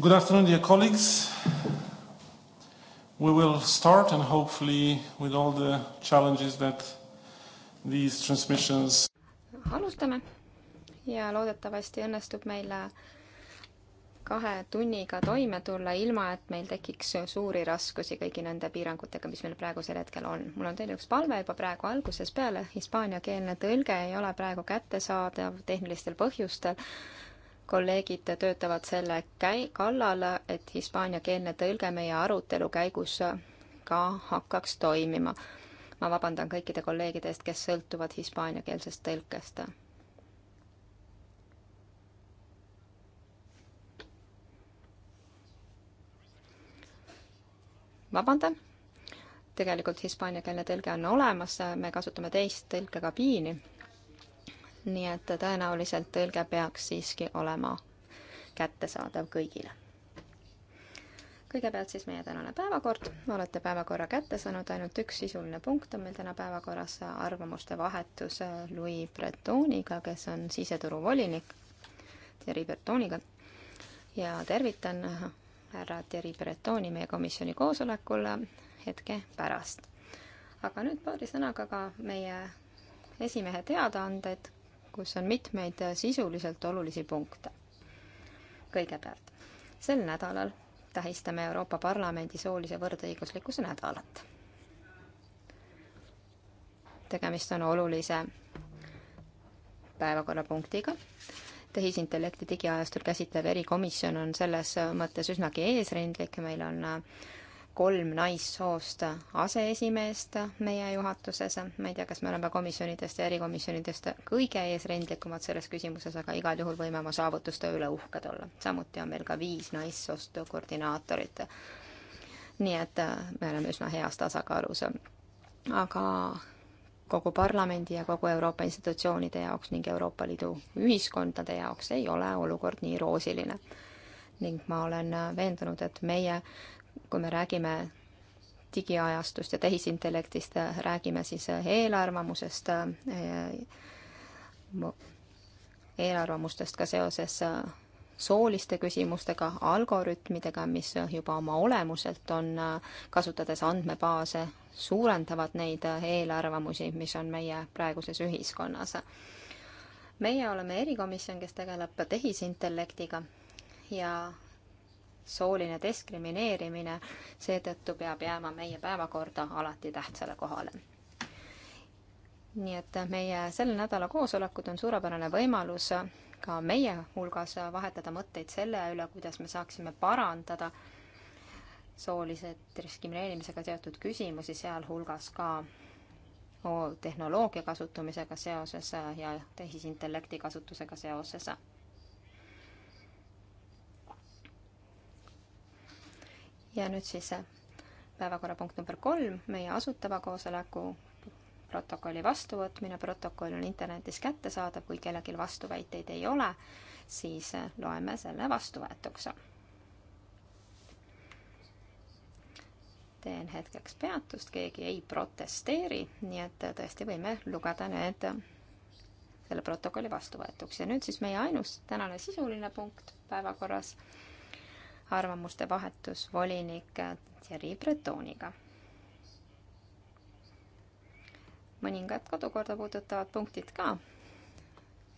Good afternoon, dear colleagues. We will start, and hopefully, with all the challenges that these transmissions. alustame ja loodetavasti õnnestub meil kahe tunniga toime tulla, ilma et meil tekiks suuri raskusi kõigi nende piirangutega, mis meil praegusel hetkel on. mul on teile üks palve juba praegu algusest peale, hispaaniakeelne tõlge ei ole praegu kättesaadav tehnilistel põhjustel kolleegid töötavad selle käi-, kallal, et hispaaniakeelne tõlge meie arutelu käigus ka hakkaks toimima. ma vabandan kõikide kolleegide eest, kes sõltuvad hispaaniakeelsest tõlkest. vabandan, tegelikult hispaaniakeelne tõlge on olemas, me kasutame teist tõlkekabiini nii et tõenäoliselt tõlge peaks siiski olema kättesaadav kõigile. kõigepealt siis meie tänane päevakord, olete päevakorra kätte saanud, ainult üks sisuline punkt on meil täna päevakorras, arvamuste vahetus äh, Louis Bretoniga, kes on siseturuvolinik, Thierry Bretoniga, ja tervitan äh, härra Thierry Bretoni meie komisjoni koosolekul äh, hetke pärast. aga nüüd paari sõnaga ka meie esimehe teadaanded kus on mitmeid äh, sisuliselt olulisi punkte. kõigepealt, sel nädalal tähistame Euroopa Parlamendi soolise võrdõiguslikkuse nädalat. tegemist on olulise päevakorrapunktiga. tehisintellekti digiajastul käsitlev erikomisjon on selles mõttes üsnagi eesrindlik, meil on äh, kolm naissoost aseesimeest meie juhatuses. ma ei tea, kas me oleme komisjonidest ja erikomisjonidest kõige eesrindlikumad selles küsimuses, aga igal juhul võime oma saavutuste üle uhked olla. samuti on meil ka viis naissoost koordinaatorit. nii et äh, me oleme üsna heas tasakaalus. aga kogu parlamendi ja kogu Euroopa institutsioonide jaoks ning Euroopa Liidu ühiskondade jaoks ei ole olukord nii roosiline. ning ma olen äh, veendunud, et meie kui me räägime digiajastust ja tehisintellektist, räägime siis eelarvamusest, eh, eelarvamustest ka seoses eh, sooliste küsimustega, algoritmidega, mis juba oma olemuselt on, eh, kasutades andmebaase, suurendavad neid eelarvamusi, mis on meie praeguses ühiskonnas. meie oleme erikomisjon, kes tegeleb tehisintellektiga ja sooline diskrimineerimine, seetõttu peab jääma meie päevakorda alati tähtsale kohale. nii et meie selle nädala koosolekud on suurepärane võimalus ka meie hulgas vahetada mõtteid selle üle, kuidas me saaksime parandada soolise diskrimineerimisega seotud küsimusi, sealhulgas ka tehnoloogia kasutamisega seoses ja tehisintellekti kasutusega seoses ja nüüd siis päevakorrapunkt number kolm, meie asutava koosoleku protokolli vastuvõtmine, protokoll on internetis kättesaadav, kui kellelgi vastuväiteid ei ole, siis äh, loeme selle vastuvõetuks. teen hetkeks peatust, keegi ei protesteeri, nii et äh, tõesti võime lugeda need, äh, selle protokolli vastuvõetuks ja nüüd siis meie ainus tänane sisuline punkt päevakorras arvamuste vahetus volinik Thierry Bretoniga. mõningad kodukorda puudutavad punktid ka,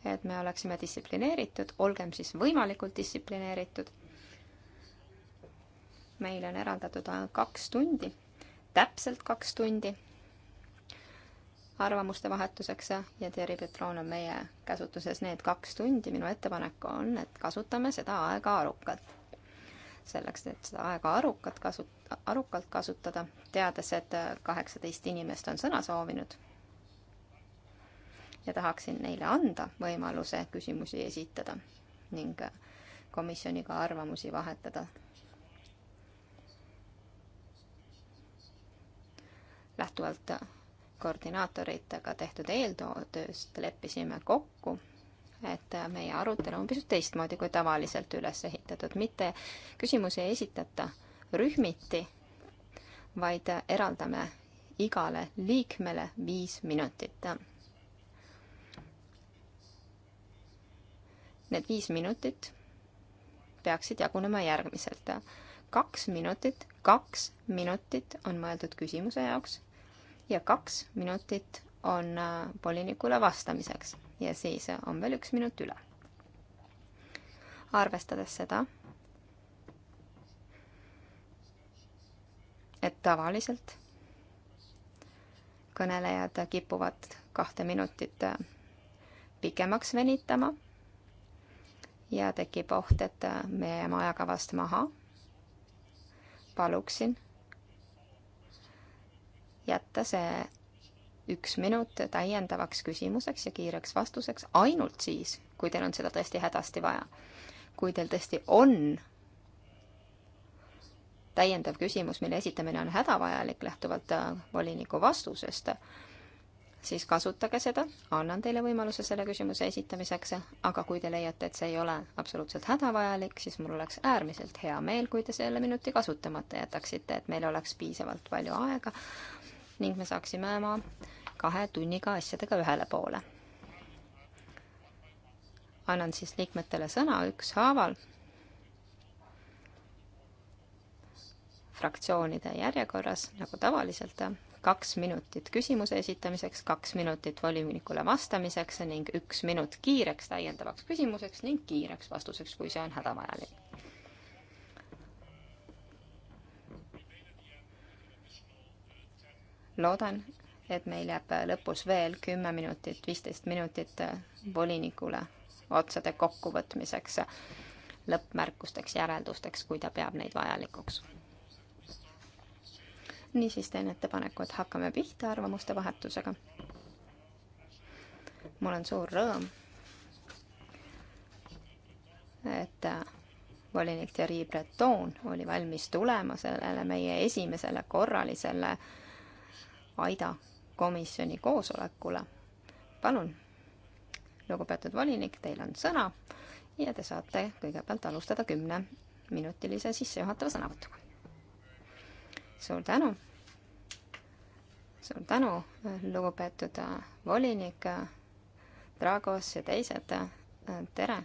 et me oleksime distsiplineeritud, olgem siis võimalikult distsiplineeritud. meile on eraldatud ainult kaks tundi, täpselt kaks tundi arvamuste vahetuseks ja Thierry Petron on meie käsutuses need kaks tundi. minu ettepanek on, et kasutame seda aega arukalt selleks, et seda aega arukalt kasut-, arukalt kasutada, teades, et äh, kaheksateist inimest on sõna soovinud. ja tahaksin neile anda võimaluse küsimusi esitada ning äh, komisjoniga arvamusi vahetada. lähtuvalt äh, koordinaatoritega tehtud eeltööst leppisime kokku et äh, meie arutelu on pisut teistmoodi kui tavaliselt üles ehitatud, mitte küsimusi ei esitata rühmiti, vaid äh, eraldame igale liikmele viis minutit. Need viis minutit peaksid jagunema järgmiselt. kaks minutit, kaks minutit on mõeldud küsimuse jaoks ja kaks minutit on äh, volinikule vastamiseks ja siis on veel üks minut üle. arvestades seda, et tavaliselt kõnelejad kipuvad kahte minutit pikemaks venitama ja tekib oht, et me jääme ajakavast maha. paluksin jätta see üks minut täiendavaks küsimuseks ja kiireks vastuseks ainult siis, kui teil on seda tõesti hädasti vaja. kui teil tõesti on täiendav küsimus, mille esitamine on hädavajalik lähtuvalt äh, voliniku vastusest, siis kasutage seda, annan teile võimaluse selle küsimuse esitamiseks, aga kui te leiate, et see ei ole absoluutselt hädavajalik, siis mul oleks äärmiselt hea meel, kui te selle minuti kasutamata jätaksite, et meil oleks piisavalt palju aega ning me saaksime oma kahe tunniga asjadega ühele poole. annan siis liikmetele sõna ükshaaval. fraktsioonide järjekorras, nagu tavaliselt, kaks minutit küsimuse esitamiseks, kaks minutit volinikule vastamiseks ning üks minut kiireks täiendavaks küsimuseks ning kiireks vastuseks, kui see on hädavajalik. loodan, et meil jääb lõpus veel kümme minutit, viisteist minutit äh, volinikule otsade kokkuvõtmiseks, äh, lõppmärkusteks, järeldusteks, kui ta peab neid vajalikuks. niisiis teen ettepaneku, et hakkame pihta arvamuste vahetusega. mul on suur rõõm, et äh, volinik Thierry Breton oli valmis tulema sellele meie esimesele korralisele AIDA komisjoni koosolekule. palun, lugupeetud volinik, teil on sõna ja te saate kõigepealt alustada kümneminutilise sissejuhatava sõnavõtuga. suur tänu. suur tänu, lugupeetud volinik, Dragos ja teised. tere.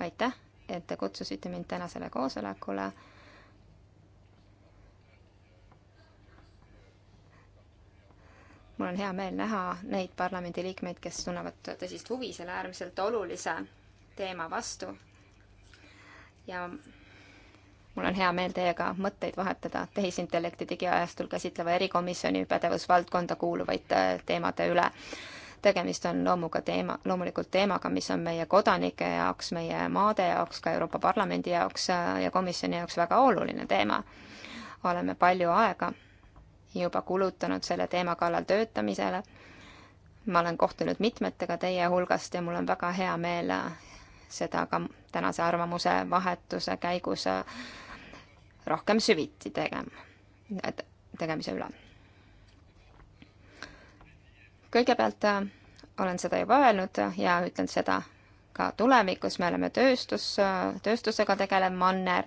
aitäh, et te kutsusite mind tänasele koosolekule mul on hea meel näha neid parlamendiliikmeid, kes tunnevad tõsist huvi selle äärmiselt olulise teema vastu. ja mul on hea meel teiega mõtteid vahetada tehisintellekti digiajastul käsitleva erikomisjoni pädevusvaldkonda kuuluvate äh, teemade üle. tegemist on loomuga teema, loomulikult teemaga, mis on meie kodanike jaoks, meie maade jaoks, ka Euroopa Parlamendi jaoks äh, ja komisjoni jaoks väga oluline teema. oleme palju aega juba kulutanud selle teema kallal töötamisele. ma olen kohtunud mitmetega teie hulgast ja mul on väga hea meel seda ka tänase arvamuse vahetuse käigus rohkem süviti tegema, tegemise üle. kõigepealt olen seda juba öelnud ja ütlen seda ka tulevikus me oleme tööstus, tööstusega tegelev manner,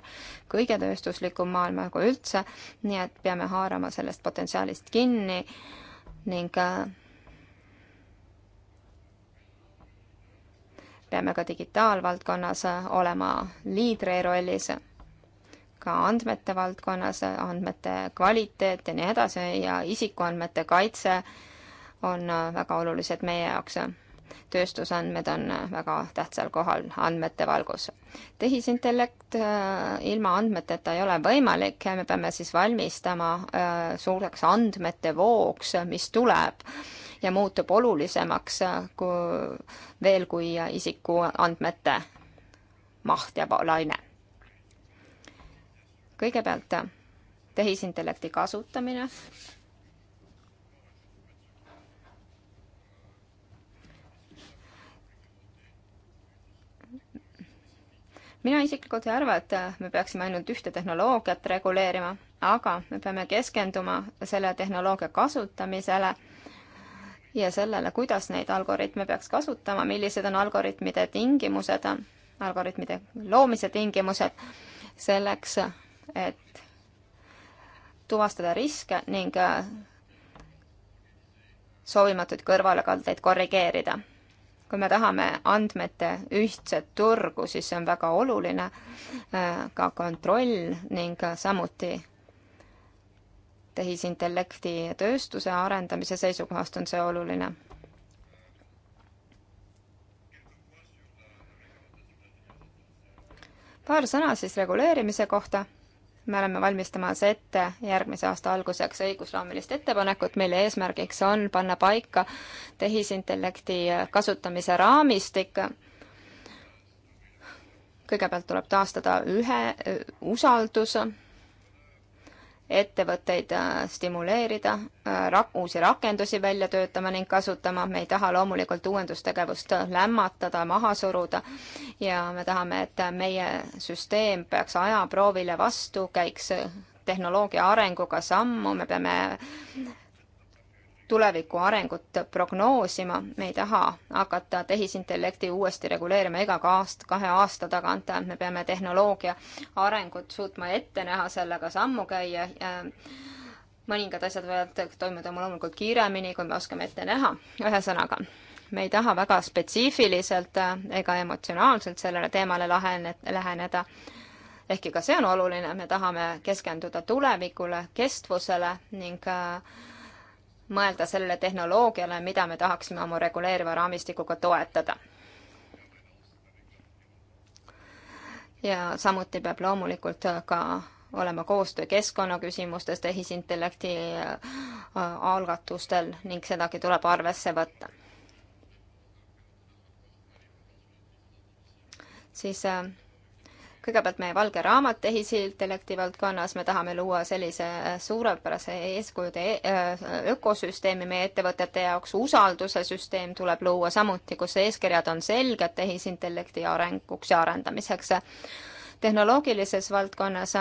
kõige tööstuslikum maailm nagu üldse, nii et peame haarama sellest potentsiaalist kinni ning äh, peame ka digitaalvaldkonnas äh, olema liidri rollis, ka andmete valdkonnas, äh, andmete kvaliteet ja nii edasi ja isikuandmete kaitse on väga olulised meie jaoks tööstusandmed on äh, väga tähtsal kohal andmete valgus. tehisintellekt äh, ilma andmeteta ei ole võimalik ja me peame siis valmistama äh, suureks andmete vooks, mis tuleb ja muutub olulisemaks kui, veel kui isikuandmete maht ja laine. kõigepealt tehisintellekti kasutamine mina isiklikult ei arva, et äh, me peaksime ainult ühte tehnoloogiat reguleerima, aga me peame keskenduma selle tehnoloogia kasutamisele ja sellele, kuidas neid algoritme peaks kasutama, millised on algoritmide tingimused, algoritmide loomise tingimused, selleks, et tuvastada riske ning äh, soovimatuid kõrvalekaldeid korrigeerida kui me tahame andmete ühtset turgu, siis see on väga oluline, äh, ka kontroll ning samuti tehisintellekti tööstuse arendamise seisukohast on see oluline. paar sõna siis reguleerimise kohta me oleme valmistamas ette järgmise aasta alguseks õigusloomelist ettepanekut, mille eesmärgiks on panna paika tehisintellekti kasutamise raamistik. kõigepealt tuleb taastada ühe usaldus ettevõtteid äh, stimuleerida, äh, rak-, uusi rakendusi välja töötama ning kasutama, me ei taha loomulikult uuendustegevust lämmatada, maha suruda ja me tahame, et meie süsteem peaks ajaproovile vastu, käiks äh, tehnoloogia arenguga sammu, me peame tuleviku arengut prognoosima, me ei taha hakata tehisintellekti uuesti reguleerima iga aast-, kahe aasta tagant, me peame tehnoloogia arengut suutma ette näha, sellega sammu käia ja mõningad asjad võivad toimuda loomulikult kiiremini, kui me oskame ette näha, ühesõnaga, me ei taha väga spetsiifiliselt ega emotsionaalselt sellele teemale lahene-, läheneda, ehkki ka see on oluline, me tahame keskenduda tulevikule, kestvusele ning äh, mõelda sellele tehnoloogiale, mida me tahaksime oma reguleeriva raamistikuga toetada. ja samuti peab loomulikult ka olema koostöö keskkonnaküsimustes tehisintellekti äh, algatustel ning sedagi tuleb arvesse võtta. siis äh, kõigepealt meie valge raamat tehisintellekti valdkonnas, me tahame luua sellise äh, suurepärase eeskujude äh, ökosüsteemi meie ettevõtete jaoks, usalduse süsteem tuleb luua samuti, kus eeskirjad on selged tehisintellekti arenguks ja arendamiseks. tehnoloogilises valdkonnas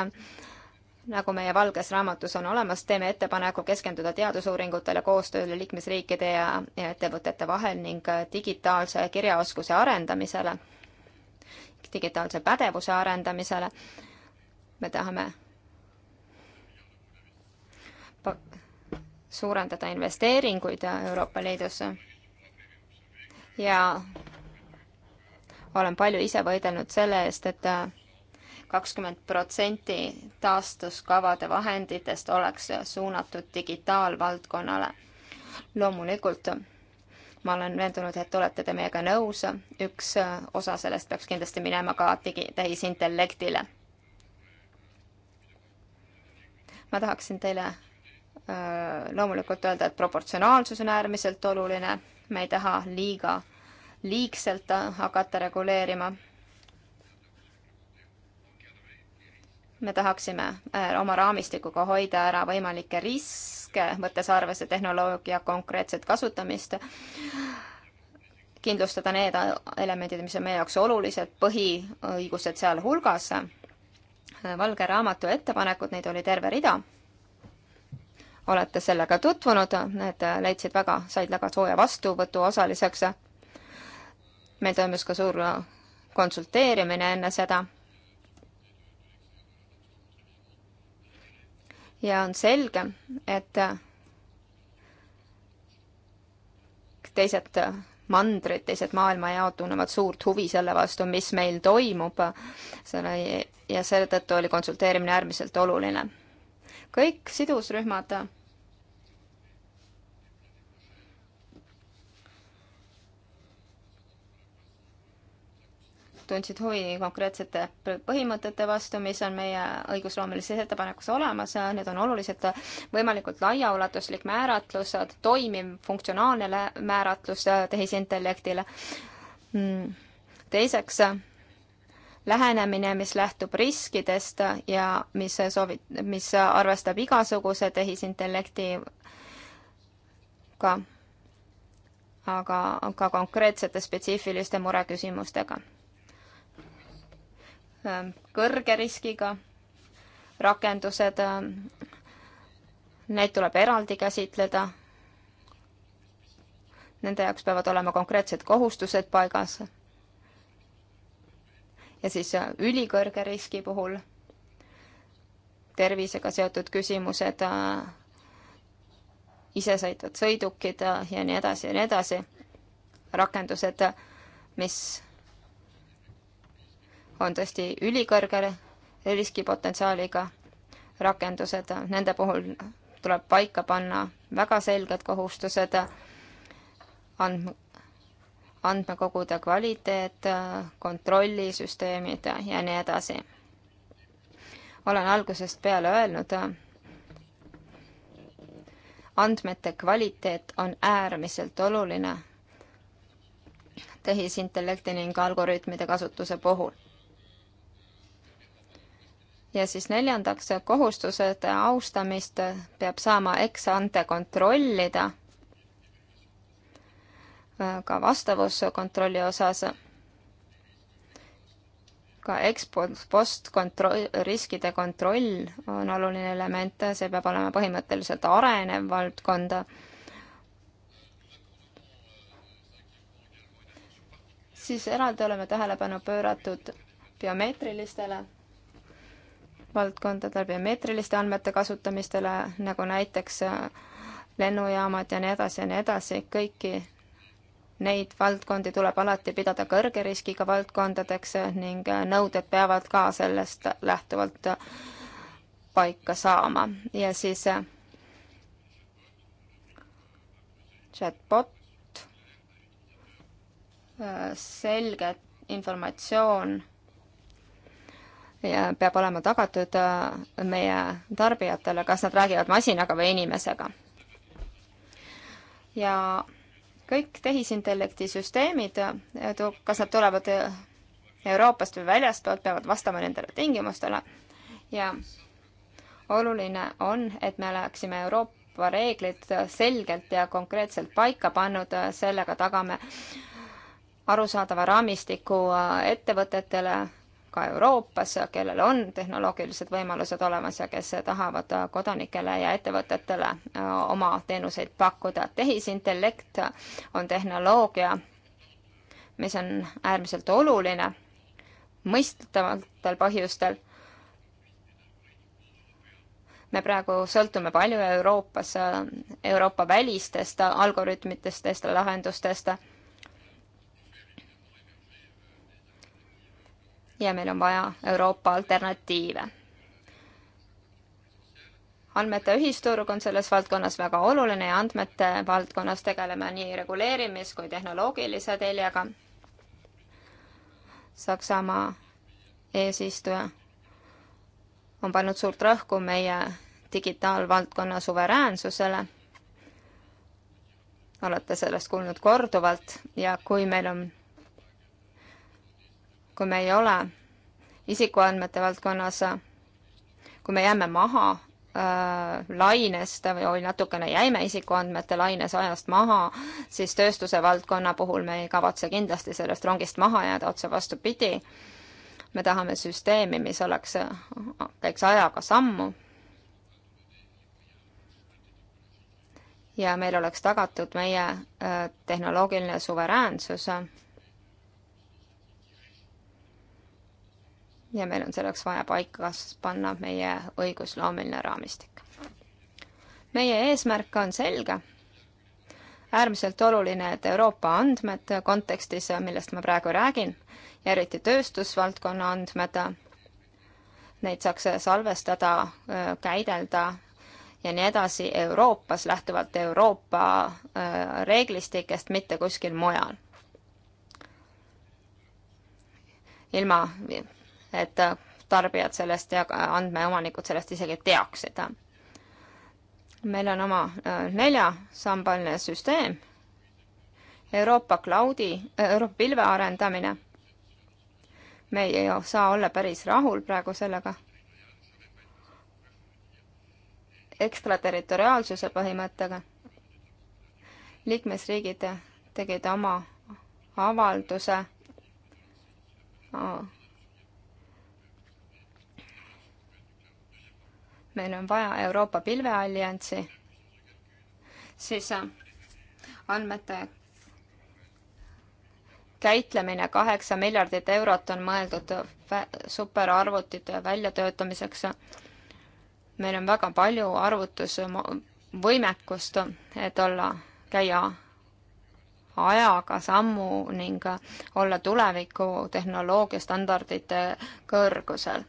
nagu meie valges raamatus on olemas, teeme ettepaneku keskenduda teadusuuringutele, koostööle liikmesriikide ja ettevõtete vahel ning äh, digitaalse kirjaoskuse arendamisele digitaalse pädevuse arendamisele. me tahame suurendada investeeringuid Euroopa Liidusse ja olen palju ise võidelnud selle eest, et kakskümmend protsenti taastuskavade vahenditest oleks suunatud digitaalvaldkonnale. loomulikult ma olen veendunud, et olete te meiega nõus, üks osa sellest peaks kindlasti minema ka digi, tehisintellektile. ma tahaksin teile äh, loomulikult öelda, et proportsionaalsus on äärmiselt oluline, me ei taha liiga, liigselt hakata reguleerima. me tahaksime äh, oma raamistikuga hoida ära võimalikke riske, raske, võttes arvesse tehnoloogia konkreetset kasutamist, kindlustada need elemendid, mis on meie jaoks olulised, põhiõigused sealhulgas. valge raamatu ettepanekud, neid oli terve rida. olete sellega tutvunud, need leidsid väga, said väga sooja vastuvõtu osaliseks. meil toimus ka suur konsulteerimine enne seda ja on selge, et äh, teised äh, mandrid, teised maailmajaod tunnevad suurt huvi selle vastu, mis meil toimub. selle ja seetõttu oli konsulteerimine äärmiselt oluline. kõik sidusrühmad tundsid huvi konkreetsete põhimõtete vastu, mis on meie õigusloomelises ettepanekus olemas, need on olulised võimalikult laiaulatuslik määratlus, toimiv funktsionaalne määratlus tehisintellektile. Mm. teiseks, lähenemine, mis lähtub riskidest ja mis soovi-, mis arvestab igasuguse tehisintellektiga aga ka konkreetsete spetsiifiliste mureküsimustega. Ähm, kõrge riskiga rakendused, ähm, neid tuleb eraldi käsitleda. Nende jaoks peavad olema konkreetsed kohustused paigas. ja siis äh, ülikõrge riski puhul tervisega seotud küsimused, äh, isesõitvad sõidukid äh, ja nii edasi ja nii edasi. rakendused, mis on tõesti ülikõrge riskipotentsiaaliga rakendused, nende puhul tuleb paika panna väga selged kohustused andm-, andmekogude kvaliteet, kontrollisüsteemid ja nii edasi. olen algusest peale öelnud, andmete kvaliteet on äärmiselt oluline tehisintellekti ning algoritmide kasutuse puhul ja siis neljandaks, kohustused austamist peab saama ex-ante kontrollida ka vastavuskontrolli osas, ka ex-post kontroll, riskide kontroll on oluline element, see peab olema põhimõtteliselt arenev valdkond. siis eraldi oleme tähelepanu pööratud biomeetrilistele valdkondadel, biomeetriliste andmete kasutamistele, nagu näiteks äh, lennujaamad ja nii edasi ja nii edasi, kõiki neid valdkondi tuleb alati pidada kõrge riskiga valdkondadeks ning äh, nõuded peavad ka sellest lähtuvalt äh, paika saama ja siis chatbot, selge informatsioon peab olema tagatud äh, meie tarbijatele, kas nad räägivad masinaga või inimesega. ja kõik tehisintellekti süsteemid, äh, kas nad tulevad äh, Euroopast või väljastpoolt, peavad vastama nendele tingimustele ja oluline on, et me oleksime Euroopa reeglid selgelt ja konkreetselt paika pannud, sellega tagame arusaadava raamistiku ettevõtetele, ka Euroopas, kellel on tehnoloogilised võimalused olemas ja kes tahavad kodanikele ja ettevõtetele äh, oma teenuseid pakkuda. tehisintellekt on tehnoloogia, mis on äärmiselt oluline mõistetavatel põhjustel. me praegu sõltume palju Euroopas, Euroopa välistest algoritmitest, lahendustest ja meil on vaja Euroopa alternatiive. andmete ühisturg on selles valdkonnas väga oluline ja andmete valdkonnas tegeleme nii reguleerimis- kui tehnoloogilise teljega. Saksamaa eesistuja on pannud suurt rõhku meie digitaalvaldkonna suveräänsusele. olete sellest kuulnud korduvalt ja kui meil on kui me ei ole isikuandmete valdkonnas, kui me jääme maha äh, lainest või natukene jäime isikuandmete laines ajast maha, siis tööstuse valdkonna puhul me ei kavatse kindlasti sellest rongist maha jääda, otse vastupidi. me tahame süsteemi, mis oleks, käiks ajaga sammu. ja meil oleks tagatud meie äh, tehnoloogiline suveräänsus ja meil on selleks vaja paika panna meie õigusloomeline raamistik. meie eesmärk on selge, äärmiselt oluline, et Euroopa andmed kontekstis, millest ma praegu räägin, ja eriti tööstusvaldkonna andmed, neid saaks salvestada, käidelda ja nii edasi Euroopas, lähtuvalt Euroopa äh, reeglistikest, mitte kuskil mujal. ilma et äh, tarbijad sellest ja andmeomanikud sellest isegi teaksid. meil on oma äh, neljasambaline süsteem, Euroopa Cloudi, äh, Euroopa pilve arendamine. me ei saa olla päris rahul praegu sellega. ekstraterritoriaalsuse põhimõttega. liikmesriigid tegid oma avalduse meil on vaja Euroopa pilvealliansi, siis äh, andmete käitlemine kaheksa miljardit eurot on mõeldud superarvutite väljatöötamiseks. meil on väga palju arvutusvõimekust, et olla, käia ajaga sammu ning olla tuleviku tehnoloogiastandardite kõrgusel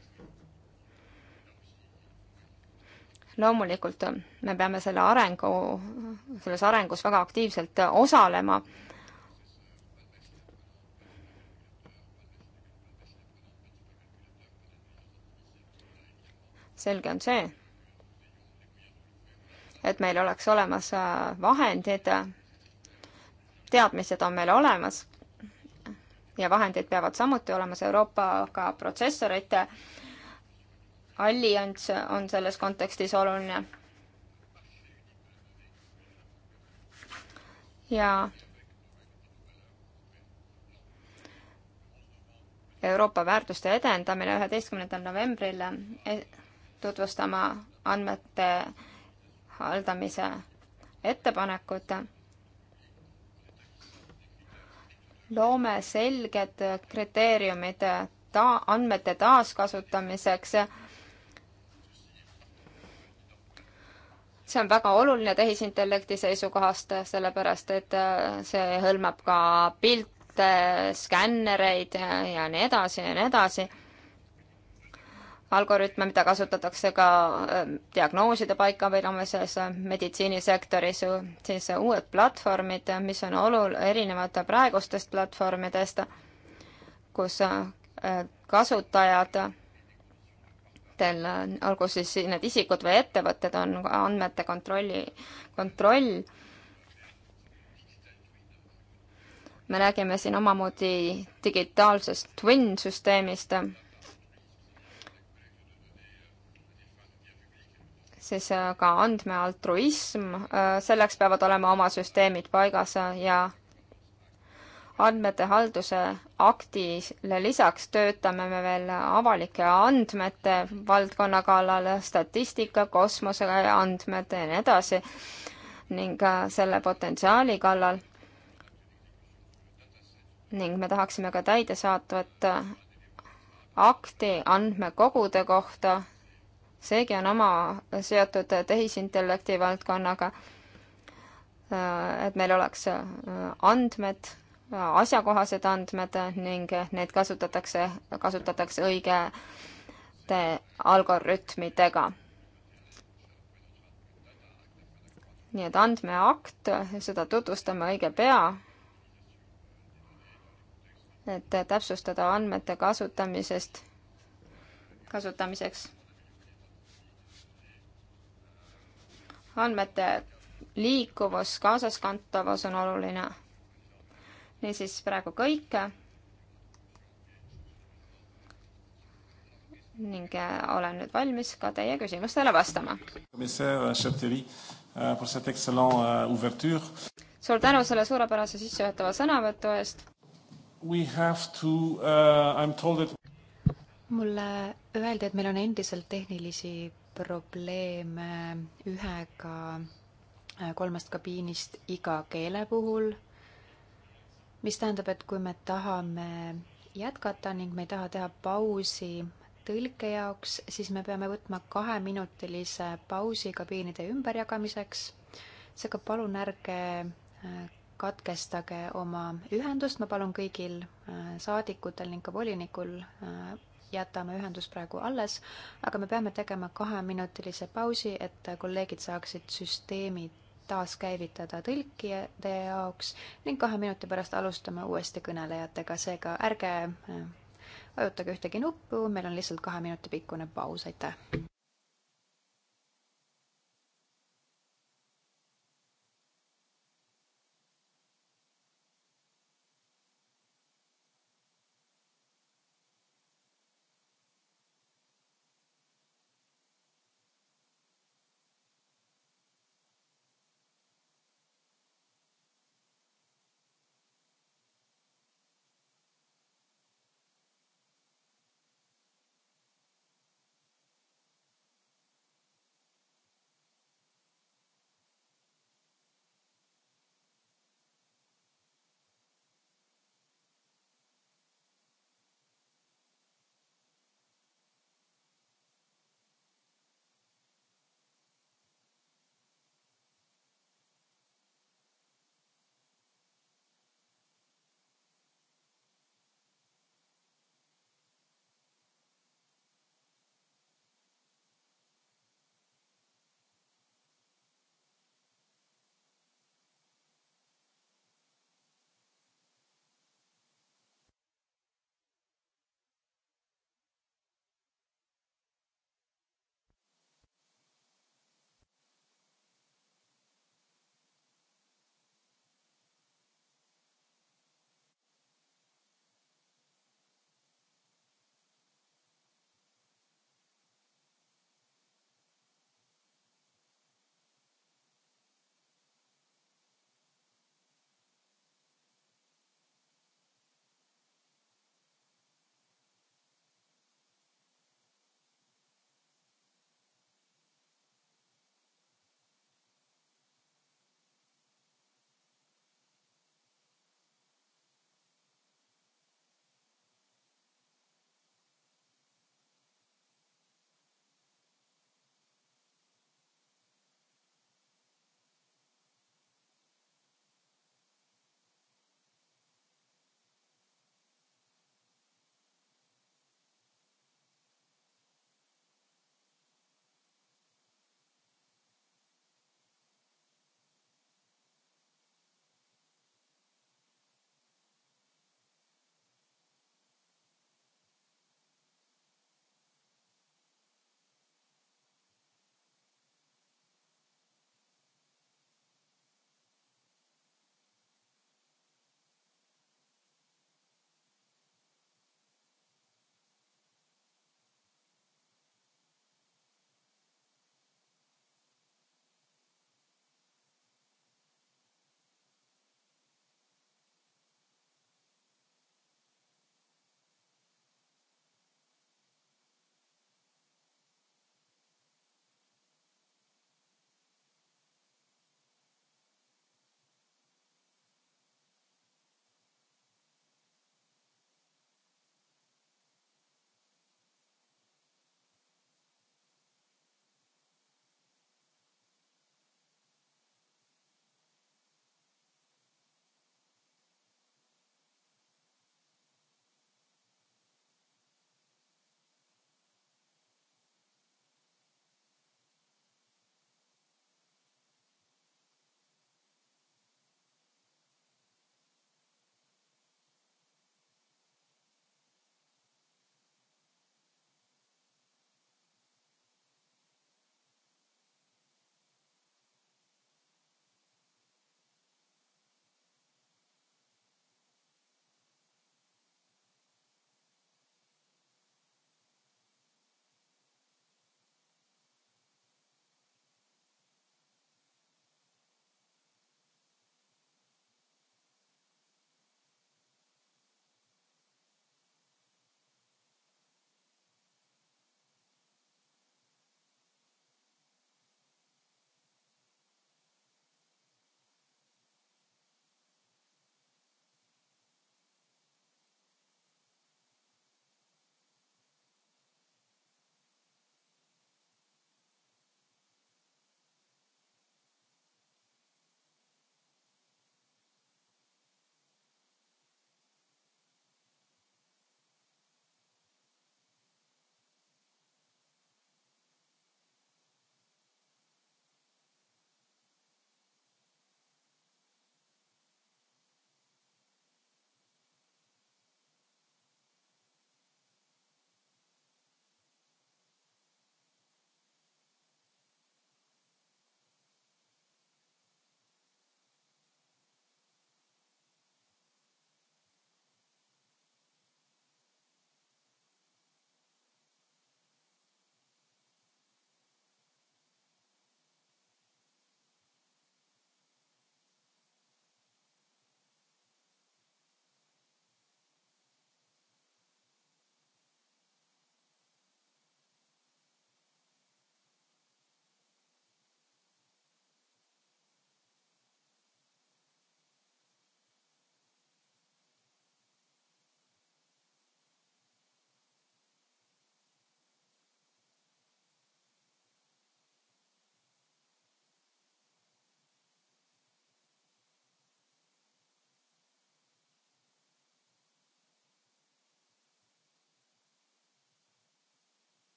loomulikult äh, me peame selle arengu, selles arengus väga aktiivselt äh, osalema. selge on see, et meil oleks olemas äh, vahendid, teadmised on meil olemas ja vahendid peavad samuti olemas Euroopaga protsessorite äh, allianss on selles kontekstis oluline. ja Euroopa väärtuste edendamine üheteistkümnendal novembril e, tutvustama andmete haldamise ettepanekut. loome selged kriteeriumid ta-, andmete taaskasutamiseks see on väga oluline tehisintellekti seisukohast, sellepärast et äh, see hõlmab ka pilte, skännereid ja, ja nii edasi ja nii edasi. algoritme, mida kasutatakse ka äh, diagnooside paikapidamises, meditsiinisektoris, siis uued platvormid, mis on olul-, erinevad praegustest platvormidest, kus äh, kasutajad andmetel, olgu siis need isikud või ettevõtted, on andmete kontrolli, kontroll. me räägime siin omamoodi digitaalsest twin süsteemist siis äh, ka andmealtruism, äh, selleks peavad olema oma süsteemid paigas äh, ja andmete halduse aktile lisaks töötame me veel avalike andmete valdkonna kallal, statistika, kosmoseandmed ja nii edasi ning äh, selle potentsiaali kallal. ning me tahaksime ka täidesaatvat äh, akti andmekogude kohta, seegi on oma seotud tehisintellekti valdkonnaga äh, et meil oleks andmed asjakohased andmed ning need kasutatakse, kasutatakse õigete algoritmidega. nii et andmeakt, seda tutvustame õige pea, et täpsustada andmete kasutamisest, kasutamiseks. andmete liikuvus, kaasaskantavus on oluline niisiis praegu kõike. ning äh, olen nüüd valmis ka teie küsimustele vastama. Euh, euh, suur tänu selle suurepärase sissejuhatava sõnavõtu eest. Euh, that... mulle öeldi, et meil on endiselt tehnilisi probleeme ühega äh, kolmest kabiinist iga keele puhul mis tähendab, et kui me tahame jätkata ning me ei taha teha pausi tõlke jaoks, siis me peame võtma kaheminutilise pausi kabiinide ümberjagamiseks. seega palun ärge äh, katkestage oma ühendust, ma palun kõigil äh, saadikutel ning ka volinikul äh, jätta oma ühendus praegu alles, aga me peame tegema kaheminutilise pausi, et kolleegid saaksid süsteemid taaskäivitada tõlkijate jaoks ning kahe minuti pärast alustame uuesti kõnelejatega, seega ärge äh, vajutage ühtegi nuppu, meil on lihtsalt kahe minuti pikkune paus, aitäh!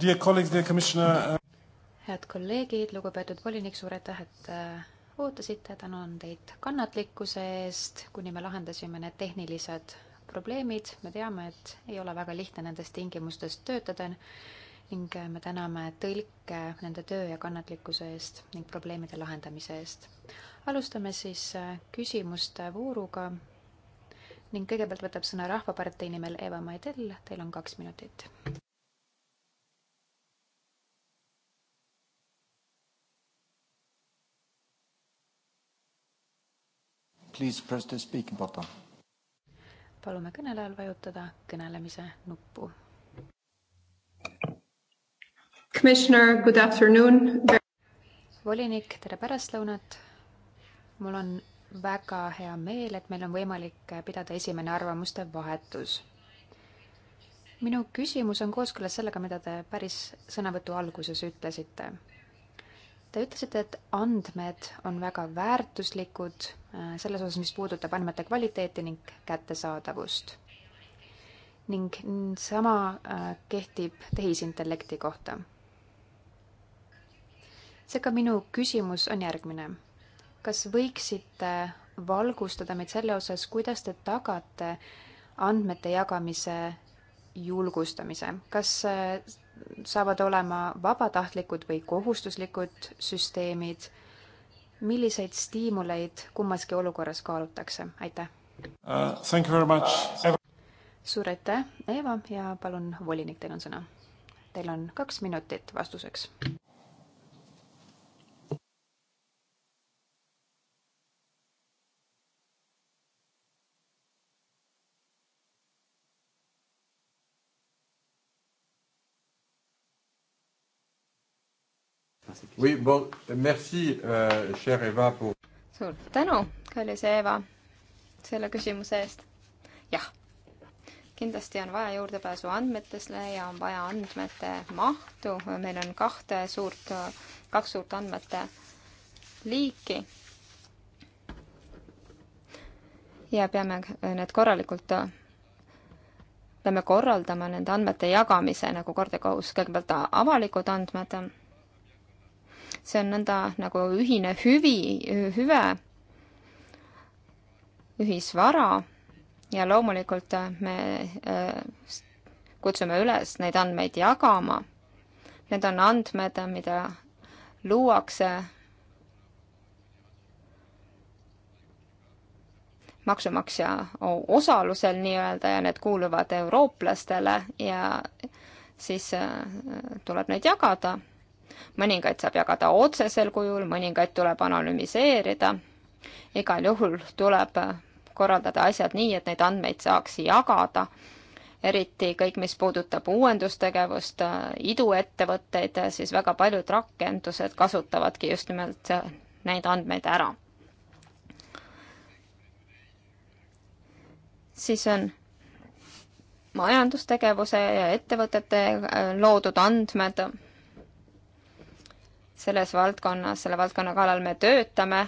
Dear colleagues, dear commissioner. Uh, head kolleegid, lugupeetud volinik, suur aitäh, et äh, ootasite, tänan teid kannatlikkuse eest, kuni me lahendasime need tehnilised probleemid. me teame, et ei ole väga lihtne nendes tingimustes töötada ning äh, me täname tõlke nende töö ja kannatlikkuse eest ning probleemide lahendamise eest. alustame siis äh, küsimuste vooruga ning kõigepealt võtab sõna Rahvapartei nimel Eva Maidel, teil on kaks minutit. Please press the speaking button. palume kõnelejal vajutada kõnelemise nuppu. Commissioner, good afternoon. volinik, tere pärastlõunat. mul on väga hea meel, et meil on võimalik pidada esimene arvamuste vahetus. minu küsimus on kooskõlas sellega, mida te päris sõnavõtu alguses ütlesite Te ütlesite, et andmed on väga väärtuslikud äh, selles osas, mis puudutab andmete kvaliteeti ning kättesaadavust. ning sama äh, kehtib tehisintellekti kohta. seega minu küsimus on järgmine. kas võiksite valgustada meid selle osas, kuidas te tagate andmete jagamise julgustamise, kas äh, saavad olema vabatahtlikud või kohustuslikud süsteemid? milliseid stiimuleid kummaski olukorras kaalutakse? aitäh uh,! suur aitäh, Eva, ja palun, volinik, teil on sõna. Teil on kaks minutit vastuseks. Oui, bon, merci, euh, cher Eva, pour... suur tänu, kallis Eva, selle küsimuse eest. jah, kindlasti on vaja juurdepääsu andmetele ja on vaja andmete mahtu. meil on kahte suurt, kaks suurt andmete liiki. ja peame need korralikult peame korraldama nende andmete jagamise nagu kord ja kohus, kõigepealt avalikud andmed see on nõnda nagu ühine hüvi, hüve, ühisvara ja loomulikult äh, me äh, kutsume üles neid andmeid jagama. Need on andmed, mida luuakse maksumaksja osalusel nii-öelda ja need kuuluvad eurooplastele ja siis äh, tuleb neid jagada mõningaid saab jagada otsesel kujul, mõningaid tuleb anonüümiseerida. igal juhul tuleb korraldada asjad nii, et neid andmeid saaks jagada, eriti kõik, mis puudutab uuendustegevust, iduettevõtteid, siis väga paljud rakendused kasutavadki just nimelt neid andmeid ära. siis on majandustegevuse ja ettevõtete loodud andmed selles valdkonnas, selle valdkonna kallal me töötame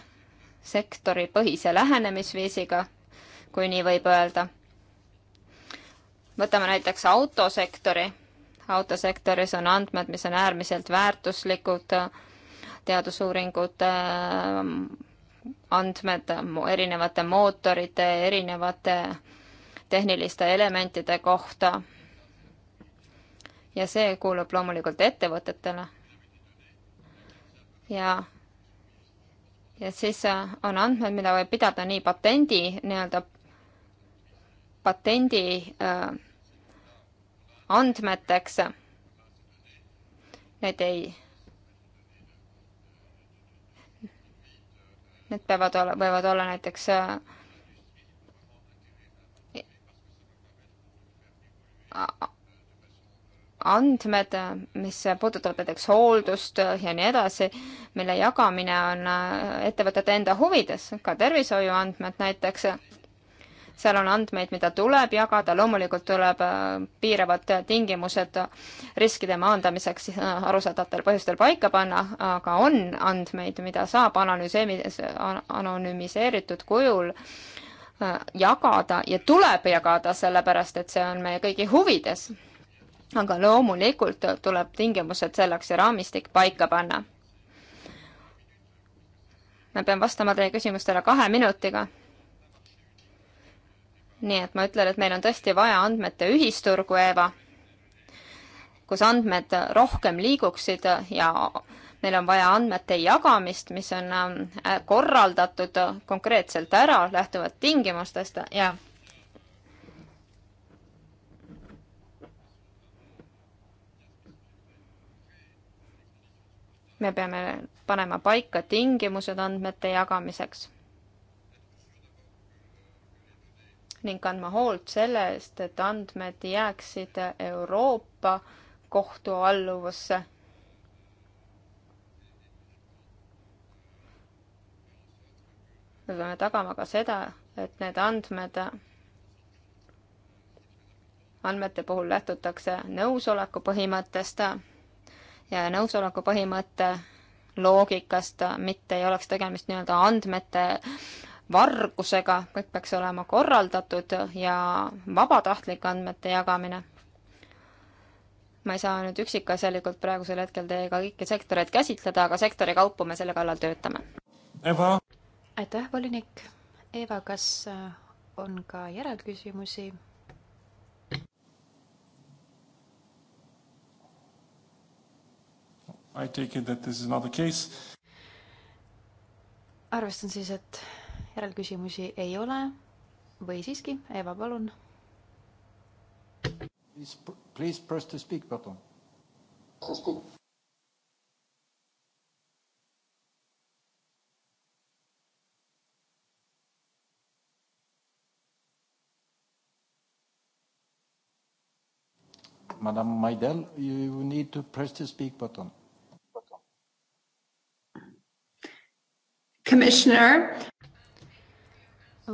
sektoripõhise lähenemisviisiga, kui nii võib öelda. võtame näiteks autosektori. autosektoris on andmed, mis on äärmiselt väärtuslikud, teadusuuringud, ähm, andmed erinevate mootorite, erinevate tehniliste elementide kohta. ja see kuulub loomulikult ettevõtetele ja ja siis äh, on andmed, mida võib pidada nii patendi nii-öelda patendi äh, andmeteks. Need ei, need peavad olla, võivad olla näiteks äh, andmed, mis puudutavad näiteks hooldust ja nii edasi, mille jagamine on ettevõtete enda huvides, ka tervishoiuandmed näiteks. seal on andmeid, mida tuleb jagada, loomulikult tuleb piiravad tingimused riskide maandamiseks arusaadavatel põhjustel paika panna, aga on andmeid, mida saab anonüüseerimis-, anonüümiseeritud kujul jagada ja tuleb jagada, sellepärast et see on meie kõigi huvides aga loomulikult tuleb tingimused selleks ja raamistik paika panna. ma pean vastama teie küsimustele kahe minutiga. nii et ma ütlen, et meil on tõesti vaja andmete ühisturgu, Eeva, kus andmed rohkem liiguksid ja meil on vaja andmete jagamist, mis on äh, korraldatud konkreetselt ära, lähtuvalt tingimustest ja me peame panema paika tingimused andmete jagamiseks ning kandma hoolt selle eest, et andmed jääksid Euroopa kohtu alluvusse. me peame tagama ka seda, et need andmed, andmete puhul lähtutakse nõusoleku põhimõttest ja nõusoleku põhimõtte loogikast, mitte ei oleks tegemist nii-öelda andmete vargusega, kõik peaks olema korraldatud ja vabatahtlik andmete jagamine. ma ei saa nüüd üksikasjalikult praegusel hetkel teiega kõiki sektoreid käsitleda, aga sektori kaupa me selle kallal töötame. aitäh, volinik. Eva, kas on ka järelküsimusi? I take it that this is not the case. arvestan siis, et järelküsimusi ei ole või siiski, Eva, palun. Please, please press the speak button. Madam Maidel, you need to press the speak button. Commissioner.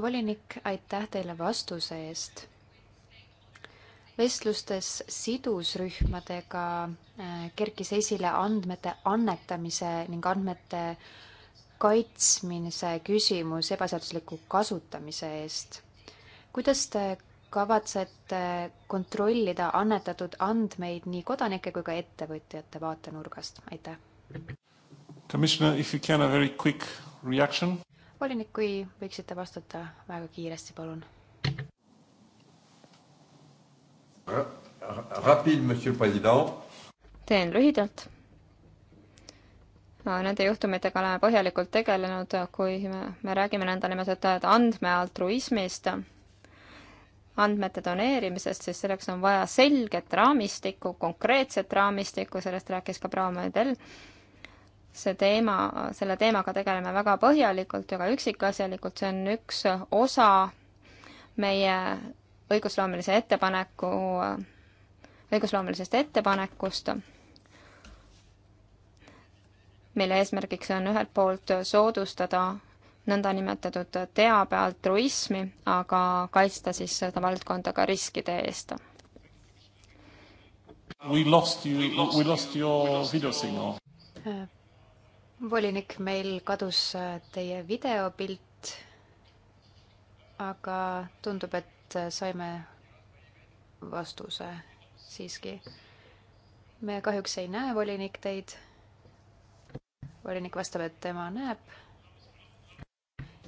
volinik, aitäh teile vastuse eest vestlustes sidusrühmadega äh, kerkis esile andmete annetamise ning andmete kaitsmise küsimus ebaseadusliku kasutamise eest. kuidas te kavatsete kontrollida annetatud andmeid nii kodanike kui ka ettevõtjate vaatenurgast, aitäh! Commissioner, if you can, a very quick reaction? volinik, kui võiksite vastata väga kiiresti, palun. Rapid, monsieur president. teen lühidalt no,. Nende juhtumitega oleme põhjalikult tegelenud, kui me, me räägime nõndanimetatud andmealtruismist, andmete doneerimisest, siis selleks on vaja selget raamistikku, konkreetset raamistikku, sellest rääkis ka proua Medel see teema, selle teemaga tegeleme väga põhjalikult ja ka üksikasjalikult, see on üks osa meie õigusloomelise ettepaneku, õigusloomelisest ettepanekust, mille eesmärgiks on ühelt poolt soodustada nõndanimetatud teabe altruismi, aga kaitsta siis seda valdkonda ka riskide eest. We lost you, we lost your video signal äh, volinik, meil kadus äh, teie videopilt, aga tundub, et äh, saime vastuse siiski. me kahjuks ei näe volinik teid. volinik vastab, et tema näeb.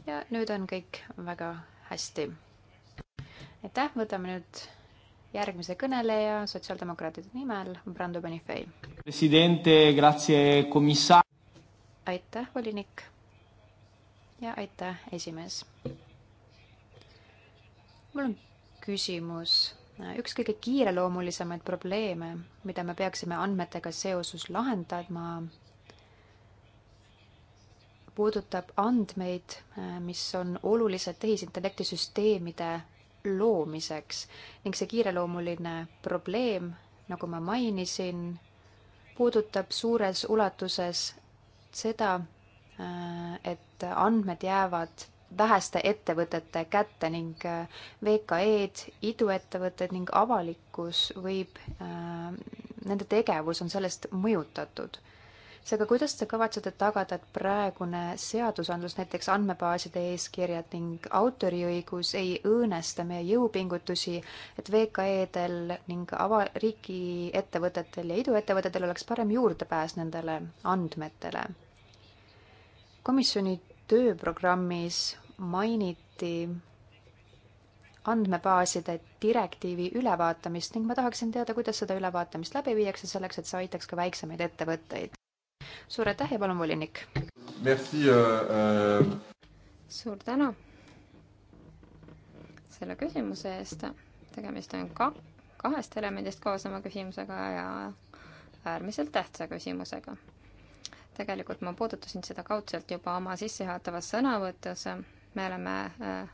ja nüüd on kõik väga hästi. aitäh, võtame nüüd järgmise kõneleja sotsiaaldemokraatide nimel, Brando Benifei. presidente, grazie, komissar aitäh, volinik. ja aitäh, esimees. mul on küsimus. üks kõige kiireloomulisemaid probleeme, mida me peaksime andmetega seoses lahendama, puudutab andmeid, mis on olulised tehisintellektisüsteemide loomiseks ning see kiireloomuline probleem, nagu ma mainisin, puudutab suures ulatuses seda, äh, et andmed jäävad väheste ettevõtete kätte ning äh, VKE-d, iduettevõtted ning avalikkus võib, äh, nende tegevus on sellest mõjutatud seega, kuidas te kavatsete tagada, et praegune seadusandlus, näiteks andmebaaside eeskirjad ning autoriõigus ei õõnesta meie jõupingutusi, et VKE-del ning ava-, riigiettevõtetel ja iduettevõtetel oleks parem juurdepääs nendele andmetele? komisjoni tööprogrammis mainiti andmebaaside direktiivi ülevaatamist ning ma tahaksin teada, kuidas seda ülevaatamist läbi viiakse selleks, et see aitaks ka väiksemaid ettevõtteid suur aitäh ja palun, volinik! Äh, äh. suur tänu selle küsimuse eest, tegemist on ka kahest elemendist koosneva küsimusega ja äärmiselt tähtsa küsimusega. tegelikult ma puudutasin seda kaudselt juba oma sissejuhatavas sõnavõtus, me oleme äh,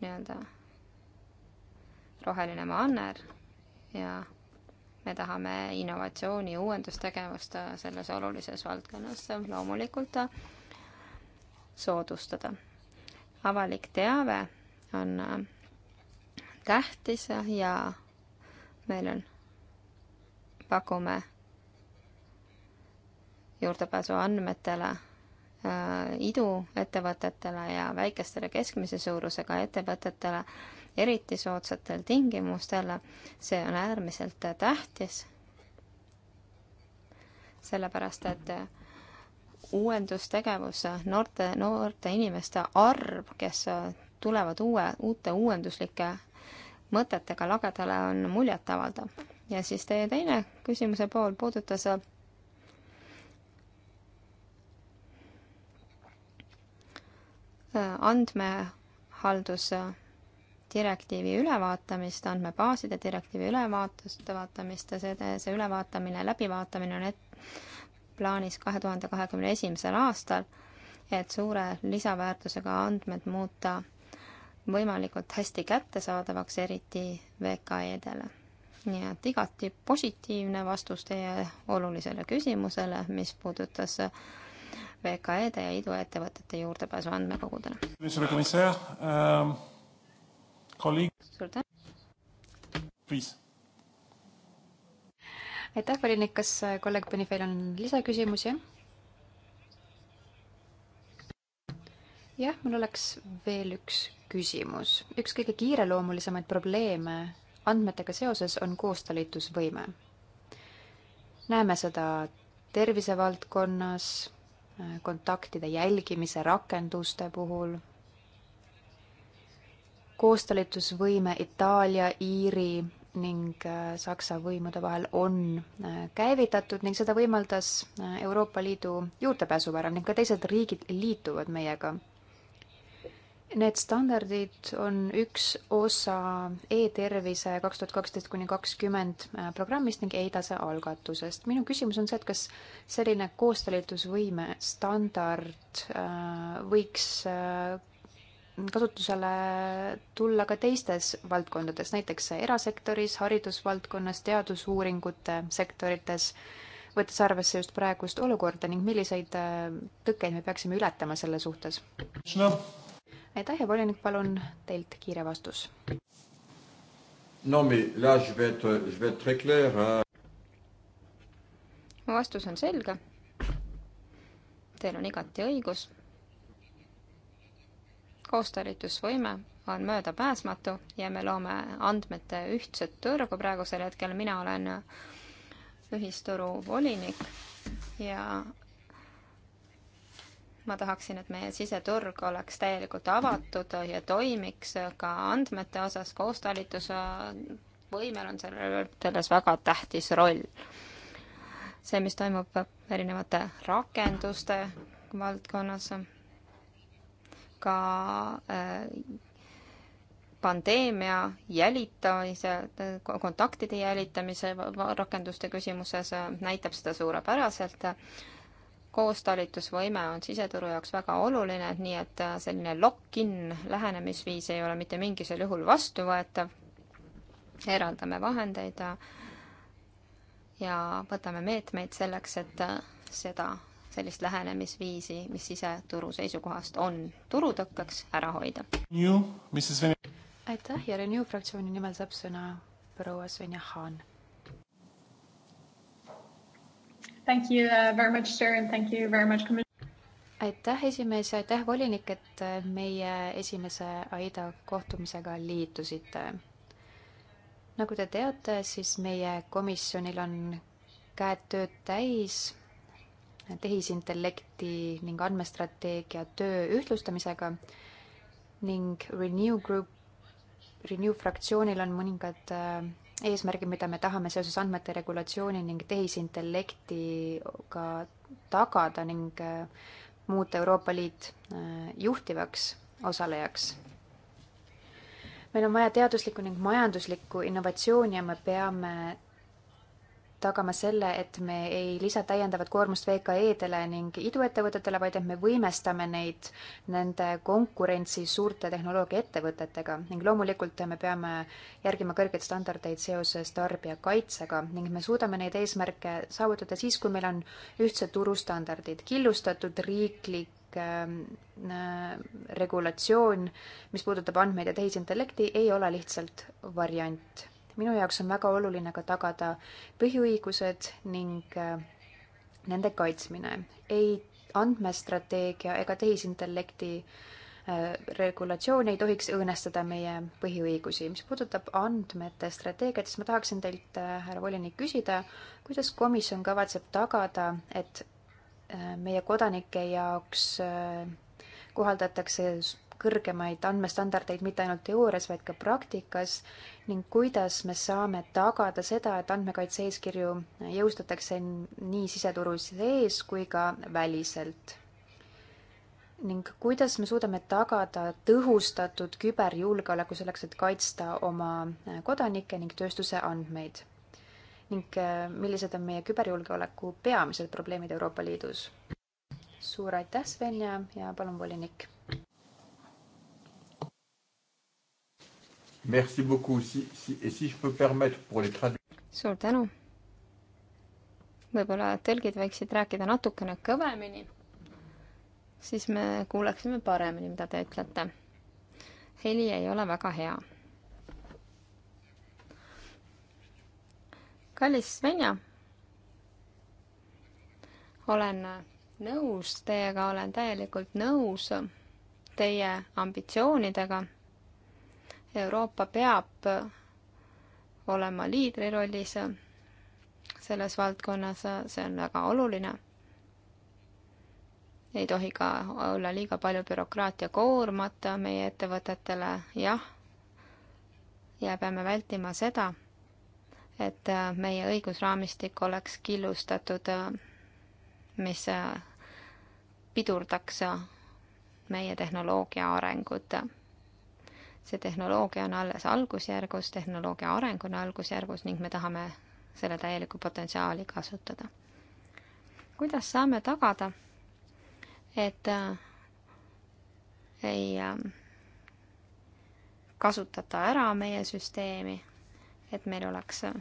nii-öelda roheline manner ja me tahame innovatsiooni ja uuendustegevust selles olulises valdkonnas loomulikult soodustada. avalik teave on tähtis ja meil on, pakume juurdepääsu andmetele äh, iduettevõtetele ja väikestele keskmise suurusega ettevõtetele eriti soodsatel tingimustel. see on äärmiselt tähtis, sellepärast et uuendustegevus, noorte, noorte inimeste arv, kes tulevad uue, uute uuenduslike mõtetega lagedale, on muljetavaldav. ja siis teie teine küsimuse pool puudutas äh, andmehaldus direktiivi ülevaatamist, andmebaaside direktiivi ülevaatust, vaatamist ja see, see ülevaatamine, läbivaatamine on et-, plaanis kahe tuhande kahekümne esimesel aastal, et suure lisaväärtusega andmed muuta võimalikult hästi kättesaadavaks, eriti VKE-dele nii et igati positiivne vastus teie olulisele küsimusele, mis puudutas VKE-de ja iduettevõtete juurdepääsu andmekogudele suur tänu. aitäh, volinik, kas äh, kolleeg Benifeil on lisaküsimusi? jah, mul oleks veel üks küsimus. üks kõige kiireloomulisemaid probleeme andmetega seoses on koostalitusvõime. näeme seda tervisevaldkonnas, äh, kontaktide jälgimise rakenduste puhul koostalitusvõime Itaalia, Iiri ning äh, Saksa võimude vahel on äh, käivitatud ning seda võimaldas äh, Euroopa Liidu juurdepääsuvärav ning ka teised riigid liituvad meiega. Need standardid on üks osa e-tervise kaks tuhat kaksteist kuni kakskümmend programmist ning EIDASE algatusest. minu küsimus on see, et kas selline koostalitusvõime standard võiks kasutusele tulla ka teistes valdkondades, näiteks erasektoris, haridusvaldkonnas, teadusuuringute sektorites, võttes arvesse just praegust olukorda ning milliseid äh, tõkkeid me peaksime ületama selle suhtes no.? aitäh ja volinik, palun teilt kiire vastus. no mais là je vais être, je vais être très clair hein? Euh. mu vastus on selge. Teil on igati õigus koostalitusvõime on möödapääsmatu ja me loome andmete ühtset turgu praegusel hetkel, mina olen ühisturu volinik ja ma tahaksin, et meie siseturg oleks täielikult avatud ja toimiks ka andmete osas, koostalituse võimel on sellel, selles väga tähtis roll. see, mis toimub erinevate rakenduste valdkonnas ka äh, pandeemia jälitamise, kontaktide jälitamise rakenduste küsimuses äh, näitab seda suurepäraselt. koostalitusvõime on siseturu jaoks väga oluline, nii et äh, selline lock-in lähenemisviis ei ole mitte mingisugusel juhul vastuvõetav. eraldame vahendeid ja võtame meetmeid selleks, et seda sellist lähenemisviisi, mis siseturu seisukohast on turutõkkeks, ära hoida. aitäh ja Renew fraktsiooni nimel saab sõna proua Svenja Haan. Thank you uh, very much, Chair and thank you very much, Commissioner aitäh, esimees, aitäh, volinik, et meie esimese AIDA kohtumisega liitusite. nagu te teate, siis meie komisjonil on käed tööd täis tehisintellekti ning andmestrateegia töö ühtlustamisega ning Renew Group, Renew fraktsioonil on mõningad äh, eesmärgid, mida me tahame seoses andmete regulatsiooni ning tehisintellektiga tagada ning äh, muuta Euroopa Liit äh, juhtivaks osalejaks. meil on vaja teaduslikku ning majanduslikku innovatsiooni ja me peame tagama selle, et me ei lisa täiendavat koormust VKE-dele ning iduettevõtetele, vaid et me võimestame neid nende konkurentsi suurte tehnoloogiaettevõtetega ning loomulikult me peame järgima kõrgeid standardeid seoses tarbijakaitsega ning me suudame neid eesmärke saavutada siis, kui meil on ühtse turu standardid, killustatud riiklik ähm, äh, regulatsioon, mis puudutab andmeid ja tehisintellekti, ei ole lihtsalt variant minu jaoks on väga oluline ka tagada põhiõigused ning äh, nende kaitsmine. ei andmestrateegia ega tehisintellekti äh, regulatsioon ei tohiks õõnestada meie põhiõigusi. mis puudutab andmete strateegiat, siis ma tahaksin teilt, äh, härra volinik, küsida, kuidas komisjon kavatseb tagada, et meie kodanike jaoks kohaldatakse kõrgemaid andmestandardeid mitte ainult teoorias, vaid ka praktikas ning kuidas me saame tagada seda, et andmekaitse eeskirju jõustatakse nii siseturu sees kui ka väliselt. ning kuidas me suudame tagada tõhustatud küberjulgeoleku selleks, et kaitsta oma kodanikke ning tööstuse andmeid ning äh, millised on meie küberjulgeoleku peamised probleemid Euroopa Liidus? suur aitäh, Sven ja, ja palun, volinik! Merci beaucoup. Si, si, et si je peux permettre pour les tradu-. suur tänu. võib-olla tõlgid võiksid rääkida natukene kõvemini. siis me kuuleksime paremini, mida te ütlete. heli ei ole väga hea. kallis Svenja. olen nõus teiega, olen täielikult nõus teie ambitsioonidega Euroopa peab olema liidri rollis selles valdkonnas, see on väga oluline. ei tohi ka olla liiga palju bürokraatia koormat meie ettevõtetele, jah, ja peame vältima seda, et meie õigusraamistik oleks killustatud, mis pidurdaks meie tehnoloogia arengut see tehnoloogia on alles algusjärgus, tehnoloogia areng on algusjärgus ning me tahame selle täielikku potentsiaali kasutada. kuidas saame tagada, et äh, ei äh, kasutata ära meie süsteemi, et meil oleks äh,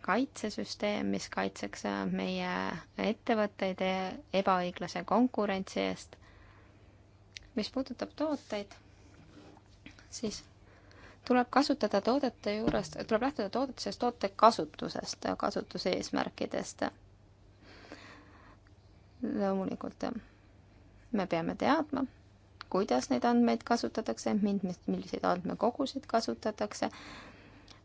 kaitsesüsteem, mis kaitseks äh, meie ettevõtteid e-, ebaõiglase konkurentsi eest. mis puudutab tooteid siis tuleb kasutada toodete juures, tuleb lähtuda toodetisest, toote kasutusest, kasutuse eesmärkidest. loomulikult me peame teadma, kuidas neid andmeid kasutatakse, milliseid andmekogusid kasutatakse.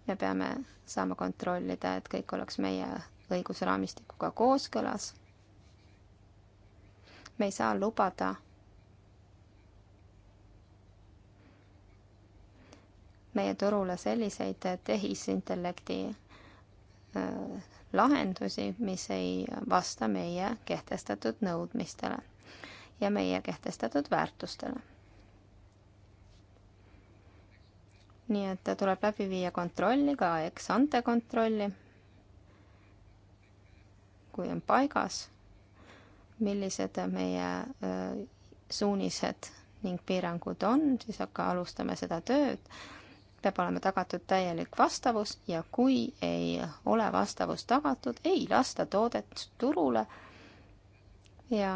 me peame saama kontrollida, et kõik oleks meie õigusraamistikuga kooskõlas. me ei saa lubada meie turule selliseid tehisintellekti äh, lahendusi, mis ei vasta meie kehtestatud nõudmistele ja meie kehtestatud väärtustele. nii et tuleb läbi viia kontrolli, ka ex-ante kontrolli, kui on paigas, millised meie äh, suunised ning piirangud on, siis hakka, alustame seda tööd peab olema tagatud täielik vastavus ja kui ei ole vastavus tagatud, ei lasta toodet turule ja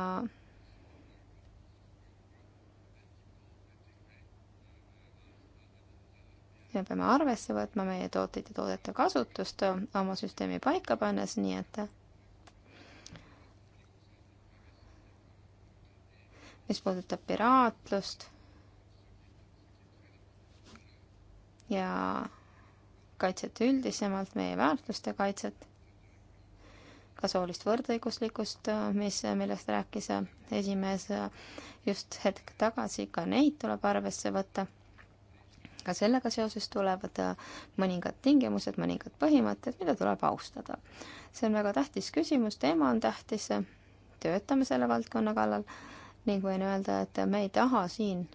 me peame arvesse võtma meie tooteid ja toodete kasutust oma süsteemi paika pannes, nii et mis puudutab piraatlust ja kaitset üldisemalt, meie väärtuste kaitset, ka soolist võrdõiguslikkust, mis, millest rääkis esimees just hetk tagasi, ka neid tuleb arvesse võtta. ka sellega seoses tulevad mõningad tingimused, mõningad põhimõtted, mida tuleb austada. see on väga tähtis küsimus, teema on tähtis, töötame selle valdkonna kallal ning võin öelda, et me ei taha siin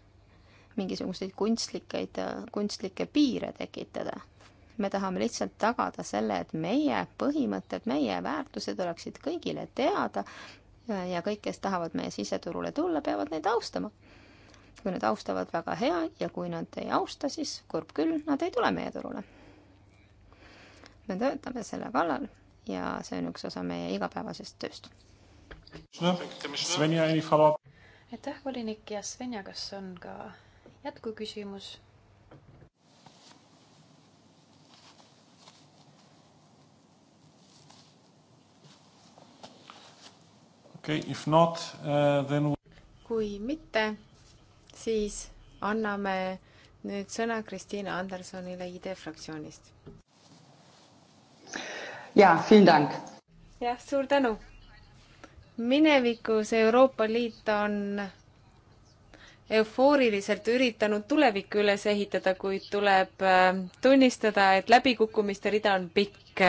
mingisuguseid kunstlikke, kunstlikke piire tekitada. me tahame lihtsalt tagada selle, et meie põhimõtted, meie väärtused oleksid kõigile teada ja kõik, kes tahavad meie siseturule tulla, peavad neid austama. kui nad austavad, väga hea, ja kui nad ei austa, siis kurb küll, nad ei tule meie turule. me töötame selle kallal ja see on üks osa meie igapäevasest tööst. Svenja, aitäh, volinik ja Svenja, kas on ka jätkuküsimus. okei okay,, if not uh,, then kui mitte, siis anname nüüd sõna Kristiina Andersonile ID fraktsioonist. jaa, jah, suur tänu minevikus Euroopa Liit on eufooriliselt üritanud tulevikku üles ehitada, kuid tuleb äh, tunnistada, et läbikukkumiste rida on pikk.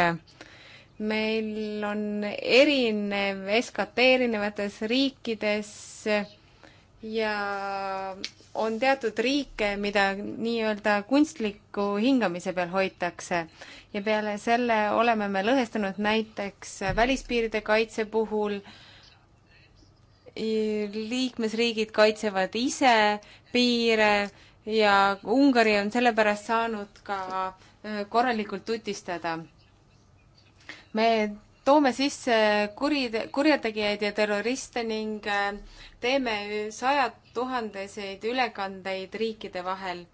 meil on erinev SKT erinevates riikides ja on teatud riike, mida nii-öelda kunstliku hingamise peal hoitakse. ja peale selle oleme me lõhestunud näiteks välispiiride kaitse puhul äh, liikmesriigid kaitsevad ise piire ja Ungari on sellepärast saanud ka äh, korralikult tutistada. me toome sisse kurite-, kurjategijaid ja terroriste ning äh, teeme sajad tuhandeseid ülekandeid riikide vahel.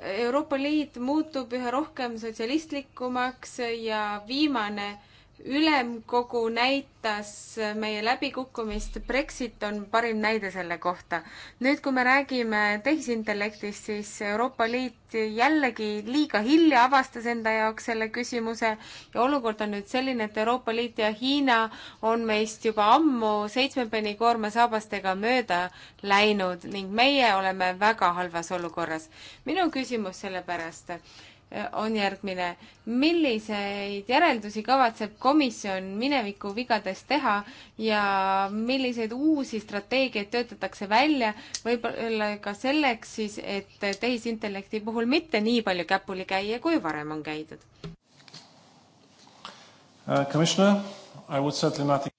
Euroopa Liit muutub üha rohkem sotsialistlikumaks ja viimane ülemkogu näitas meie läbikukkumist, Brexit on parim näide selle kohta. nüüd, kui me räägime tehisintellektist, siis Euroopa Liit jällegi liiga hilja avastas enda jaoks selle küsimuse ja olukord on nüüd selline, et Euroopa Liit ja Hiina on meist juba ammu seitsmepenni koormasaabastega mööda läinud ning meie oleme väga halvas olukorras. minu küsimus sellepärast on järgmine. milliseid järeldusi kavatseb komisjon mineviku vigadest teha ja milliseid uusi strateegiaid töötatakse välja, võib-olla ka selleks siis, et tehisintellekti puhul mitte nii palju käpuli käia, kui varem on käidud uh,? Not...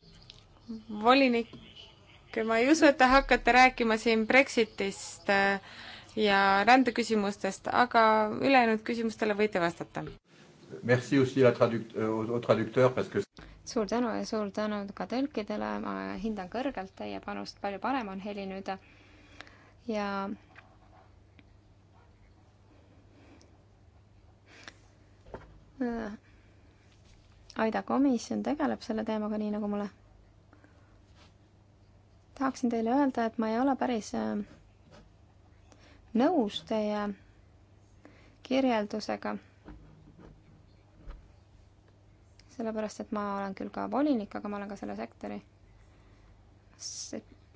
volinik, ma ei usu, et te hakkate rääkima siin Brexitist äh, ja rändeküsimustest, aga ülejäänud küsimustele võite vastata. Merci aussi la traduct-, euh, au traducteur parce que suur tänu ja suur tänu ka tõlkidele, ma hindan kõrgelt teie panust, palju parem on heli nüüd ja Aida komisjon tegeleb selle teemaga, nii nagu mulle tahaksin teile öelda, et ma ei ole päris äh, nõus teie kirjeldusega. sellepärast, et ma olen küll ka volinik, aga ma olen ka selle sektori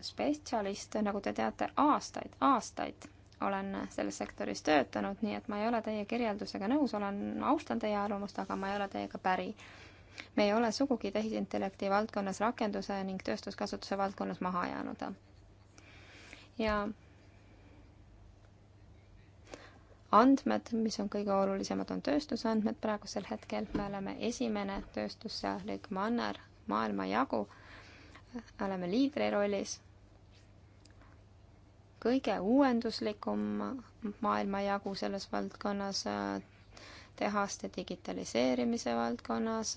spetsialist, nagu te teate, aastaid, aastaid olen selles sektoris töötanud, nii et ma ei ole teie kirjeldusega nõus, olen, austan teie arvamust, aga ma ei ole teiega päri. me ei ole sugugi tehisintellekti valdkonnas rakenduse ning tööstuskasutuse valdkonnas maha jäänud. ja andmed, mis on kõige olulisemad, on tööstusandmed praegusel hetkel, me oleme esimene tööstusseadlik manner maailmajagu, oleme liidri rollis, kõige uuenduslikum maailmajagu selles valdkonnas, tehaste digitaliseerimise valdkonnas,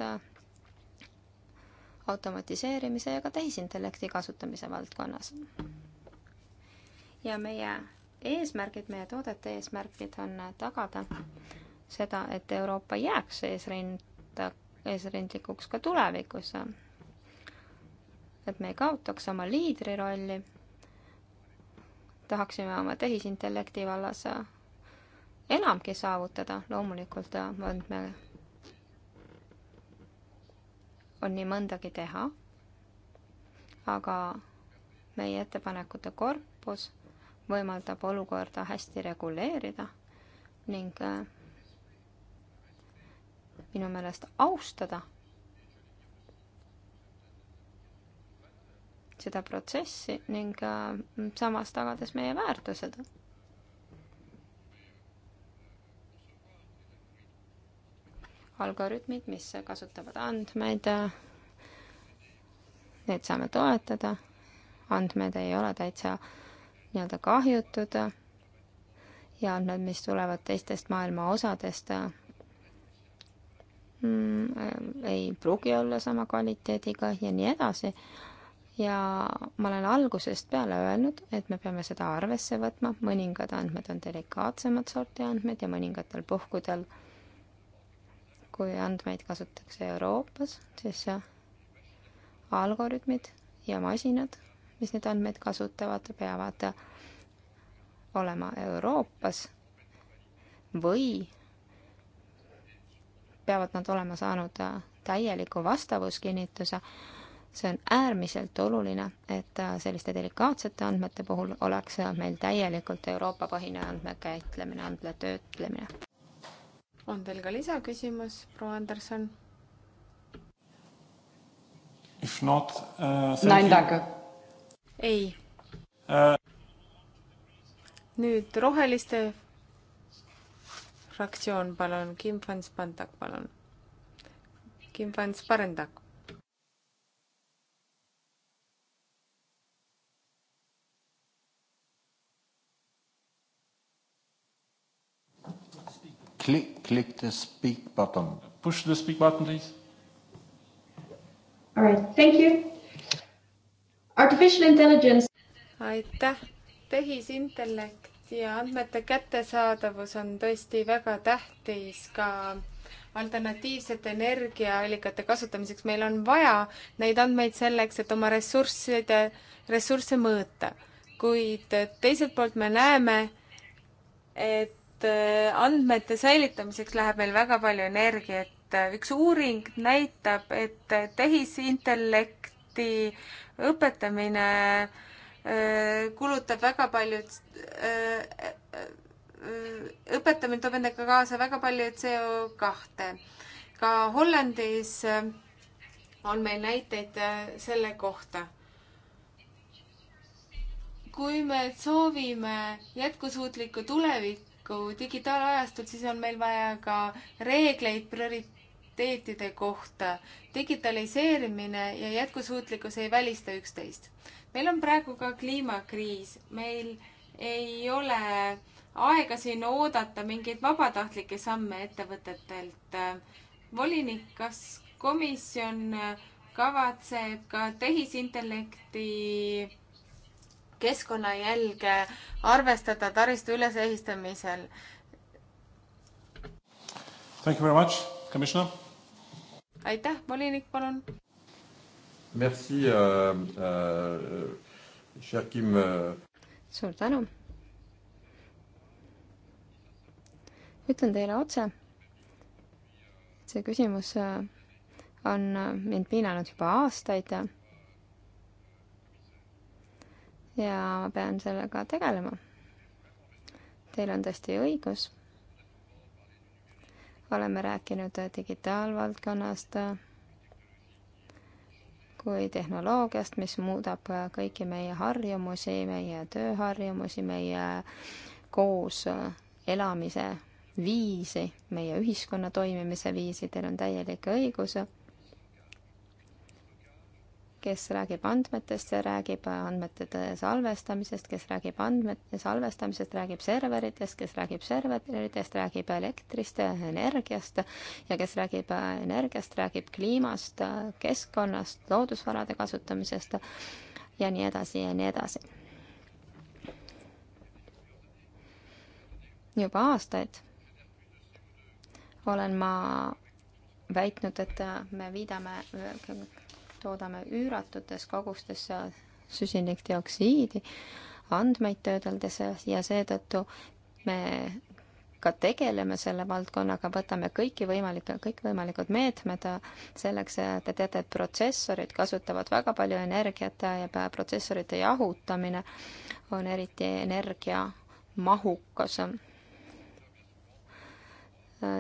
automatiseerimise ja ka tehisintellekti kasutamise valdkonnas. ja meie eesmärgid, meie toodete eesmärgid on tagada seda, et Euroopa jääks eesrinda, eesrindlikuks ka tulevikus. et me ei kaotaks oma liidrirolli. tahaksime oma tehisintellekti vallas enamgi saavutada, loomulikult on me, on nii mõndagi teha, aga meie ettepanekute korpus võimaldab olukorda hästi reguleerida ning äh, minu meelest austada seda protsessi ning äh, samas tagades meie väärtused. algoritmid, mis kasutavad andmeid, äh, need saame toetada, andmed ei ole täitsa äh, nii-öelda kahjutud ja andmed, mis tulevad teistest maailma osadest, mm, ei pruugi olla sama kvaliteediga ja nii edasi. ja ma olen algusest peale öelnud, et me peame seda arvesse võtma, mõningad andmed on delikaatsemat sorti andmed ja mõningatel puhkudel, kui andmeid kasutatakse Euroopas, siis algoritmid ja masinad mis neid andmeid kasutavad, peavad olema Euroopas või peavad nad olema saanud täieliku vastavuskinnituse. see on äärmiselt oluline, et selliste delikaatsete andmete puhul oleks meil täielikult Euroopa põhine andmekäitlemine, andmetöötlemine. on teil ka lisaküsimus, proua Anderson? If not uh,. Nein, danke ei äh.. nüüd Roheliste fraktsioon, palun, Kim van Spandak, palun. Kim van Sparendak. Click, click the speak button. Push the speak button, please. All right, thank you. Artificial intelligence. aitäh, tehisintellekt ja andmete kättesaadavus on tõesti väga tähtis ka alternatiivsete energiaallikate kasutamiseks. meil on vaja neid andmeid selleks, et oma ressursside, ressursse mõõta. kuid teiselt poolt me näeme, et äh, andmete säilitamiseks läheb meil väga palju energiat. üks uuring näitab, et tehisintellekt spordi õpetamine äh, kulutab väga palju, äh, äh, õpetamine toob endaga kaasa väga palju CO kahte. ka Hollandis on meil näiteid selle kohta. kui me soovime jätkusuutlikku tulevikku digitaalajastut, siis on meil vaja ka reegleid, priori-, prioriteetide kohta. digitaliseerimine ja jätkusuutlikkus ei välista üksteist. meil on praegu ka kliimakriis, meil ei ole aega siin oodata mingeid vabatahtlikke samme ettevõtetelt. volinik, kas komisjon kavatseb ka tehisintellekti keskkonnajälge arvestada taristu ülesehistamisel? Thank you very much, Commissioner aitäh, volinik, palun. Merci äh,, äh, cher Kim äh.... suur tänu. ütlen teile otse, see küsimus äh, on äh, mind piinanud juba aastaid ja ja ma pean sellega tegelema. Teil on tõesti õigus oleme rääkinud digitaalvaldkonnast kui tehnoloogiast, mis muudab kõiki meie harjumusi, meie tööharjumusi, meie koos elamise viisi, meie ühiskonna toimimise viisi, teil on täielik õigus kes räägib andmetest, see räägib andmete salvestamisest, kes räägib andmete salvestamisest, räägib serveritest, kes räägib serveritest, räägib elektrist, energiast ja kes räägib energiast, räägib kliimast, keskkonnast, loodusvarade kasutamisest ja nii edasi ja nii edasi. juba aastaid olen ma väitnud, et me viidame toodame üüratutes kogustes süsinikdioksiidi andmeid töödeldes ja seetõttu me ka tegeleme selle valdkonnaga, võtame kõiki võimalikke, kõikvõimalikud meetmed selleks, te teate, et protsessorid kasutavad väga palju energiat ja protsessorite jahutamine on eriti energiamahukas.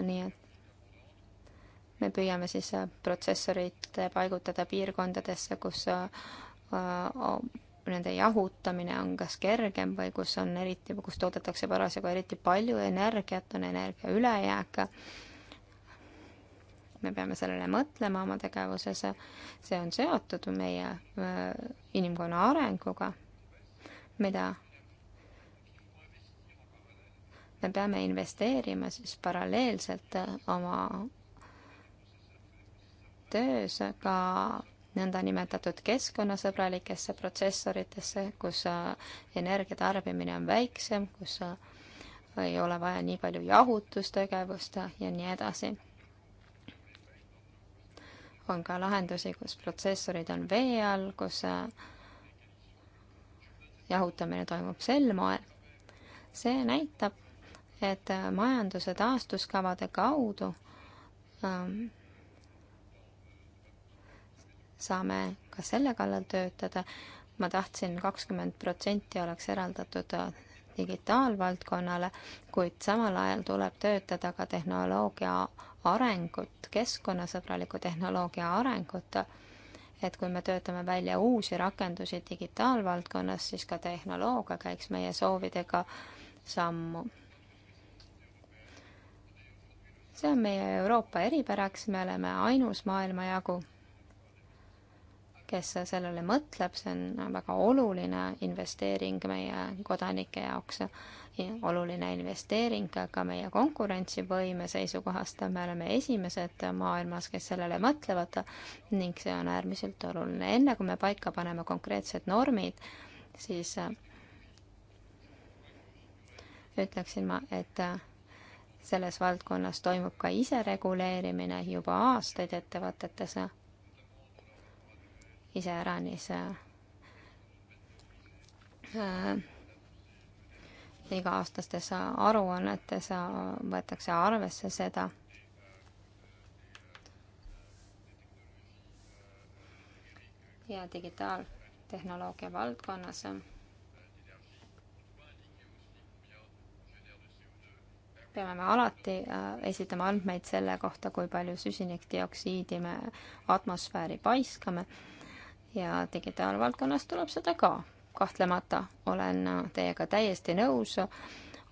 nii et me püüame siis äh, protsessorit äh, paigutada piirkondadesse, kus äh, nende jahutamine on kas kergem või kus on eriti, kus toodetakse parasjagu eriti palju energiat, on energia ülejääk. me peame sellele mõtlema oma tegevuses, see on seotud meie inimkonna arenguga, mida me peame investeerima siis paralleelselt oma töös ka nõndanimetatud keskkonnasõbralikesse protsessoritesse, kus äh, energia tarbimine on väiksem, kus äh, ei ole vaja nii palju jahutustegevust ja nii edasi. on ka lahendusi, kus protsessorid on vee all, kus äh, jahutamine toimub sel moel. see näitab, et majanduse taastuskavade kaudu ähm, saame ka selle kallal töötada. ma tahtsin, kakskümmend protsenti oleks eraldatud digitaalvaldkonnale, kuid samal ajal tuleb töötada ka tehnoloogia arengut, keskkonnasõbraliku tehnoloogia arengut, et kui me töötame välja uusi rakendusi digitaalvaldkonnas, siis ka tehnoloogia käiks meie soovidega sammu. see on meie Euroopa eripäraks, me oleme ainus maailmajagu kes sellele mõtleb, see on väga oluline investeering meie kodanike jaoks, oluline investeering ka meie konkurentsivõime seisukohast, me oleme esimesed maailmas, kes sellele mõtlevad ning see on äärmiselt oluline. enne kui me paika paneme konkreetsed normid, siis ütleksin ma, et selles valdkonnas toimub ka isereguleerimine juba aastaid ettevõtetes iseäranis äh, äh, iga-aastastes aruannetes äh, võetakse arvesse seda. ja digitaaltehnoloogia valdkonnas peame me alati esitama andmeid selle kohta, kui palju süsinikdioksiidi me atmosfääri paiskame ja digitaalvaldkonnas tuleb seda ka. kahtlemata olen teiega täiesti nõus,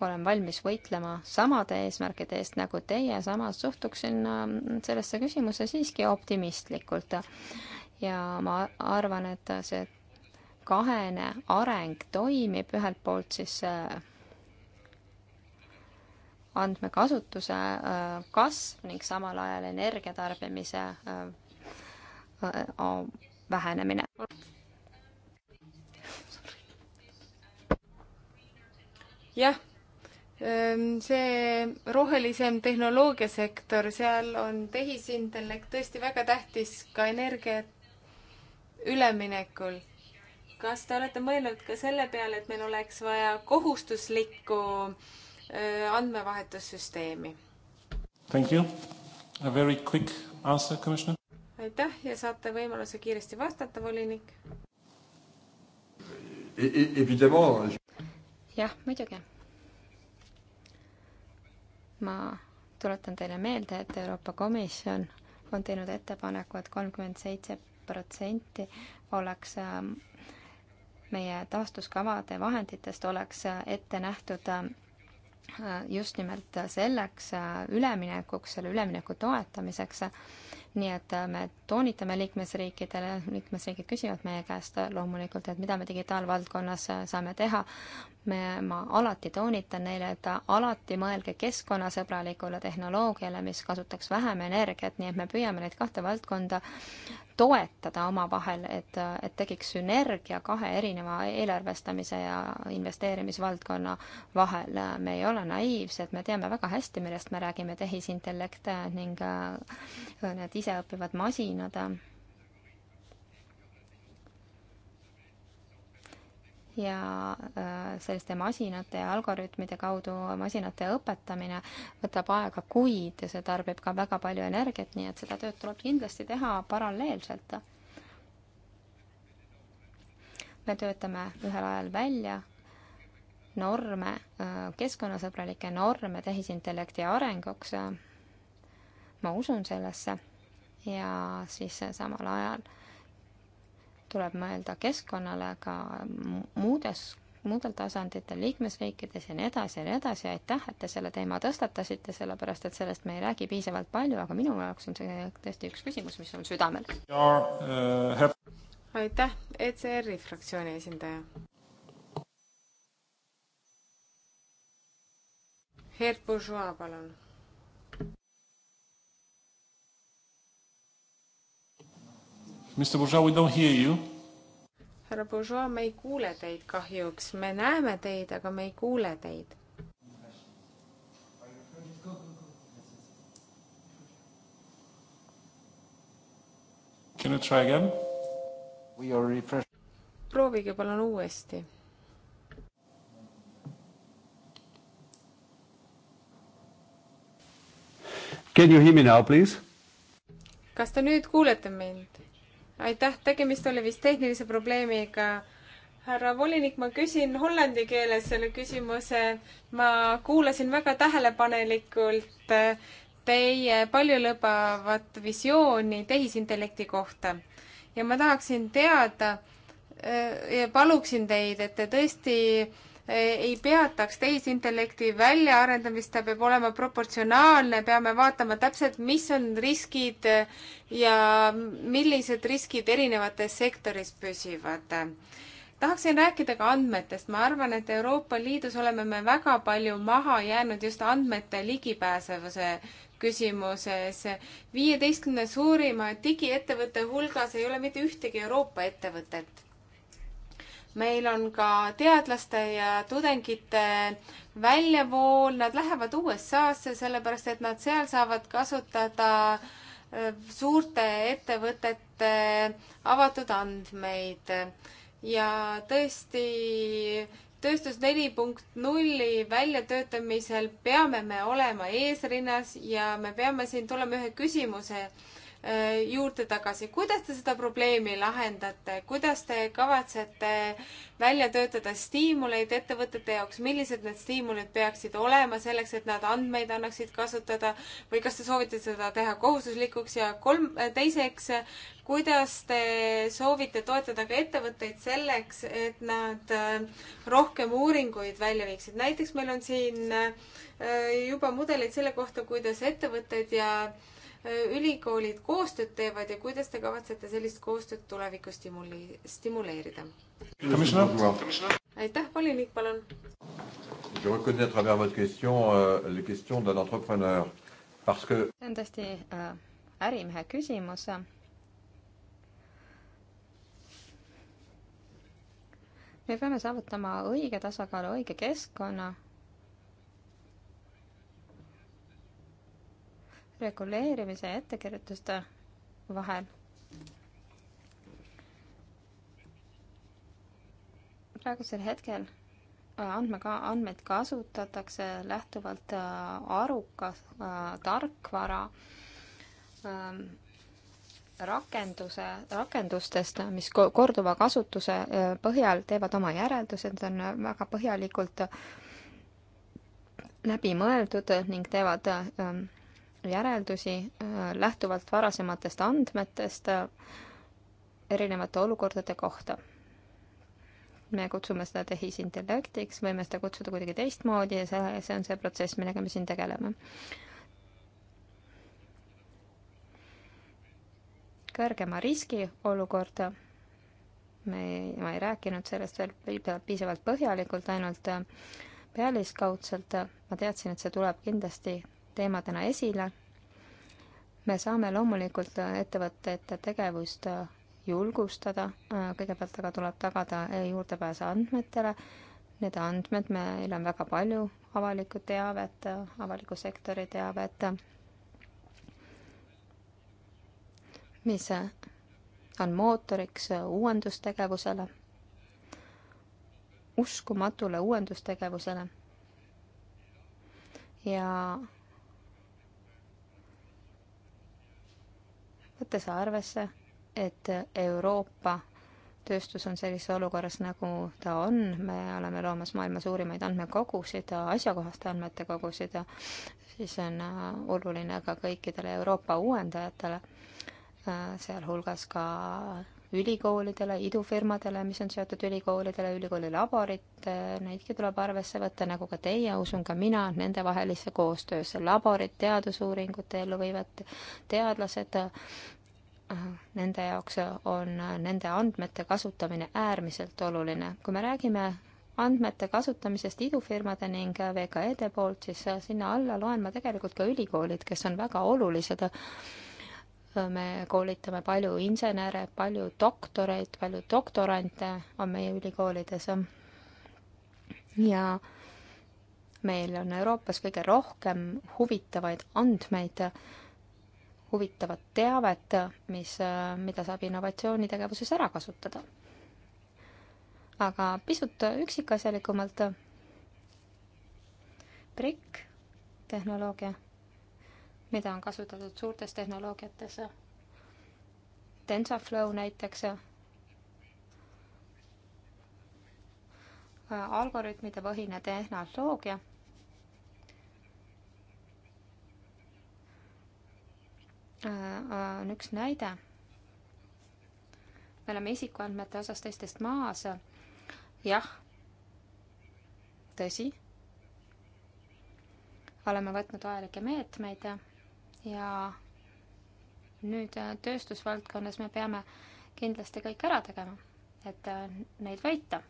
olen valmis võitlema samade eesmärkide eest nagu teie, samas suhtuksin ähm, sellesse küsimusse siiski optimistlikult. ja ma arvan, et see kahene areng toimib ühelt poolt siis äh, andmekasutuse äh, kasv ning samal ajal energiatarbimise äh, vähenemine. jah, ehm, see rohelisem tehnoloogiasektor, seal on tehisintellekt tõesti väga tähtis ka energia üleminekul. kas te olete mõelnud ka selle peale, et meil oleks vaja kohustuslikku ehm, andmevahetussüsteemi? Thank you. A very quick answer, Commissioner aitäh ja saate võimaluse kiiresti vastata, volinik. jah, muidugi. ma tuletan teile meelde, et Euroopa Komisjon on teinud ettepaneku et, et kolmkümmend seitse protsenti oleks ähm, meie taastuskavade vahenditest oleks äh, ette nähtud äh, just nimelt selleks äh, üleminekuks, selle ülemineku toetamiseks nii et äh, me toonitame liikmesriikidele, liikmesriigid küsivad meie käest loomulikult, et mida me digitaalvaldkonnas äh, saame teha, me, ma alati toonitan neile, et alati mõelge keskkonnasõbralikule tehnoloogiale, mis kasutaks vähem energiat, nii et me püüame neid kahte valdkonda toetada omavahel, et, et tekiks sünergia kahe erineva eelarvestamise ja investeerimisvaldkonna vahel. me ei ole naiivsed, me teame väga hästi, millest me räägime, tehisintellekt ning need iseõppivad masinad ja äh, selliste masinate ja algoritmide kaudu masinate õpetamine võtab aega kuid ja see tarbib ka väga palju energiat, nii et seda tööd tuleb kindlasti teha paralleelselt. me töötame ühel ajal välja norme, äh, keskkonnasõbralikke norme tehisintellekti arenguks. ma usun sellesse ja siis samal ajal tuleb mõelda keskkonnale ka muudes muudel tasanditel, liikmesriikides ja nii edasi ja nii edasi, aitäh, et te selle teema tõstatasite, sellepärast et sellest me ei räägi piisavalt palju, aga minu jaoks on see tõesti üks küsimus, mis on südamel. aitäh, ECR-i fraktsiooni esindaja. Gert Bourgeois, palun Mr Bourgeois, we don't hear you. härra Bourgeois, me ei kuule teid kahjuks, me näeme teid, aga me ei kuule teid. Can you try again? We are refresh-. proovige palun uuesti Can you hear me now, please? kas te nüüd kuulete mind? aitäh, tegemist oli vist tehnilise probleemiga. härra volinik, ma küsin hollandi keeles selle küsimuse. ma kuulasin väga tähelepanelikult teie paljulõbavat visiooni tehisintellekti kohta ja ma tahaksin teada eh, ja paluksin teid, et te tõesti Eh, ei peataks tehisintellekti väljaarendamist, ta peab olema proportsionaalne, peame vaatama täpselt, mis on riskid eh, ja millised riskid erinevates sektoris püsivad tahaksin rääkida ka andmetest. ma arvan, et Euroopa Liidus oleme me väga palju maha jäänud just andmete ligipääsevuse küsimuses. viieteistkümne suurima digiettevõtte hulgas ei ole mitte ühtegi Euroopa ettevõtet meil on ka teadlaste ja tudengite väljavool, nad lähevad USA-sse, sellepärast et nad seal saavad kasutada äh, suurte ettevõtete avatud andmeid. ja tõesti, tööstus neli punkt nulli väljatöötamisel peame me olema eesrinnas ja me peame siin tulema ühe küsimuse Äh, juurde tagasi, kuidas te seda probleemi lahendate, kuidas te kavatsete välja töötada stiimuleid ettevõtete jaoks, millised need stiimulid peaksid olema selleks, et nad andmeid annaksid kasutada või kas te soovite seda teha kohustuslikuks ja kolm, äh, teiseks, kuidas te soovite toetada ka ettevõtteid selleks, et nad äh, rohkem uuringuid välja viiksid, näiteks meil on siin juba mudelid selle kohta, kuidas ettevõtted ja äh, ülikoolid koostööd teevad ja kuidas te kavatsete sellist koostööd tulevikus stimuli-, stimuleerida? aitäh, volinik, palun! Je reconnais à travers votre question euh, les questions d'un entrepreneur parce que see on tõesti äh, ärimehe küsimus. me peame saavutama õige tasakaalu, õige keskkonna reguleerimise ja ettekirjutuste vahel. praegusel hetkel äh, andmega, andmeid kasutatakse lähtuvalt äh, aruka äh, tarkvara ähm, rakenduse, rakendustest, mis korduva kasutuse põhjal teevad oma järeldused, on väga põhjalikult läbi mõeldud ning teevad järeldusi äh, lähtuvalt varasematest andmetest äh, erinevate olukordade kohta. me kutsume seda tehisintellektiks, võime seda kutsuda kuidagi teistmoodi ja see, see on see protsess, millega me siin tegeleme. kõrgema riski olukorda me ei, ma ei rääkinud sellest veel piisavalt põhjalikult, ainult äh, pealiskaudselt ma teadsin, et see tuleb kindlasti teemadena esile. me saame loomulikult ettevõtete tegevust julgustada, kõigepealt aga tuleb tagada juurdepääs andmetele. Need andmed, meil on väga palju avalikku teavet, avaliku sektori teavet, mis on mootoriks uuendustegevusele, uskumatule uuendustegevusele ja võttes arvesse, et Euroopa tööstus on sellises olukorras, nagu ta on, me oleme loomas maailma suurimaid andmekogusid, asjakohaste andmete kogusid ja siis on oluline ka kõikidele Euroopa uuendajatele, sealhulgas ka ülikoolidele, idufirmadele, mis on seotud ülikoolidele, ülikooli laborit, neidki tuleb arvesse võtta, nagu ka teie, usun ka mina, nendevahelisse koostöösse. laborid, teadusuuringute ellu viivad teadlased, äh, nende jaoks on nende andmete kasutamine äärmiselt oluline. kui me räägime andmete kasutamisest idufirmade ning VKE-de poolt, siis sinna alla loen ma tegelikult ka ülikoolid, kes on väga olulised me koolitame palju insenere, palju doktoreid, palju doktorante on meie ülikoolides. ja meil on Euroopas kõige rohkem huvitavaid andmeid, huvitavat teavet, mis, mida saab innovatsioonitegevuses ära kasutada. aga pisut üksikasjalikumalt. BRIC tehnoloogia mida on kasutatud suurtes tehnoloogiates. TensorFlow näiteks. algoritmide põhine tehnoloogia. on üks näide. me oleme isikuandmete osas teistest maas. jah, tõsi oleme võtnud vajalikke meetmeid ja ja nüüd äh, tööstusvaldkonnas me peame kindlasti kõik ära tegema, et äh, neid võita.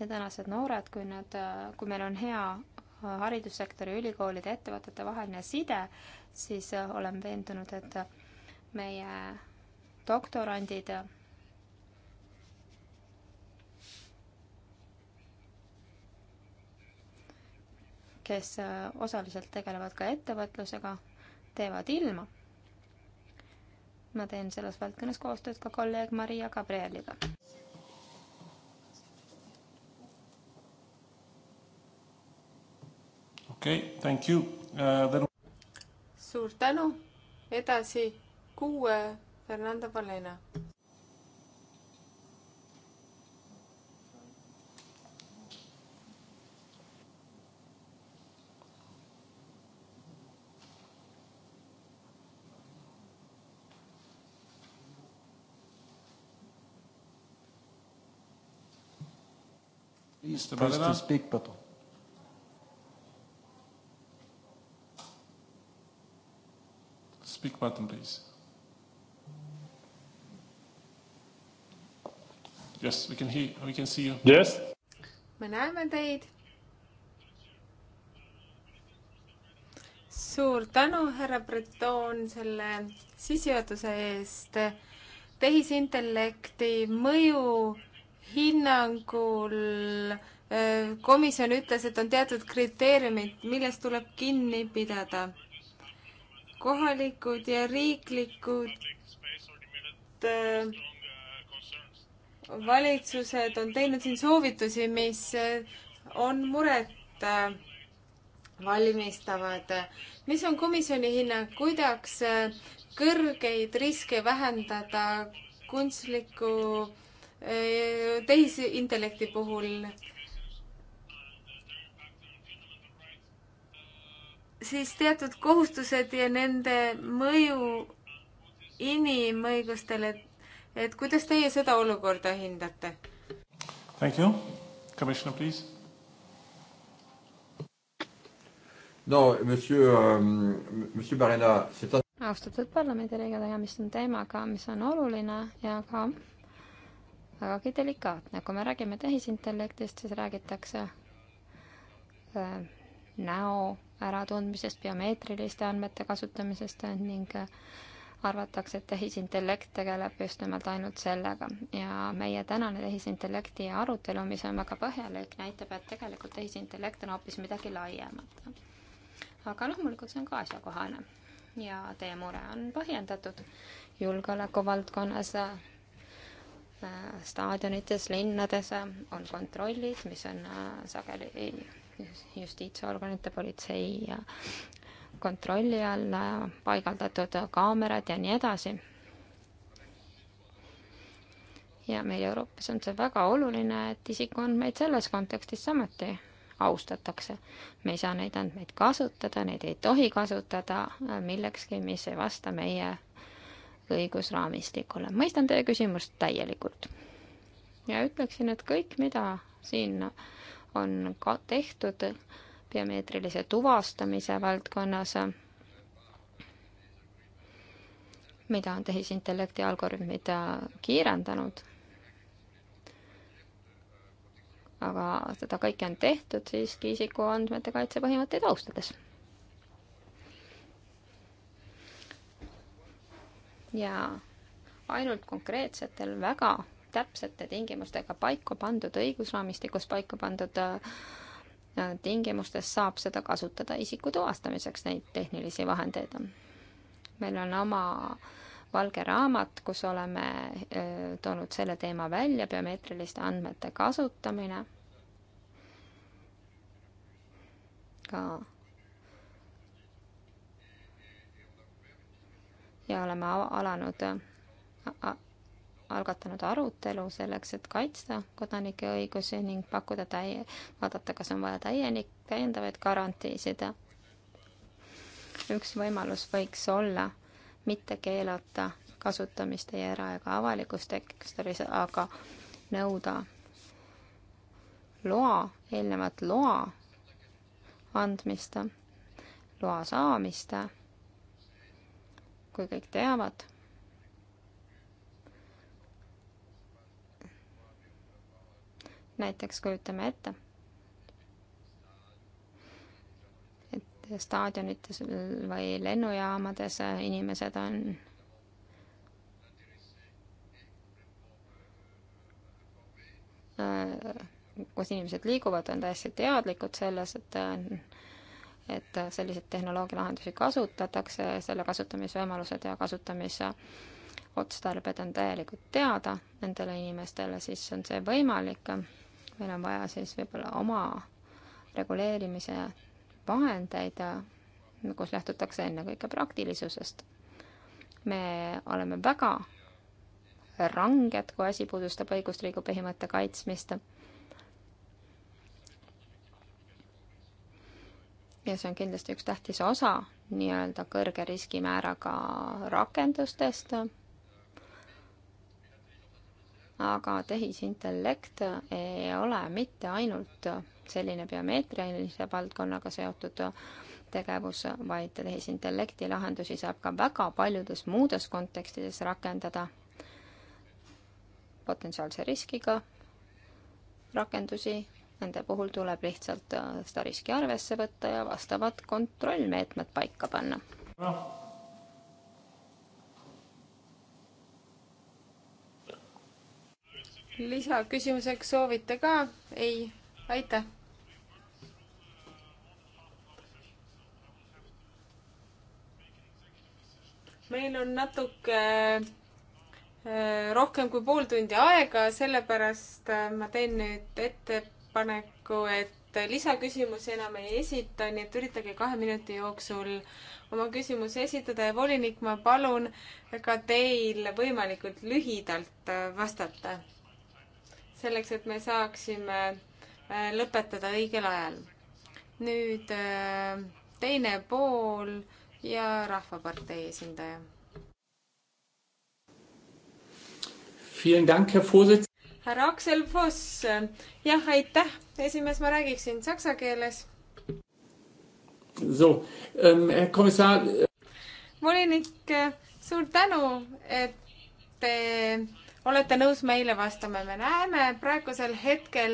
ja tänased noored, kui nad, äh, kui meil on hea haridussektori, ülikoolide, ettevõtete vaheline side, siis olen veendunud, et meie doktorandid kes äh, osaliselt tegelevad ka ettevõtlusega, teevad ilma. ma teen selles valdkonnas koostööd ka kolleeg Maria Gabrieliga. okei okay,, thank you uh,. Then... suur tänu, edasi kuue Fernanda Valena. please, the press brother. the speak button. Speak button, please. Yes, we can hear. We can see you. Yes. me näeme teid. suur tänu, härra Breton, selle sissejuhatuse eest. tehisintellekti mõju hinnangul äh, komisjon ütles, et on teatud kriteeriumid, millest tuleb kinni pidada. kohalikud ja riiklikud äh, valitsused on teinud siin soovitusi, mis äh, on muret valmistavad. mis on komisjoni hinnang, kuidas kõrgeid riske vähendada kunstliku Äh, tehisintellekti puhul, siis teatud kohustused ja nende mõju inimõigustele, et kuidas teie seda olukorda hindate? Thank you. Commissioner, please. no monsieur um,, monsieur Barena, seda austatud parlamendiliige, tegemist on teemaga, mis on oluline ja ka vägagi delikaatne. kui me räägime tehisintellektist, siis räägitakse äh, näo äratundmisest, biomeetriliste andmete kasutamisest ning äh, arvatakse, et tehisintellekt tegeleb just nimelt ainult sellega ja meie tänane tehisintellekti arutelu, mis on väga põhjalik, näitab, et tegelikult tehisintellekt on hoopis midagi laiemat. aga loomulikult see on ka asjakohane ja teie mure on põhjendatud julgeoleku valdkonnas äh, staadionites, linnades on kontrollid, mis on äh, sageli justiitsorganite, politsei kontrolli all, äh, paigaldatud kaamerad ja nii edasi. ja meil Euroopas on see väga oluline, et isikuandmeid selles kontekstis samuti austatakse. me ei saa neid andmeid kasutada, neid ei tohi kasutada äh, millekski, mis ei vasta meie õigusraamistikule. mõistan teie küsimust täielikult. ja ütleksin, et kõik, mida siin on ka tehtud biomeetrilise tuvastamise valdkonnas, mida on tehisintellekti algoritmid kiirendanud, aga seda kõike on tehtud siiski isikuandmete kaitse põhimõtteid austades ja ainult konkreetsetel väga täpsete tingimustega paika pandud õigusraamistikus paika pandud äh, äh, tingimustes saab seda kasutada isiku tuvastamiseks, neid tehnilisi vahendeid. meil on oma valge raamat, kus oleme äh, toonud selle teema välja, biomeetriliste andmete kasutamine. ka ja oleme alanud, algatanud arutelu selleks, et kaitsta kodanike õigusi ning pakkuda täie, vaadata, kas on vaja täienik, täiendavaid garantiisid. üks võimalus võiks olla mitte keelata kasutamist ei era- ega avalikus tekstoris, aga nõuda loa, eelnevat loa andmist, loa saamist kui kõik teavad. näiteks kujutame ette, et staadionites või lennujaamades inimesed on äh, kus inimesed liiguvad, on täiesti teadlikud selles, et et äh, selliseid tehnoloogialahendusi kasutatakse, selle kasutamisvõimalused ja kasutamise otstarbed on täielikult teada nendele inimestele, siis on see võimalik. meil on vaja siis võib-olla oma reguleerimise vahendeid, kus lähtutakse ennekõike praktilisusest. me oleme väga ranged, kui asi puudustab õigusriigi põhimõtte kaitsmist ja see on kindlasti üks tähtis osa nii-öelda kõrge riskimääraga rakendustest. aga tehisintellekt ei ole mitte ainult selline biomeetrilise valdkonnaga seotud tegevus, vaid tehisintellekti lahendusi saab ka väga paljudes muudes kontekstides rakendada potentsiaalse riskiga rakendusi Nende puhul tuleb lihtsalt äh, seda riski arvesse võtta ja vastavad kontrollmeetmed paika panna no.. lisaküsimuseks soovite ka? ei, aitäh. meil on natuke äh, rohkem kui pool tundi aega, sellepärast äh, ma teen nüüd ette ettepaneku, et lisaküsimusi enam ei esita, nii et üritage kahe minuti jooksul oma küsimusi esitada ja volinik, ma palun ka teil võimalikult lühidalt äh, vastata. selleks, et me saaksime äh, lõpetada õigel ajal. nüüd äh, teine pool ja Rahvapartei esindaja. Vielen Dank, Herr Vorsitz härra Aksel Foss. jah, aitäh, esimees, ma räägiksin saksa keeles. So ähm,, Herr Kommissar. volinik, äh suur tänu, et te olete nõus meile vastama. me näeme praegusel hetkel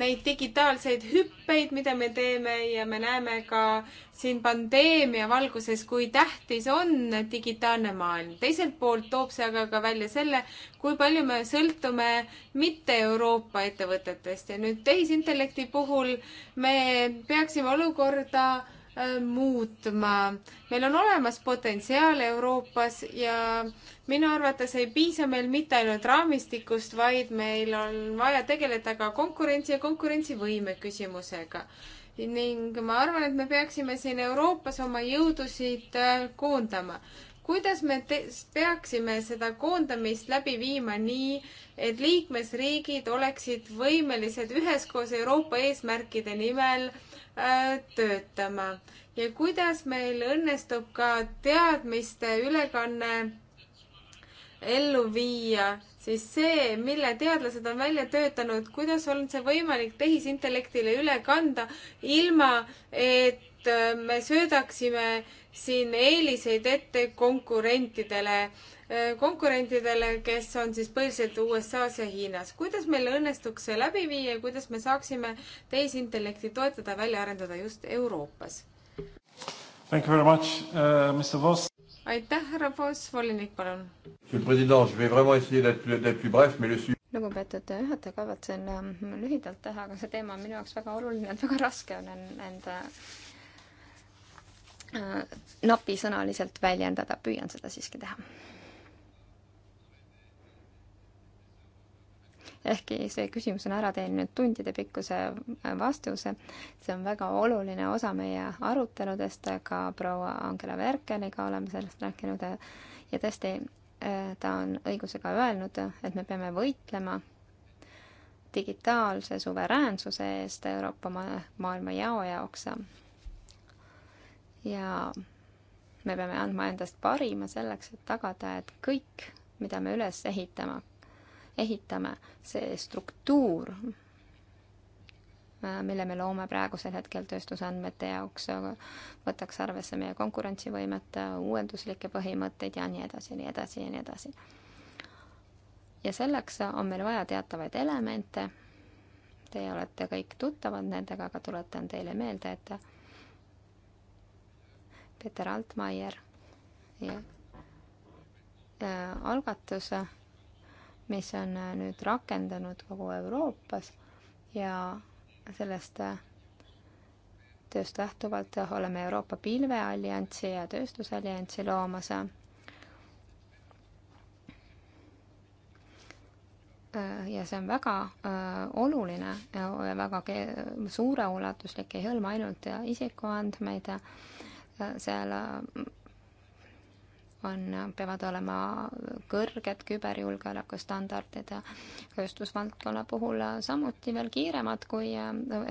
neid digitaalseid hüppeid, mida me teeme ja me näeme ka siin pandeemia valguses, kui tähtis on digitaalne maailm. teiselt poolt toob see aga ka välja selle, kui palju me sõltume mitte Euroopa ettevõtetest ja nüüd tehisintellekti puhul me peaksime olukorda Äh, muutma. meil on olemas potentsiaal Euroopas ja minu arvates ei piisa meil mitte ainult raamistikust, vaid meil on vaja tegeleda ka konkurentsi ja konkurentsivõime küsimusega. ning ma arvan, et me peaksime siin Euroopas oma jõudusid äh, koondama kuidas me peaksime seda koondamist läbi viima nii, et liikmesriigid oleksid võimelised üheskoos Euroopa eesmärkide nimel äh, töötama ja kuidas meil õnnestub ka teadmiste ülekanne ellu viia, siis see, mille teadlased on välja töötanud, kuidas on see võimalik tehisintellektile üle kanda, ilma et et äh, me söödaksime siin eeliseid ette konkurentidele, äh, konkurentidele, kes on siis põhiliselt USA-s ja Hiinas. kuidas meil õnnestuks see läbi viia ja kuidas me saaksime tehisintellekti toetada, välja arendada just Euroopas? Thank you very much uh,, Mr Voss. aitäh, härra Voss, volinik, palun. lugupeetud juhataja, kavatsen ähm, lühidalt teha, aga see teema on minu jaoks väga oluline, et väga raske on enda en äh, Äh, napisõnaliselt väljendada, püüan seda siiski teha. ehkki see küsimus on ära teeninud tundide pikkuse äh, vastuse, see on väga oluline osa meie aruteludest, ka proua Angela Merkeliga oleme sellest rääkinud äh, ja tõesti, ta on õigusega öelnud, et me peame võitlema digitaalse suveräänsuse eest Euroopa ma maailma jao jaoks ja me peame andma endast parima selleks, et tagada, et kõik, mida me üles ehitame, ehitame, see struktuur, äh, mille me loome praegusel hetkel tööstusandmete jaoks, võtaks arvesse meie konkurentsivõimet, äh, uuenduslikke põhimõtteid ja nii edasi ja nii edasi ja nii edasi. ja selleks on meil vaja teatavaid elemente, teie olete kõik tuttavad nendega, aga tuletan teile meelde, et Peeter Altmaier ja, äh, algatuse, mis on äh, nüüd rakendunud kogu Euroopas ja sellest äh, tööst lähtuvalt oleme Euroopa Pilvealliansi ja Tööstusalliansi loomas. Äh, ja see on väga oluline ja väga suureulatuslik, ei hõlma ainult isikuandmeid seal on, peavad olema kõrged küberjulgeoleku standardid ja tööstusvaldkonna puhul samuti veel kiiremad kui,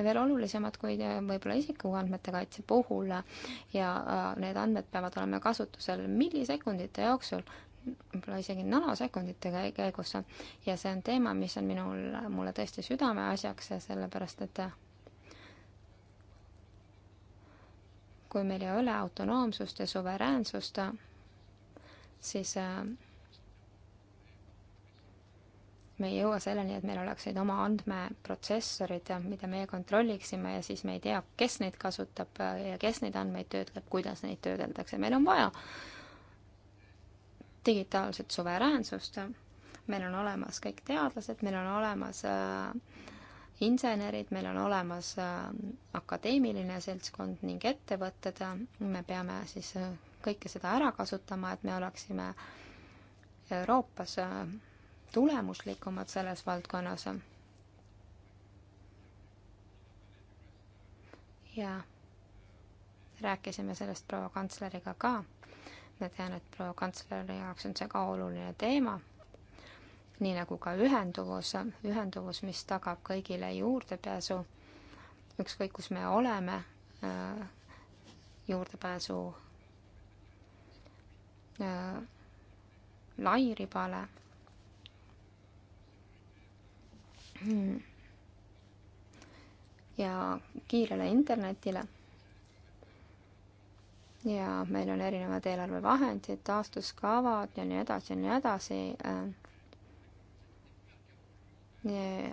veel olulisemad kui võib-olla isikuandmete kaitse puhul ja äh, need andmed peavad olema kasutusel millisekundite jooksul, võib-olla isegi nanosekundite käigus ja see on teema, mis on minul, mulle tõesti südameasjaks, sellepärast et kui meil ei ole autonoomsust ja suveräänsust, siis äh, me ei jõua selleni, et meil oleksid oma andmeprotsessorid, mida meie kontrolliksime ja siis me ei tea, kes neid kasutab äh, ja kes neid andmeid töötleb, kuidas neid töödeldakse. meil on vaja digitaalset suveräänsust, meil on olemas kõik teadlased, meil on olemas äh, insenerid, meil on olemas äh, akadeemiline seltskond ning ettevõtted, äh, me peame siis äh, kõike seda ära kasutama, et me oleksime Euroopas tulemuslikumad selles valdkonnas. ja rääkisime sellest proua kantsleriga ka. ma tean, et proua kantsleri jaoks on see ka oluline teema nii nagu ka ühenduvus, ühenduvus, mis tagab kõigile juurdepääsu, ükskõik kus me oleme, äh, juurdepääsu äh, lairibale hmm. ja kiirele internetile. ja meil on erinevad eelarvevahendid, taastuskavad ja nii edasi ja nii edasi äh,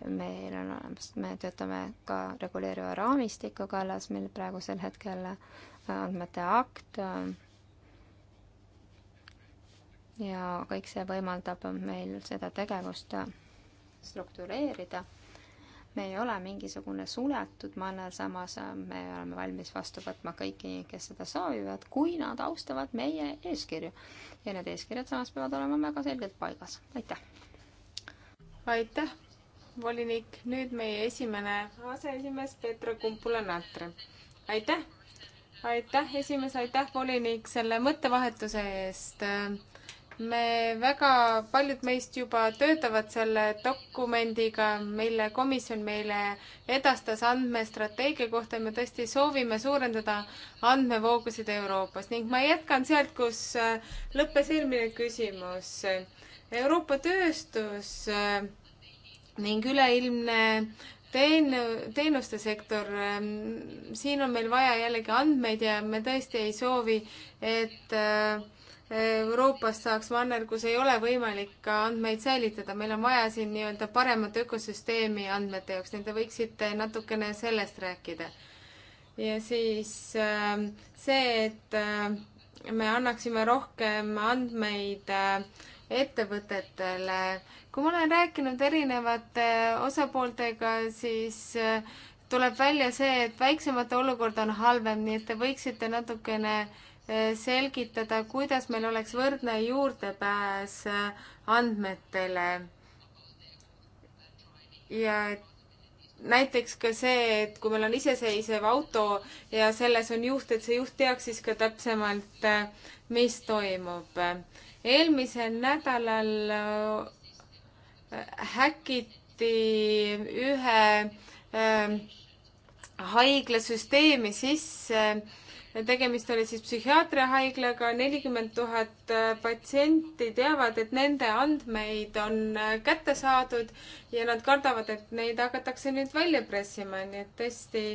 meil on olemas, me töötame ka reguleeriva raamistiku kallas, meil praegusel hetkel äh, andmete akt äh, ja kõik see võimaldab meil seda tegevust äh, struktureerida. me ei ole mingisugune suletud manna, samas me oleme valmis vastu võtma kõiki, kes seda soovivad, kui nad austavad meie eeskirju. ja need eeskirjad samas peavad olema väga selgelt paigas. aitäh! aitäh, volinik, nüüd meie esimene aseesimees Petro Kumpula-Natre. aitäh, aitäh, esimees, aitäh, volinik, selle mõttevahetuse eest. me väga, paljud meist juba töötavad selle dokumendiga, mille komisjon meile edastas andmestrateegia kohta ja me tõesti soovime suurendada andmevoogusid Euroopas ning ma jätkan sealt, kus äh, lõppes eelmine küsimus. Euroopa tööstus äh, ning üleilmne teen-, teenuste sektor, ehm, siin on meil vaja jällegi andmeid ja me tõesti ei soovi, et eh, Euroopas saaks manner, kus ei ole võimalik ka andmeid säilitada, meil on vaja siin nii-öelda paremat ökosüsteemi andmete jaoks, nii te võiksite natukene sellest rääkida. ja siis ehm, see, et eh, me annaksime rohkem andmeid äh, ettevõtetele. kui ma olen rääkinud erinevate osapooltega, siis eh, tuleb välja see, et väiksemate olukord on halvem, nii et te võiksite natukene eh, selgitada, kuidas meil oleks võrdne juurdepääs eh, andmetele. ja et näiteks ka see, et kui meil on iseseisev auto ja selles on juht, et see juht teaks siis ka täpsemalt, mis toimub eelmisel nädalal äh, häkiti ühe äh, haiglasüsteemi sisse äh, tegemist oli siis psühhiaatriahaiglaga, nelikümmend tuhat äh, patsienti teavad, et nende andmeid on äh, kätte saadud ja nad kardavad, et neid hakatakse nüüd välja pressima, nii et tõesti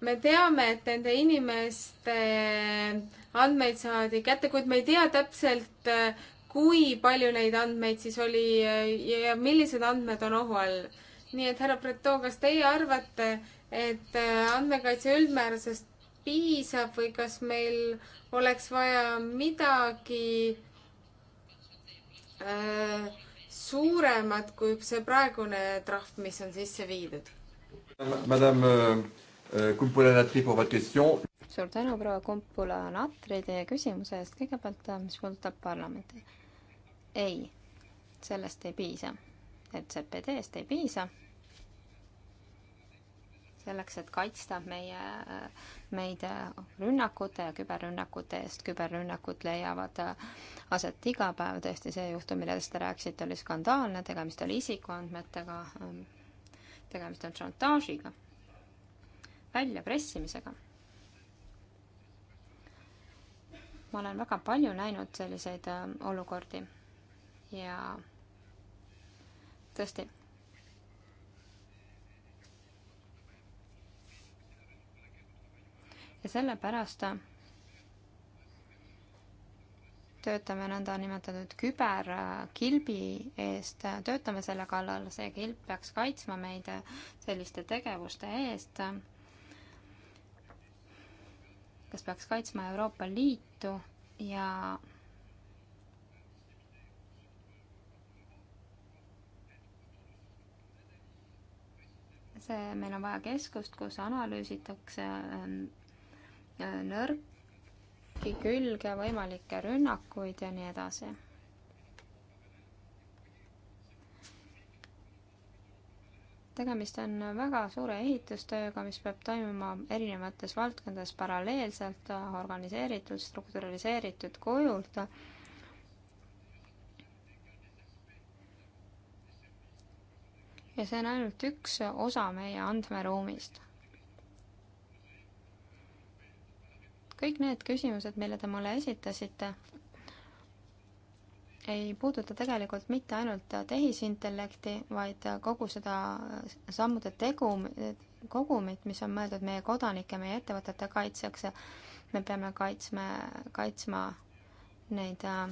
me teame, et nende inimeste andmeid saadi kätte, kuid me ei tea täpselt, kui palju neid andmeid siis oli ja millised andmed on ohu all. nii et härra Breton, kas teie arvate, et äh, andmekaitse üldmäärusest piisab või kas meil oleks vaja midagi äh, suuremat kui see praegune trahv, mis on sisse viidud? Madame äh Euh, Kumpula-Natri pour votre question. suur tänu, proua Kumpula-Natri, teie küsimuse eest. kõigepealt, äh, mis puudutab parlamenti. ei, sellest ei piisa. E CPD-st ei piisa. selleks, et kaitsta meie, äh, meid äh, rünnakute ja küberrünnakute eest. küberrünnakud leiavad aset iga päev. tõesti, see juhtum, millest te rääkisite, oli skandaalne. tegemist oli isikuandmetega. Ähm, tegemist on šantaažiga väljapressimisega. ma olen väga palju näinud selliseid äh, olukordi ja tõesti ja sellepärast äh, töötame nõndanimetatud küberkilbi eest, äh, töötame selle kallal, see kilp peaks kaitsma meid selliste tegevuste eest kes peaks kaitsma Euroopa Liitu ja see, meil on vaja keskust, kus analüüsitakse ähm, äh, nõrki külge, võimalikke rünnakuid ja nii edasi tegemist on väga suure ehitustööga, mis peab toimuma erinevates valdkondades paralleelselt, organiseeritud, strukturaliseeritud kujult. ja see on ainult üks osa meie andmeruumist. kõik need küsimused, mille te mulle esitasite, ei puuduta tegelikult mitte ainult tehisintellekti, vaid kogu seda sammude tegu, kogumit, mis on mõeldud meie kodanike, meie ettevõtete kaitseks. me peame kaitsma, kaitsma neid äh,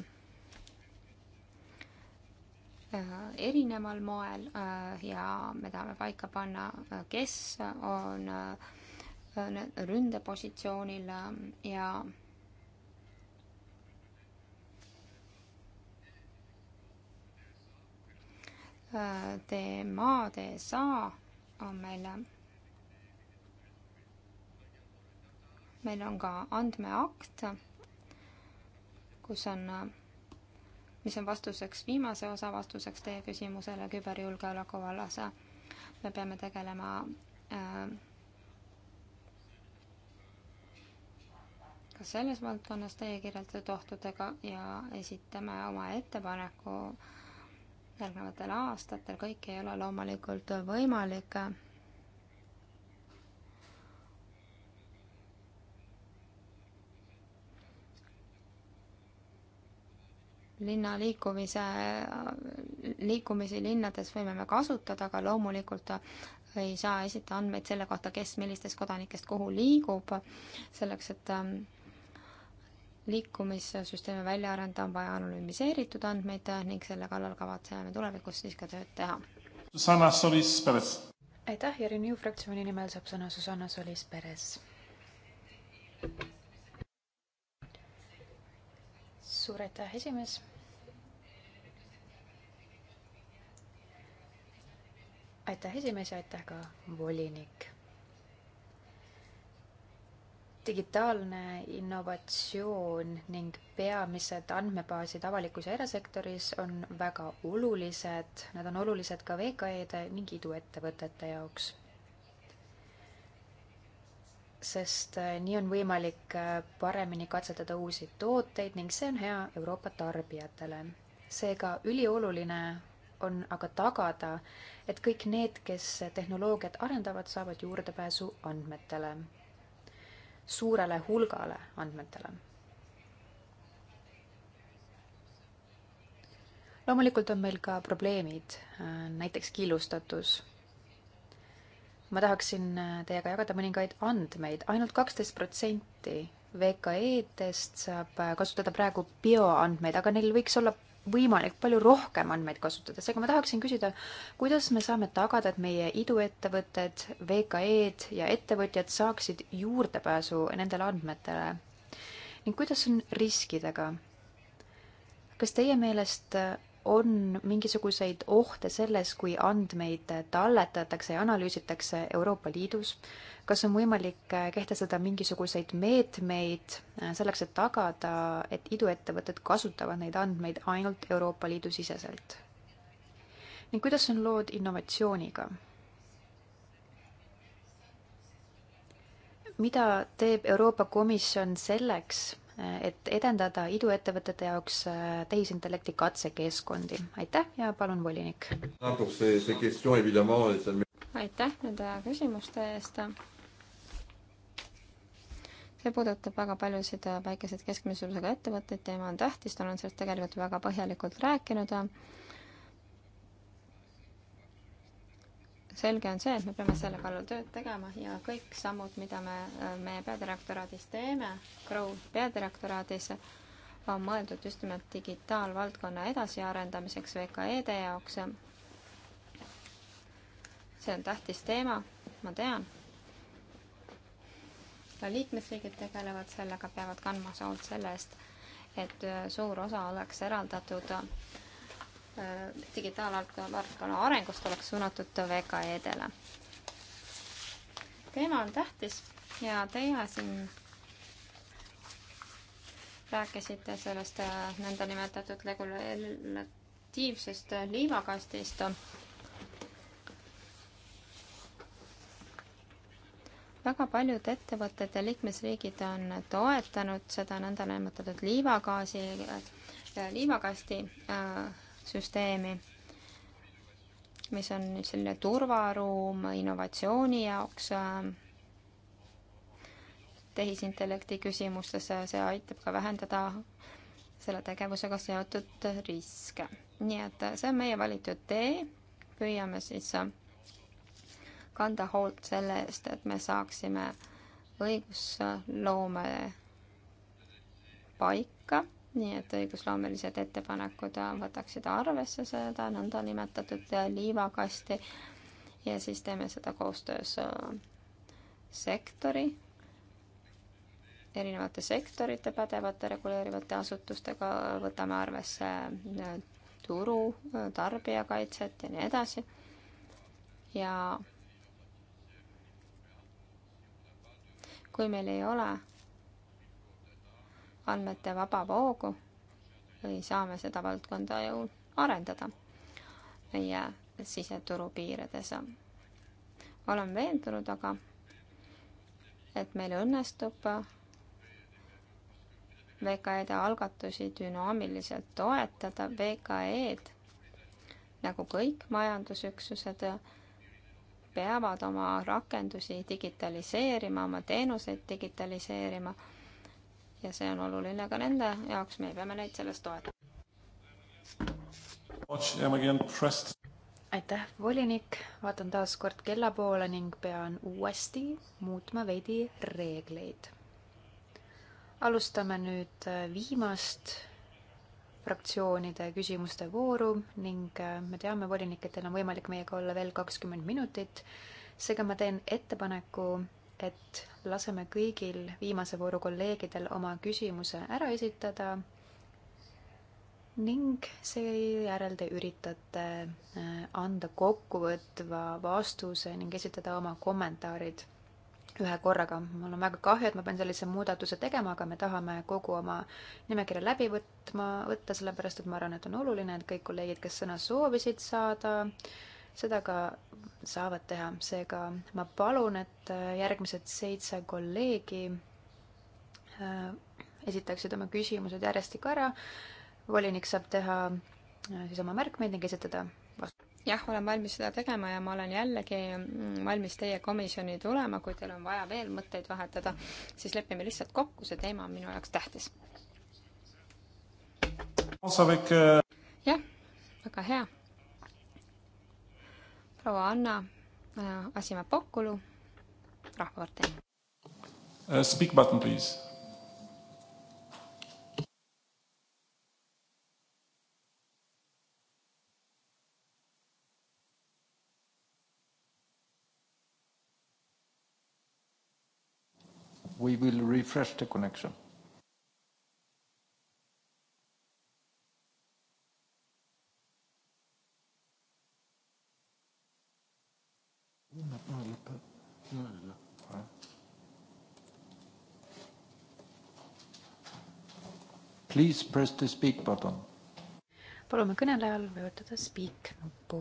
erineval moel äh, ja me tahame paika panna, äh, kes on äh, ründepositsioonil äh, ja äh, DMA, DSA on meil, meil on ka andmeakt, kus on, mis on vastuseks, viimase osa vastuseks teie küsimusele küberjulgeoleku vallas. me peame tegelema äh, ka selles valdkonnas teie kirjeldatud ohtudega ja esitame oma ettepaneku äh, järgnevatel aastatel, kõik ei ole loomulikult võimalik. linna liikumise, liikumisi linnades võime me kasutada, aga loomulikult ei saa esita andmeid selle kohta, kes millistest kodanikest kuhu liigub, selleks et ähm, liikumissüsteemi välja arendada, on vaja anonüümiseeritud andmeid ning selle kallal kavatseme tulevikus siis ka tööd teha. Susanna Solis-Perez. aitäh ja Renew fraktsiooni nimel saab sõna Susanna Solis-Perez. suur aitäh, esimees. aitäh, esimees ja aitäh ka volinik digitaalne innovatsioon ning peamised andmebaasid avalikus ja erasektoris on väga olulised, nad on olulised ka VKE-de ning iduettevõtete jaoks. sest äh, nii on võimalik äh, paremini katsetada uusi tooteid ning see on hea Euroopa tarbijatele. seega ülioluline on aga tagada, et kõik need, kes tehnoloogiat arendavad, saavad juurdepääsu andmetele suurele hulgale andmetele. loomulikult on meil ka probleemid, näiteks killustatus. ma tahaksin teiega jagada mõningaid andmeid ainult, ainult kaksteist protsenti VKE-dest saab kasutada praegu bioandmeid, aga neil võiks olla võimalik palju rohkem andmeid kasutada, seega ma tahaksin küsida, kuidas me saame tagada, et meie iduettevõtted, VKE-d ja ettevõtjad saaksid juurdepääsu nendele andmetele ning kuidas on riskidega? kas teie meelest on mingisuguseid ohte selles, kui andmeid talletatakse ja analüüsitakse Euroopa Liidus? kas on võimalik kehtestada mingisuguseid meetmeid selleks, et tagada, et iduettevõtted kasutavad neid andmeid ainult Euroopa Liidu siseselt? ning kuidas on lood innovatsiooniga? mida teeb Euroopa Komisjon selleks, et edendada iduettevõtete jaoks äh, tehisintellekti katsekeskkondi. aitäh ja palun, volinik! aitäh nende küsimuste eest! see puudutab väga paljusid äh, väikeseid keskmise suurusega ettevõtteid, teema on tähtis, ta on sellest tegelikult väga põhjalikult rääkinud selge on see, et me peame selle kallal tööd tegema ja kõik sammud, mida me meie peadirektoraadis teeme, Grow peadirektoraadis, on mõeldud just nimelt digitaalvaldkonna edasiarendamiseks VKE-de jaoks. see on tähtis teema, ma tean. ka liikmesriigid tegelevad sellega, peavad kandma hoolt selle eest, et äh, suur osa oleks eraldatud Äh, digitaalarengukonna arengust oleks suunatud VKE-dele. teema on tähtis ja teie siin rääkisite sellest äh, nõndanimetatud regulatiivsest liivakastist. väga paljud ettevõtted ja liikmesriigid on toetanud seda nõndanimetatud liivagaasi, liivakasti äh, süsteemi, mis on nüüd selline turvaruum innovatsiooni jaoks äh, tehisintellekti küsimustes, äh, see aitab ka vähendada selle tegevusega seotud riske. nii et äh, see on meie valitud tee, püüame siis kanda hoolt selle eest, et me saaksime õigusloome paika nii et õigusloomelised ettepanekud äh, võtaksid arvesse seda nõndanimetatud äh, liivakasti ja siis teeme seda koostöös äh, sektori, erinevate sektorite pädevate reguleerivate asutustega, võtame arvesse turu, tarbijakaitset ja nii edasi. ja kui meil ei ole andmete vaba voogu või saame seda valdkonda ju arendada meie siseturu piirides. olen veendunud aga, et meil õnnestub VKE-de algatusi dünaamiliselt toetada, VKE-d nagu kõik majandusüksused peavad oma rakendusi digitaliseerima, oma teenuseid digitaliseerima ja see on oluline ka nende jaoks, me peame neid selles toetama. aitäh, volinik, vaatan taas kord kella poole ning pean uuesti muutma veidi reegleid. alustame nüüd äh, viimast fraktsioonide küsimuste vooru ning äh, me teame, volinik, et teil on võimalik meiega olla veel kakskümmend minutit. seega ma teen ettepaneku et laseme kõigil viimase vooru kolleegidel oma küsimuse ära esitada ning seejärel te üritate äh, anda kokkuvõtva vastuse ning esitada oma kommentaarid ühe korraga. mul on väga kahju, et ma pean sellise muudatuse tegema, aga me tahame kogu oma nimekirja läbi võtma, võtta, sellepärast et ma arvan, et on oluline, et kõik kolleegid, kes sõna soovisid saada, seda ka saavad teha, seega ma palun, et äh, järgmised seitse kolleegi äh, esitaksid oma küsimused järjestikku ära. volinik saab teha äh, siis oma märkmeid ning esitada vastu. jah, olen valmis seda tegema ja ma olen jällegi mm, valmis teie komisjoni tulema, kui teil on vaja veel mõtteid vahetada, siis lepime lihtsalt kokku, see teema on minu jaoks tähtis. jah, väga hea proua Anna äh, Asimäe-Pokkulu, Rahvapartei uh,. Speak button please. We will refresh the connection. Please press the speak button. palume kõnelejal vajutada speak nuppu.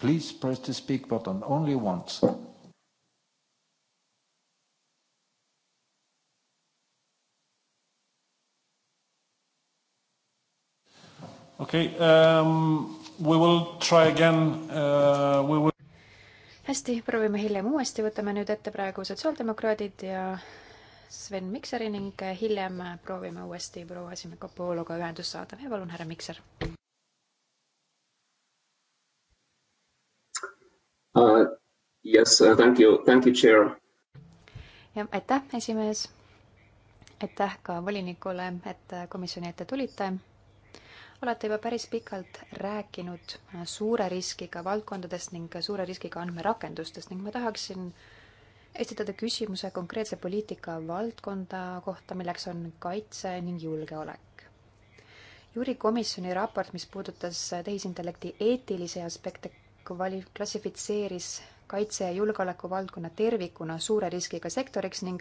Please press the speak button only once. Okay, um, we will try again. Uh, we will hästi, proovime hiljem uuesti, võtame nüüd ette praegu sotsiaaldemokraadid ja Sven Mikseri ning hiljem proovime uuesti proua Simikopoologa ühendust saada ja palun, härra Mikser uh,. Yes uh,, thank you, thank you, chair. jah, aitäh, esimees. aitäh ka volinikule, et komisjoni ette tulite olete juba päris pikalt rääkinud suure riskiga valdkondadest ning suure riskiga andmerakendustest ning ma tahaksin esitada küsimuse konkreetse poliitika valdkonda kohta, milleks on kaitse ning julgeolek. Juri komisjoni raport, mis puudutas tehisintellekti eetilisi aspekte, kvali-, klassifitseeris kaitse- ja julgeolekuvaldkonna tervikuna suure riskiga sektoriks ning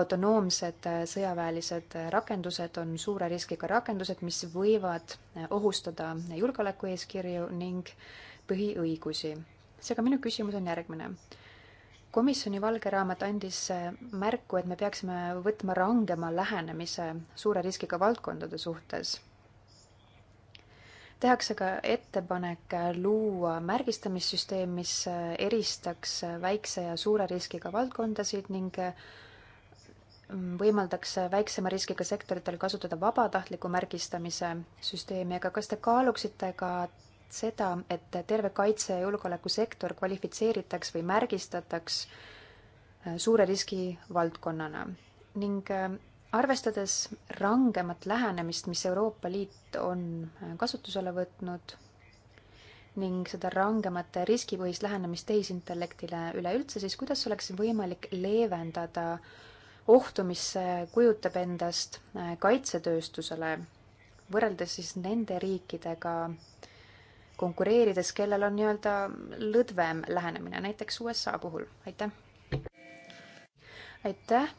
autonoomsed äh, sõjaväelised äh, rakendused on suure riskiga rakendused, mis võivad äh, ohustada julgeolekueeskirju ning põhiõigusi. seega minu küsimus on järgmine. komisjoni valge raamat andis märku, et me peaksime võtma rangema lähenemise suure riskiga valdkondade suhtes tehakse ka ettepanek luua märgistamissüsteem, mis eristaks väikse ja suure riskiga valdkondasid ning võimaldaks väiksema riskiga sektoritel kasutada vabatahtliku märgistamise süsteemi, aga kas te kaaluksite ka seda, et terve kaitse- ja julgeolekusektor kvalifitseeritaks või märgistataks suure riski valdkonnana ning arvestades rangemat lähenemist, mis Euroopa Liit on äh, kasutusele võtnud ning seda rangemat riskipõhist lähenemist tehisintellektile üleüldse, siis kuidas oleks võimalik leevendada ohtu, mis äh, kujutab endast äh, kaitsetööstusele, võrreldes siis nende riikidega konkureerides, kellel on nii-öelda lõdvem lähenemine, näiteks USA puhul, aitäh! aitäh!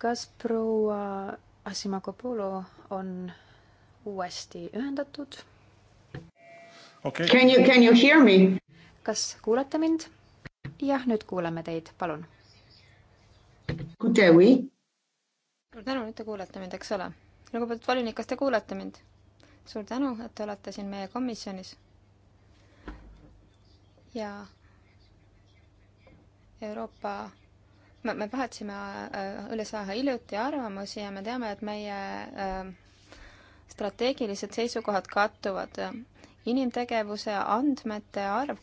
kas proua Asimakopoulou on uuesti ühendatud okay.? Can you, can you hear me? kas kuulete mind? jah, nüüd kuuleme teid, palun. suur tänu, nüüd te kuulete mind, eks ole. lugupeetud volinik, kas te kuulete mind? suur tänu, et te olete siin meie komisjonis. ja Euroopa me vahetasime äh, üle saja hiljuti arvamusi ja me teame, et meie äh, strateegilised seisukohad kattuvad. inimtegevuse andmete arv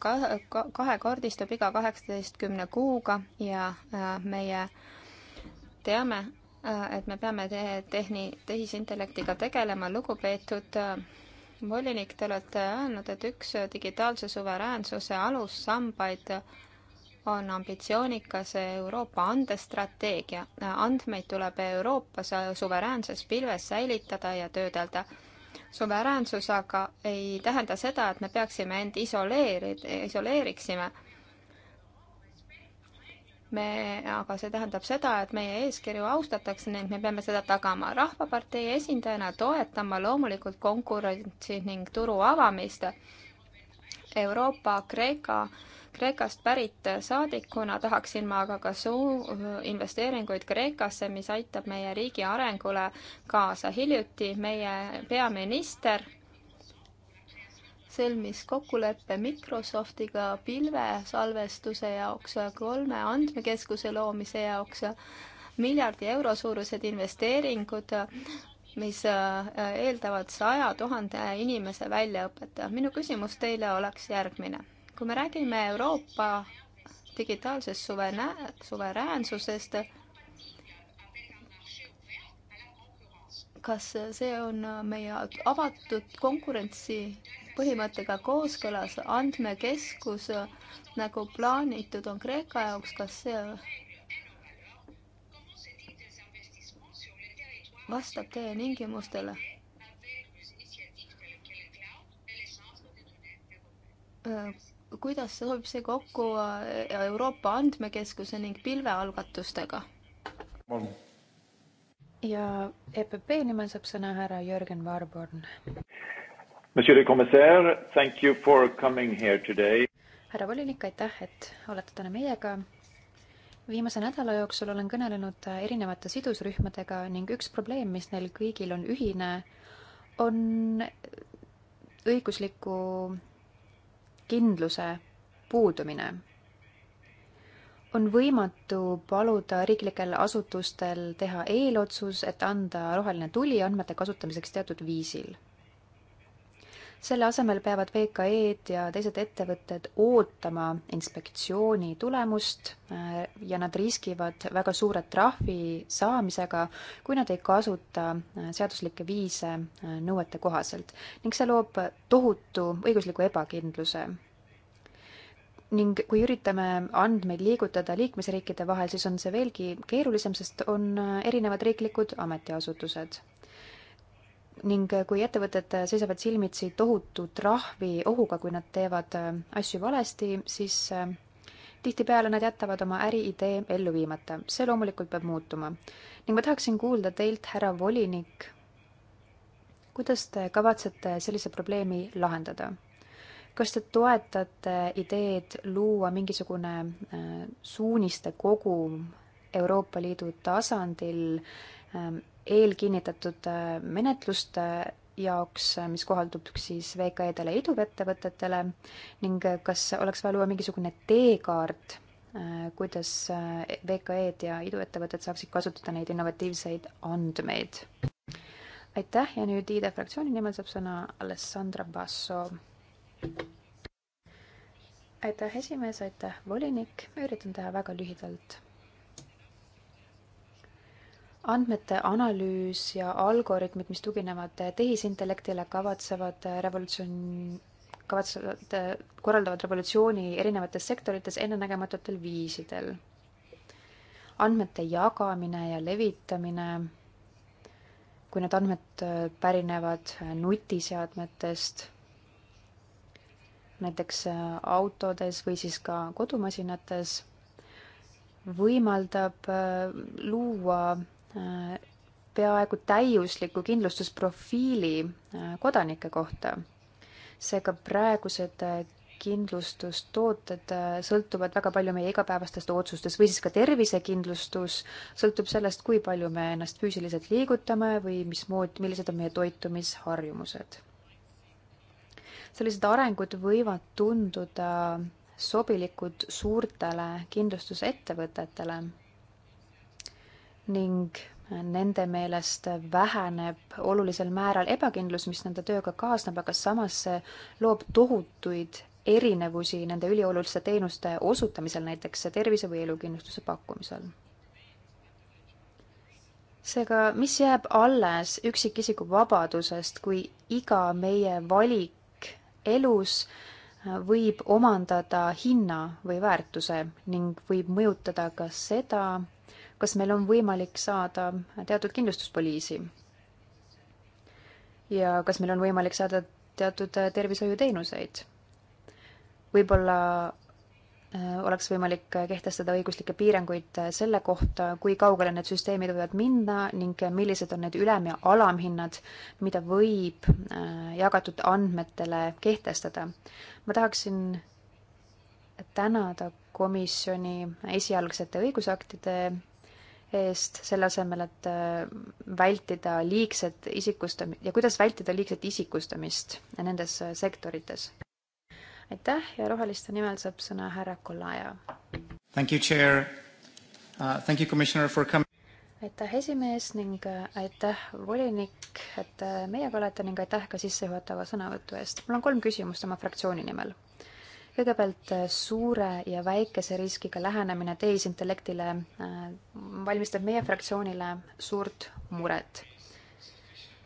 kahekordistub iga kaheksateistkümne kuuga ja äh, meie teame, et me peame te tehni-, tehisintellektiga tegelema, lugupeetud volinik, te olete öelnud, et üks digitaalse suveräänsuse alussambaid on ambitsioonikas Euroopa andestrateegia. andmeid tuleb Euroopas suveräänses pilves säilitada ja töödelda. suveräänsus aga ei tähenda seda, et me peaksime end isoleerida, isoleeriksime. me, aga see tähendab seda, et meie eeskirju austatakse ning me peame seda tagama. rahvapartei esindajana toetama loomulikult konkurentsi ning turu avamist Euroopa, Kreeka äh, Kreekast pärit saadikuna tahaksin ma aga ka suu-, investeeringuid Kreekasse, mis aitab meie riigi arengule kaasa. hiljuti meie peaminister sõlmis kokkuleppe Microsoftiga pilvesalvestuse jaoks, kolme andmekeskuse loomise jaoks, miljardi euro suurused investeeringud, mis äh, eeldavad saja tuhande inimese väljaõpet. minu küsimus teile oleks järgmine kui me räägime Euroopa digitaalsest suveräänsusest, kas see on meie avatud konkurentsi põhimõttega kooskõlas andmekeskus nagu plaanitud on Kreeka jaoks, kas see vastab teie tingimustele? kuidas sobib see kokku äh, Euroopa Andmekeskuse ning pilvealgatustega? ja EPP nimel saab sõna härra Jörgen Warborn. Monsieur le commissaire, thank you for coming here today. härra volinik, aitäh, et olete täna meiega viimase nädala jooksul olen kõnelenud erinevate sidusrühmadega ning üks probleem, mis neil kõigil on ühine, on õigusliku kindluse puudumine. on võimatu paluda riiklikel asutustel teha eelotsus, et anda roheline tuli andmete kasutamiseks teatud viisil selle asemel peavad VKE-d ja teised ettevõtted ootama inspektsiooni tulemust äh, ja nad riskivad väga suure trahvi saamisega, kui nad ei kasuta äh, seaduslikke viise äh, nõuete kohaselt ning see loob tohutu õigusliku ebakindluse ning kui üritame andmeid liigutada liikmesriikide vahel, siis on see veelgi keerulisem, sest on erinevad riiklikud ametiasutused ning eh, kui ettevõtted eh, seisavad silmitsi tohutu trahvi ohuga, kui nad teevad eh, asju valesti, siis tihtipeale nad jätavad oma äriidee ellu viimata. see loomulikult peab muutuma. ning ma tahaksin kuulda teilt, härra volinik, kuidas te kavatsete sellise probleemi lahendada? kas te toetate ideed luua mingisugune suuniste kogum Euroopa Liidu tasandil eelkinnitatud äh, menetluste jaoks, äh, mis kohaldub siis VKE-dele ja iduettevõtetele ning äh, kas oleks vaja luua mingisugune teekaart, kuidas VKE-d ja iduettevõtted saaksid kasutada neid innovatiivseid andmeid? aitäh ja nüüd IDE fraktsiooni nimel saab sõna Alessandra Basso. aitäh, esimees, aitäh, volinik, ma üritan teha väga lühidalt andmete analüüs ja algoritmid, mis tuginevad tehisintellektile, kavatsevad äh, revolutsioon, kavatsevad, äh, korraldavad revolutsiooni erinevates sektorites ennenägematutel viisidel. andmete jagamine ja levitamine, kui need andmed äh, pärinevad nutiseadmetest, näiteks autodes või siis ka kodumasinates, võimaldab luua peaaegu täiusliku kindlustusprofiili äh, kodanike kohta. seega praegused äh, kindlustustooted äh, sõltuvad väga palju meie igapäevastest otsustest või siis ka tervisekindlustus sõltub sellest, kui palju me ennast füüsiliselt liigutame või mismoodi, millised on meie toitumisharjumused. sellised arengud võivad tunduda sobilikud suurtele kindlustusettevõtetele ning nende meelest väheneb olulisel määral ebakindlus, mis nende tööga kaasneb, aga samas see loob tohutuid erinevusi nende ülioluliste teenuste osutamisel, näiteks tervise- või elukindlustuse pakkumisel. seega, mis jääb alles üksikisiku vabadusest, kui iga meie valik elus võib omandada hinna või väärtuse ning võib mõjutada ka seda, kas meil on võimalik saada teatud kindlustuspoliisi? ja kas meil on võimalik saada teatud äh, tervishoiuteenuseid? võib-olla äh, oleks võimalik äh, kehtestada õiguslikke piiranguid selle kohta, kui kaugele need süsteemid võivad minna ning millised on need ülem- ja alamhinnad, mida võib jagatud andmetele kehtestada. ma tahaksin tänada komisjoni esialgsete õigusaktide eest, selle asemel, et äh, vältida liigset isikustam- ja kuidas vältida liigset isikustamist nendes äh, sektorites. aitäh ja Roheliste nimel saab sõna härra Kolaja. Thank you, chair uh,. Thank you, commissioner for coming. aitäh, esimees ning äh, aitäh, volinik, et meiega olete ning aitäh ka sissejuhatava sõnavõtu eest. mul on kolm küsimust oma fraktsiooni nimel kõigepealt äh, suure ja väikese riskiga lähenemine tehisintellektile äh, valmistab meie fraktsioonile suurt muret.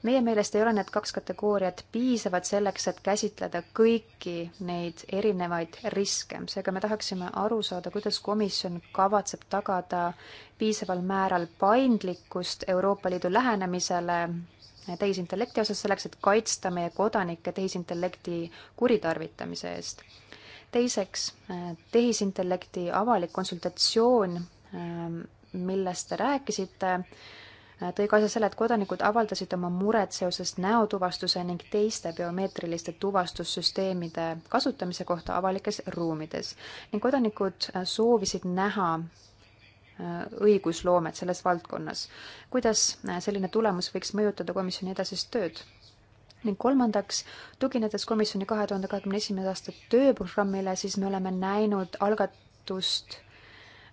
meie meelest ei ole need kaks kategooriat piisavad selleks, et käsitleda kõiki neid erinevaid riske, seega me tahaksime aru saada, kuidas komisjon kavatseb tagada piisaval määral paindlikkust Euroopa Liidu lähenemisele tehisintellekti osas selleks, et kaitsta meie kodanikke tehisintellekti kuritarvitamise eest teiseks, äh, tehisintellekti avalik konsultatsioon, ähm, millest te rääkisite, äh, tõi kaasa selle, et kodanikud avaldasid oma muret seoses näotuvastuse ning teiste biomeetriliste tuvastussüsteemide kasutamise kohta avalikes ruumides ning kodanikud äh, soovisid näha õigusloomet selles valdkonnas. kuidas selline tulemus võiks mõjutada komisjoni edasist tööd? ning kolmandaks, tuginedes komisjoni kahe tuhande kahekümne esimese aasta tööprogrammile, siis me oleme näinud algatust,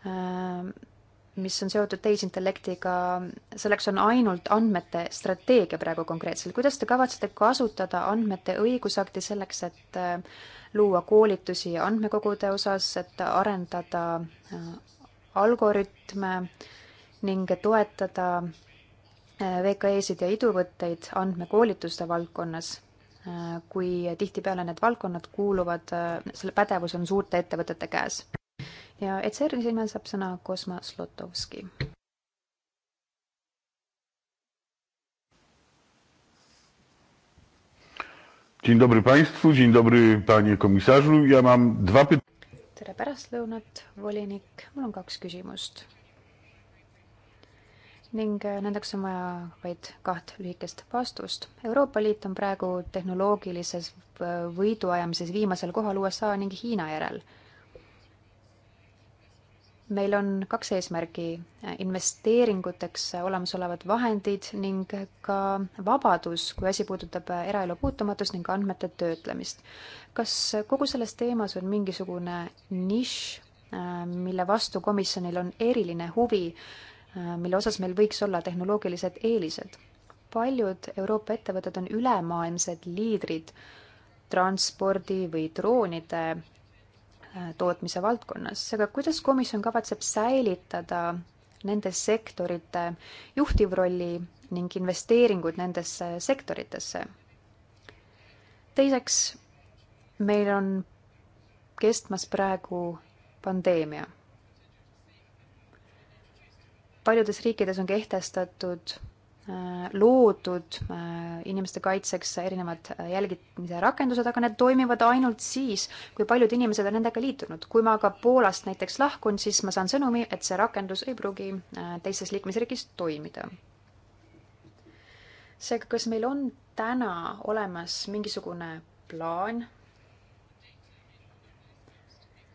ähm, mis on seotud tehisintellektiga, selleks on ainult andmete strateegia praegu konkreetselt. kuidas te kavatsete kasutada andmete õigusakti selleks, et äh, luua koolitusi andmekogude osas, et arendada äh, algoritme ning toetada VKE-sid ja iduvõtteid andmekoolituste valdkonnas, kui tihtipeale need valdkonnad kuuluvad, selle pädevus on suurte ettevõtete käes. ja ECR-i nimel saab sõna Kosma Slotovski. Dzień dobry Państwu, dzień dobry Panie Komisarzu. Ja mam dwa pytania. Tere pärastlõunat, volinik. Mul on kaks küsimust ning äh, nendeks on vaja vaid kaht lühikest vastust. Euroopa Liit on praegu tehnoloogilises äh, võiduajamises viimasel kohal USA ning Hiina järel. meil on kaks eesmärgi, äh, investeeringuteks olemasolevad vahendid ning ka vabadus, kui asi puudutab eraelu puutumatust ning andmete töötlemist. kas kogu selles teemas on mingisugune nišš, mille vastu komisjonil on eriline huvi Äh, mille osas meil võiks olla tehnoloogilised eelised. paljud Euroopa ettevõtted on ülemaailmsed liidrid transpordi või droonide äh, tootmise valdkonnas, seega kuidas komisjon kavatseb säilitada nende sektorite juhtivrolli ning investeeringud nendesse sektoritesse? teiseks, meil on kestmas praegu pandeemia paljudes riikides on kehtestatud, äh, loodud äh, inimeste kaitseks erinevad äh, jälgitamise rakendused, aga need toimivad ainult siis, kui paljud inimesed on nendega liitunud. kui ma aga Poolast näiteks lahkun, siis ma saan sõnumi, et see rakendus ei pruugi teises liikmesriigis toimida. seega, kas meil on täna olemas mingisugune plaan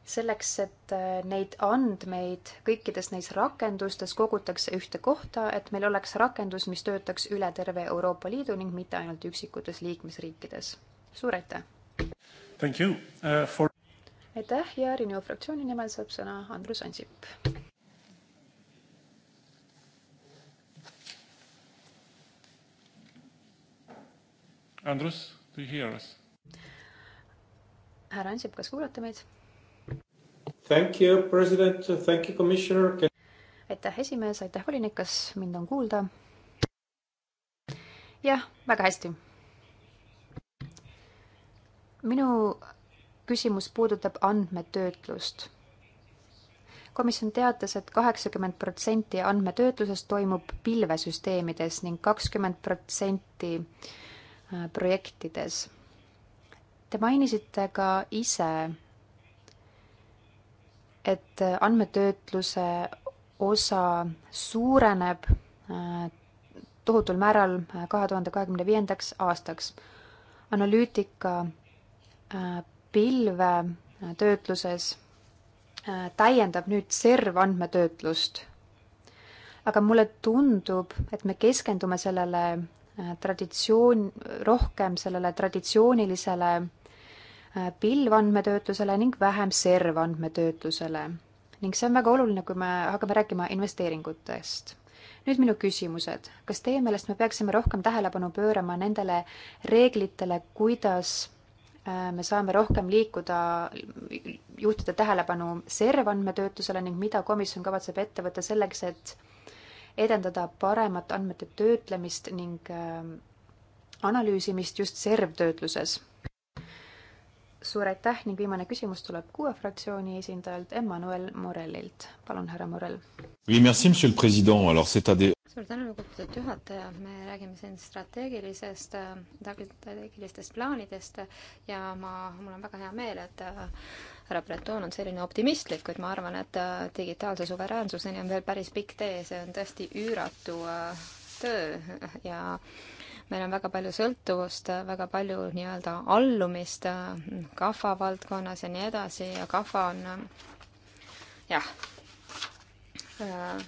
selleks, et äh, neid andmeid kõikides neis rakendustes kogutakse ühte kohta, et meil oleks rakendus, mis töötaks üle terve Euroopa Liidu ning mitte ainult üksikutes liikmesriikides. suur aitäh! Thank you uh, for aitäh ja Renew fraktsiooni nimel saab sõna Andrus Ansip. Andrus, do you hear us? härra Ansip, kas kuulate meid? Thank you, president, thank you, commissioner Can.... aitäh, esimees, aitäh, volinik, kas mind on kuulda? jah, väga hästi. minu küsimus puudutab andmetöötlust. komisjon teatas et, et kaheksakümmend protsenti andmetöötlusest toimub pilvesüsteemides ning kakskümmend protsenti äh, projektides. Te mainisite ka ise et andmetöötluse osa suureneb äh, tohutul määral äh, kahe tuhande kahekümne viiendaks aastaks. analüütika äh, pilvetöötluses täiendab nüüd serv andmetöötlust. aga mulle tundub, et me keskendume sellele traditsioon, rohkem sellele traditsioonilisele Äh, pilvandmetöötlusele ning vähem servandmetöötlusele. ning see on väga oluline, kui me hakkame rääkima investeeringutest. nüüd minu küsimused. kas teie meelest me peaksime rohkem tähelepanu pöörama nendele reeglitele, kuidas äh, me saame rohkem liikuda, juhtida tähelepanu servandmetöötlusele ning mida komisjon kavatseb ette võtta selleks, et edendada paremat andmete töötlemist ning äh, analüüsimist just servtöötluses suur aitäh ning viimane küsimus tuleb kuue fraktsiooni esindajalt Emmanuel Morellilt. palun, härra Morell. suur tänu, lugupeetud juhataja, me räägime siin strateegilisest, strateegilistest plaanidest ja ma, mul on väga hea meel, et äh, härra Breton on selline optimistlik, kuid ma arvan, et äh, digitaalse suveräänsuseni on veel päris pikk tee, see on tõesti üüratu äh, töö ja äh, meil on väga palju sõltuvust, väga palju nii-öelda allumist äh, kahva valdkonnas ja nii edasi ja kahva on äh, jah, äh,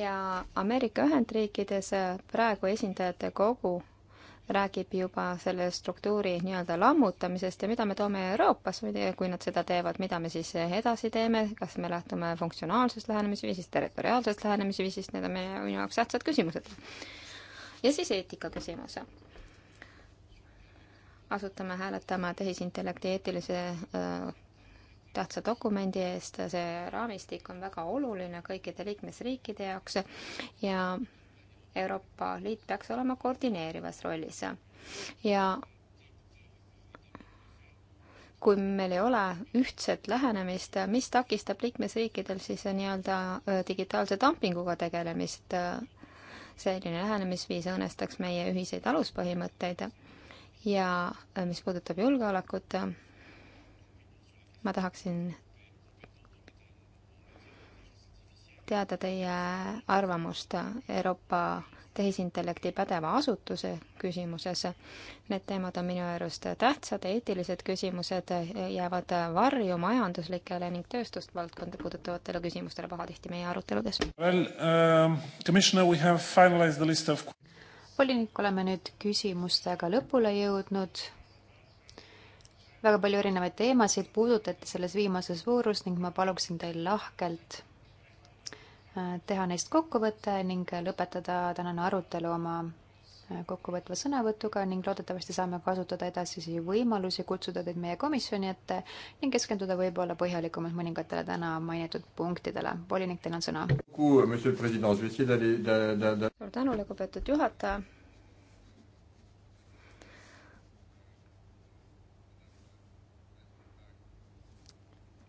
ja Ameerika Ühendriikides praegu esindajate kogu räägib juba selle struktuuri nii-öelda lammutamisest ja mida me toome Euroopasse, kui nad seda teevad, mida me siis edasi teeme, kas me lähtume funktsionaalsest lähenemisviisist, territoriaalsest lähenemisviisist, need on meie, minu jaoks tähtsad küsimused. ja siis eetika küsimus. asutame hääletama tehisintellekti eetilise öö, äh, tähtsa dokumendi eest, see raamistik on väga oluline kõikide liikmesriikide jaoks ja Euroopa Liit peaks olema koordineerivas rollis. ja kui meil ei ole ühtset lähenemist, mis takistab liikmesriikidel siis nii-öelda digitaalse dumpinguga tegelemist, selline lähenemisviis õõnestaks meie ühiseid aluspõhimõtteid ja mis puudutab julgeolekut, ma tahaksin teada teie arvamust Euroopa tehisintellekti pädeva asutuse küsimuses. Need teemad on minu arust tähtsad, eetilised küsimused jäävad varju majanduslikele ning tööstust valdkonda puudutavatele küsimustele pahatihti meie aruteludes well,. Uh, of... volinik, oleme nüüd küsimustega lõpule jõudnud. väga palju erinevaid teemasid puudutati selles viimases voorus ning ma paluksin teil lahkelt Äh, teha neist kokkuvõte ning lõpetada tänane arutelu oma äh, kokkuvõtva sõnavõtuga ning loodetavasti saame kasutada edasisi võimalusi kutsuda teid meie komisjoni ette ning keskenduda võib-olla põhjalikumalt mõningatele täna mainitud punktidele. volinik, teil on sõna. Euh, suur tänu, lugupeetud juhataja.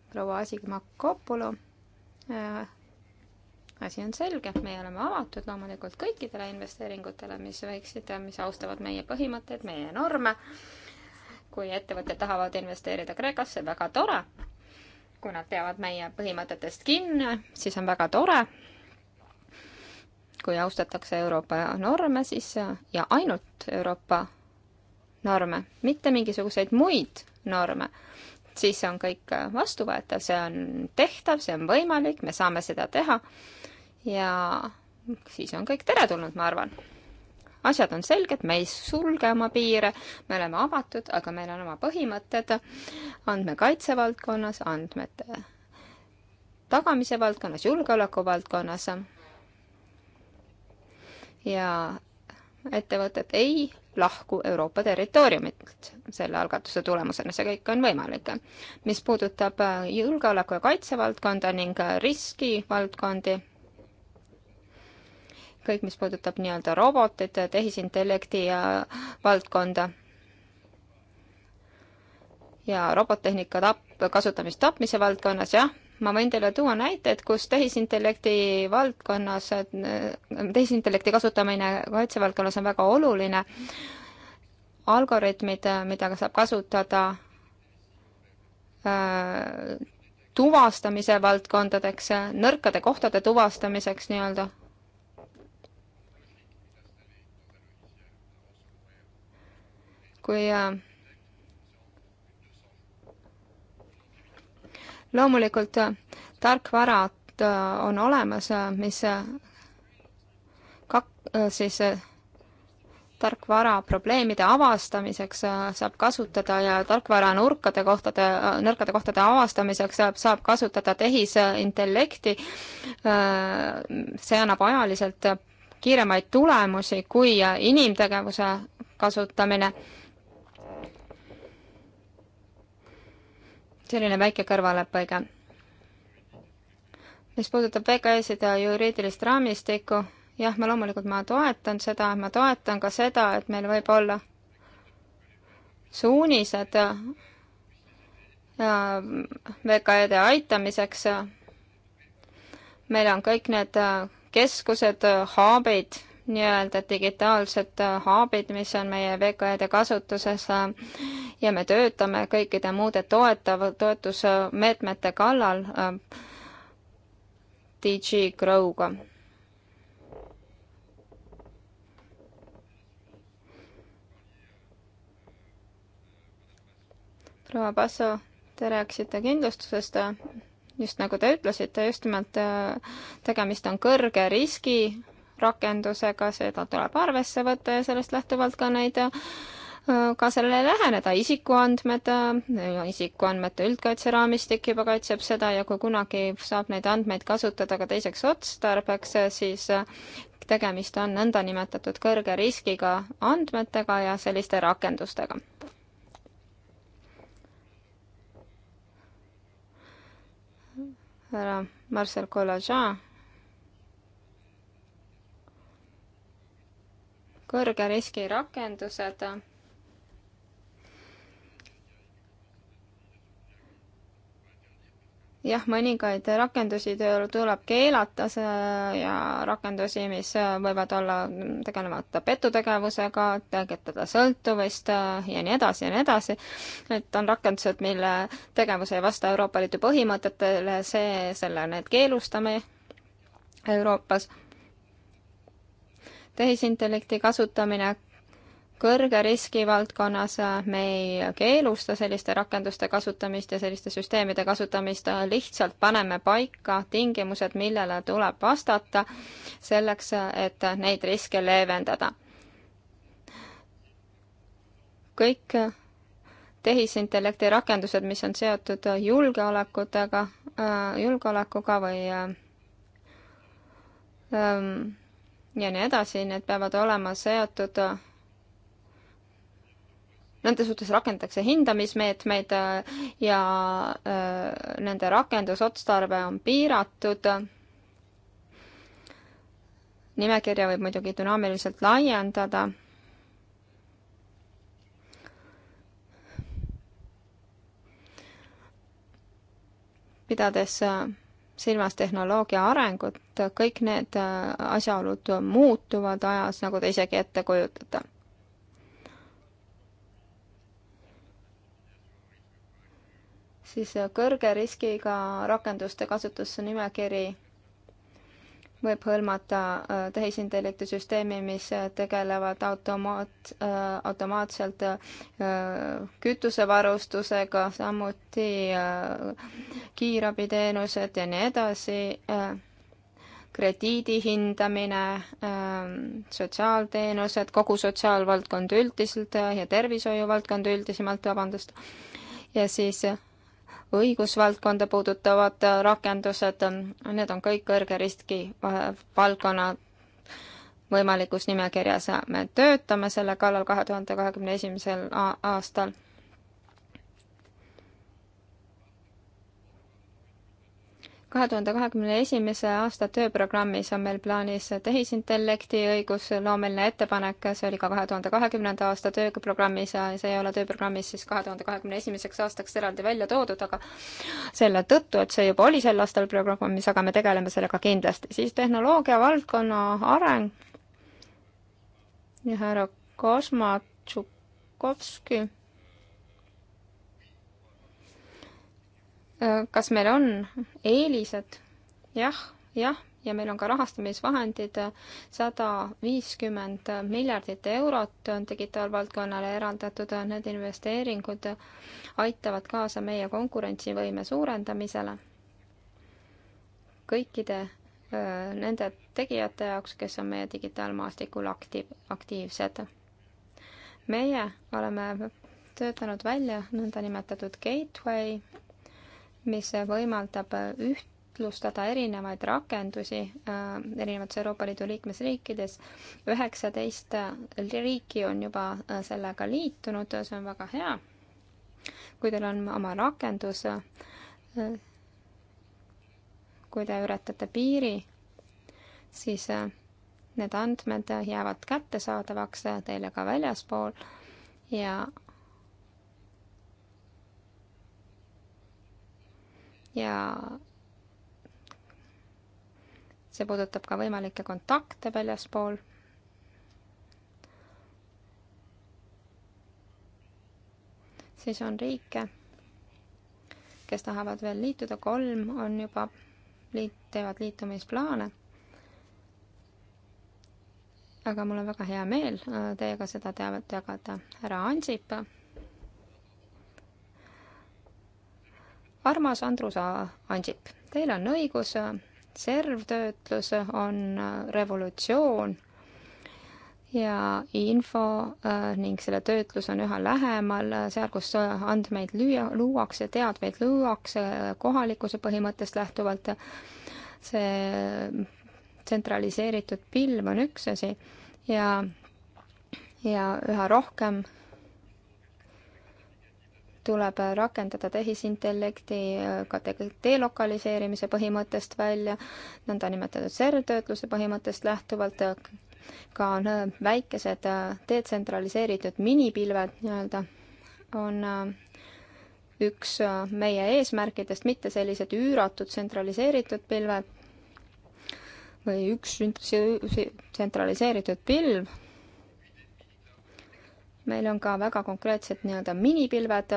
proua Asigmakopulu äh, asi on selge, meie oleme avatud loomulikult kõikidele investeeringutele, mis võiksid, mis austavad meie põhimõtteid, meie norme. kui ettevõtted tahavad investeerida Kreekasse, väga tore. kui nad peavad meie põhimõtetest kinni, siis on väga tore. kui austatakse Euroopa norme, siis ja ainult Euroopa norme, mitte mingisuguseid muid norme siis on kõik äh, vastuvõetav, see on tehtav, see on võimalik, me saame seda teha ja siis on kõik teretulnud, ma arvan. asjad on selged, me ei sulge oma piire, me oleme avatud, aga meil on oma põhimõtted andmekaitse valdkonnas, andmete tagamise valdkonnas, julgeoleku valdkonnas. ja ettevõtted ei lahku Euroopa territooriumilt selle algatuse tulemusena, see kõik on võimalik. mis puudutab äh, julgeoleku ja kaitsevaldkonda ning äh, riskivaldkondi, kõik, mis puudutab nii-öelda robotit, tehisintellekti ja äh, valdkonda ja robottehnika tap-, kasutamist tapmise valdkonnas, jah ma võin teile tuua näiteid, kus tehisintellekti valdkonnas, tehisintellekti kasutamine kaitsevaldkonnas on väga oluline. algoritmid, mida saab kasutada äh, tuvastamise valdkondadeks, nõrkade kohtade tuvastamiseks nii-öelda. kui äh, loomulikult äh, tarkvarad äh, on olemas, äh, mis kak-, siis tarkvara probleemide avastamiseks saab kasutada ja tarkvara nurkade kohtade, nõrkade kohtade avastamiseks saab, saab kasutada tehisintellekti. see annab ajaliselt kiiremaid tulemusi kui inimtegevuse kasutamine selline väike kõrvalepõige. mis puudutab VKE-sid ja juriidilist raamistikku, jah, ma loomulikult, ma toetan seda, ma toetan ka seda, et meil võib olla suunised äh, VKE-de aitamiseks. meil on kõik need äh, keskused, äh, hub'id nii-öelda digitaalsed haabid, mis on meie VKE-de kasutuses äh, ja me töötame kõikide muude toetav, toetusmeetmete kallal äh, DG Grow'ga. proua Passo, te rääkisite kindlustusest äh, just nagu te ütlesite, just nimelt tegemist on kõrge riski rakendusega, seda tuleb arvesse võtta ja sellest lähtuvalt ka neid äh, ka sellele läheneda, isikuandmed, äh, isikuandmete üldkaitseraamistik juba kaitseb seda ja kui kunagi saab neid andmeid kasutada ka teiseks otstarbeks, siis äh, tegemist on nõndanimetatud kõrge riskiga andmetega ja selliste rakendustega härra Marcel Collagen kõrge riski rakendused jah, mõningaid rakendusi tuleb keelata ja rakendusi, mis võivad olla, tegelevad petutegevusega, tekitada sõltuvust ja nii edasi ja nii edasi. et on rakendused, mille tegevus ei vasta Euroopa Liidu põhimõtetele, see, selle, need keelustame Euroopas tehisintellekti kasutamine kõrge riski valdkonnas me ei keelusta selliste rakenduste kasutamist ja selliste süsteemide kasutamist, lihtsalt paneme paika tingimused, millele tuleb vastata selleks, et neid riske leevendada. kõik tehisintellekti rakendused, mis on seotud julgeolekutega, äh, julgeolekuga või ähm, ja nii edasi, need peavad olema seotud Nende suhtes rakendatakse hindamismeetmeid ja äh, nende rakendusotstarve on piiratud. nimekirja võib muidugi dünaamiliselt laiendada pidades äh, silmas tehnoloogia arengut, kõik need äh, asjaolud muutuvad ajas, nagu te isegi ette kujutate. siis äh, kõrge riskiga rakenduste kasutusse nimekiri võib hõlmata äh, tehisintellekti süsteemi, mis äh, tegelevad automaat, äh, automaatselt kütusevarustusega, samuti kiirabiteenused ja nii edasi, krediidi hindamine, sotsiaalteenused, kogu sotsiaalvaldkond üldiselt ja tervishoiuvaldkond üldisemalt, vabandust, ja siis õigusvaldkonda puudutavad rakendused, need on kõik kõrge riski valdkonna võimalikus nimekirjas. me töötame selle kallal kahe tuhande kahekümne esimesel aastal kahe tuhande kahekümne esimese aasta tööprogrammis on meil plaanis tehisintellekti õigusloomeline ettepanek, see oli ka kahe tuhande kahekümnenda aasta tööprogrammis ja see ei ole tööprogrammis siis kahe tuhande kahekümne esimeseks aastaks eraldi välja toodud, aga selle tõttu, et see juba oli sel aastal programmis, aga me tegeleme sellega kindlasti. siis tehnoloogia valdkonna areng ja härra Kosmatšukovski Äh, kas meil on eelised? jah, jah, ja meil on ka rahastamisvahendid, sada viiskümmend miljardit eurot on digitaalvaldkonnale eraldatud, need investeeringud aitavad kaasa meie konkurentsivõime suurendamisele. kõikide äh, nende tegijate jaoks, kes on meie digitaalmaastikul aktiiv, aktiivsed. meie oleme töötanud välja nõndanimetatud gateway mis võimaldab ühtlustada erinevaid rakendusi äh, erinevates Euroopa Liidu liikmesriikides. üheksateist riiki on juba äh, sellega liitunud, see on väga hea. kui teil on oma rakendus, äh, kui te ületate piiri, siis need andmed jäävad kättesaadavaks teile ka väljaspool ja ja see puudutab ka võimalikke kontakte väljaspool. siis on riike, kes tahavad veel liituda, kolm on juba liit-, teevad liitumisplaane. aga mul on väga hea meel äh, teiega seda teavet jagada, härra Ansip armas Andrus A. Ansip, teil on õigus, servtöötlus on äh, revolutsioon ja info äh, ning selle töötlus on üha lähemal, äh, seal, kus andmeid lüüa, luuakse, teadmeid luuakse kohalikkuse põhimõttest lähtuvalt, see tsentraliseeritud pilv on üks asi ja, ja üha rohkem tuleb rakendada tehisintellekti äh, ka delokaliseerimise põhimõttest välja, nõndanimetatud servtöötluse põhimõttest lähtuvalt, äh, ka äh, väikesed detsentraliseeritud minipilved nii-öelda on üks meie eesmärkidest, mitte sellised üüratud tsentraliseeritud pilved või üks tsentraliseeritud pilv meil on ka väga konkreetsed nii-öelda minipilved,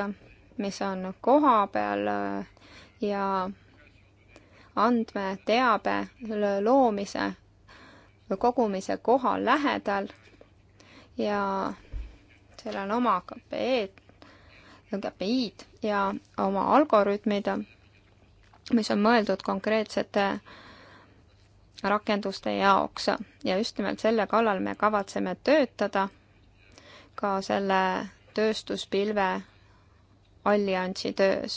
mis on koha peal äh, ja andmeteabe loomise, kogumise koha lähedal ja seal on oma KPE-d, KPI-d ja oma algoritmid, mis on mõeldud konkreetsete rakenduste jaoks ja just nimelt selle kallal me kavatseme töötada ka selle tööstuspilve alliansi töös.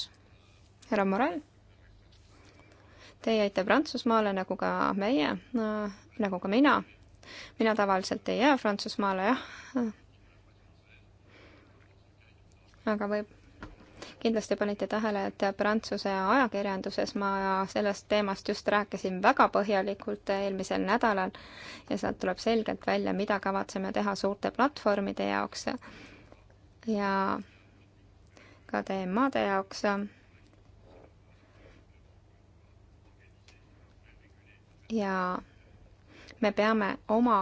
härra Morel, teie jäite Prantsusmaale nagu ka meie no,, nagu ka mina. mina tavaliselt ei jää Prantsusmaale, jah. aga võib, kindlasti panite tähele, et Prantsuse ajakirjanduses ma sellest teemast just rääkisin väga põhjalikult eelmisel nädalal ja sealt tuleb selgelt välja, mida kavatseme teha suurte platvormide jaoks ja ka DMA-de jaoks. ja me peame oma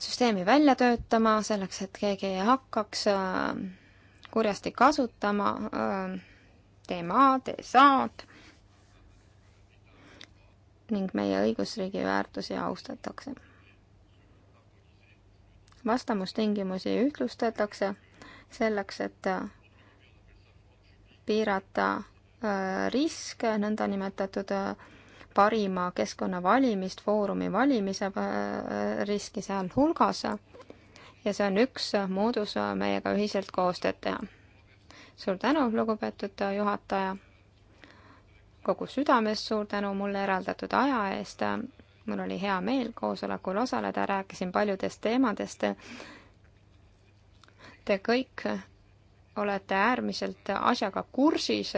süsteemi välja töötama, selleks et keegi ei hakkaks äh, kurjasti kasutama, tee äh, maa, tee saad ning meie õigusriigi väärtusi austatakse. vastamustingimusi ühtlustatakse selleks, et äh, piirata riske, nõndanimetatud parima keskkonna valimist, foorumi valimise äh, riski sealhulgas. ja see on üks moodus meiega ühiselt koostööd teha. suur tänu, lugupeetud juhataja. kogu südamest suur tänu mulle eraldatud aja eest. mul oli hea meel koosolekul osaleda, rääkisin paljudest teemadest. Te kõik olete äärmiselt asjaga kursis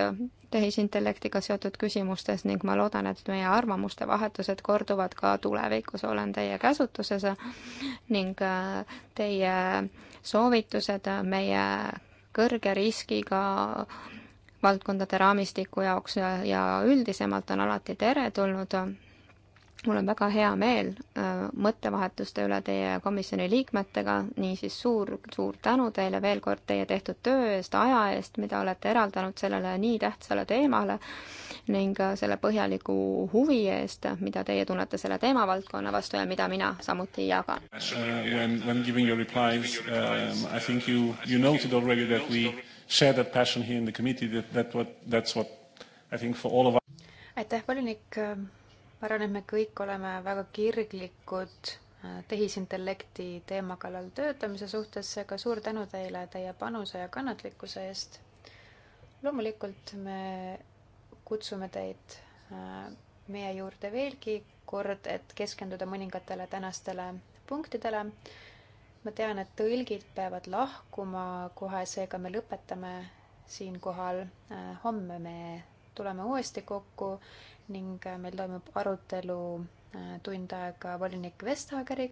tehisintellektiga seotud küsimustes ning ma loodan, et meie arvamuste vahetused korduvad ka tulevikus. olen teie käsutuses ning äh, teie soovitused meie kõrge riskiga valdkondade raamistiku jaoks äh, ja üldisemalt on alati teretulnud mul on väga hea meel äh, mõttevahetuste üle teie komisjoni liikmetega, niisiis suur, suur tänu teile veel kord teie tehtud töö eest, aja eest, mida olete eraldanud sellele nii tähtsale teemale ning äh, selle põhjaliku huvi eest, mida teie tunnete selle teemavaldkonna vastu ja mida mina samuti jagan. aitäh, volinik ma arvan, et me kõik oleme väga kirglikud äh, tehisintellekti teema kallal töötamise suhtes, seega suur tänu teile teie panuse ja kannatlikkuse eest. loomulikult me kutsume teid äh, meie juurde veelgi kord, et keskenduda mõningatele tänastele punktidele. ma tean, et tõlgid peavad lahkuma kohe, seega me lõpetame siinkohal. Äh, homme me tuleme uuesti kokku ning äh, meil toimub arutelu äh, tund aega volinik Vestageriga.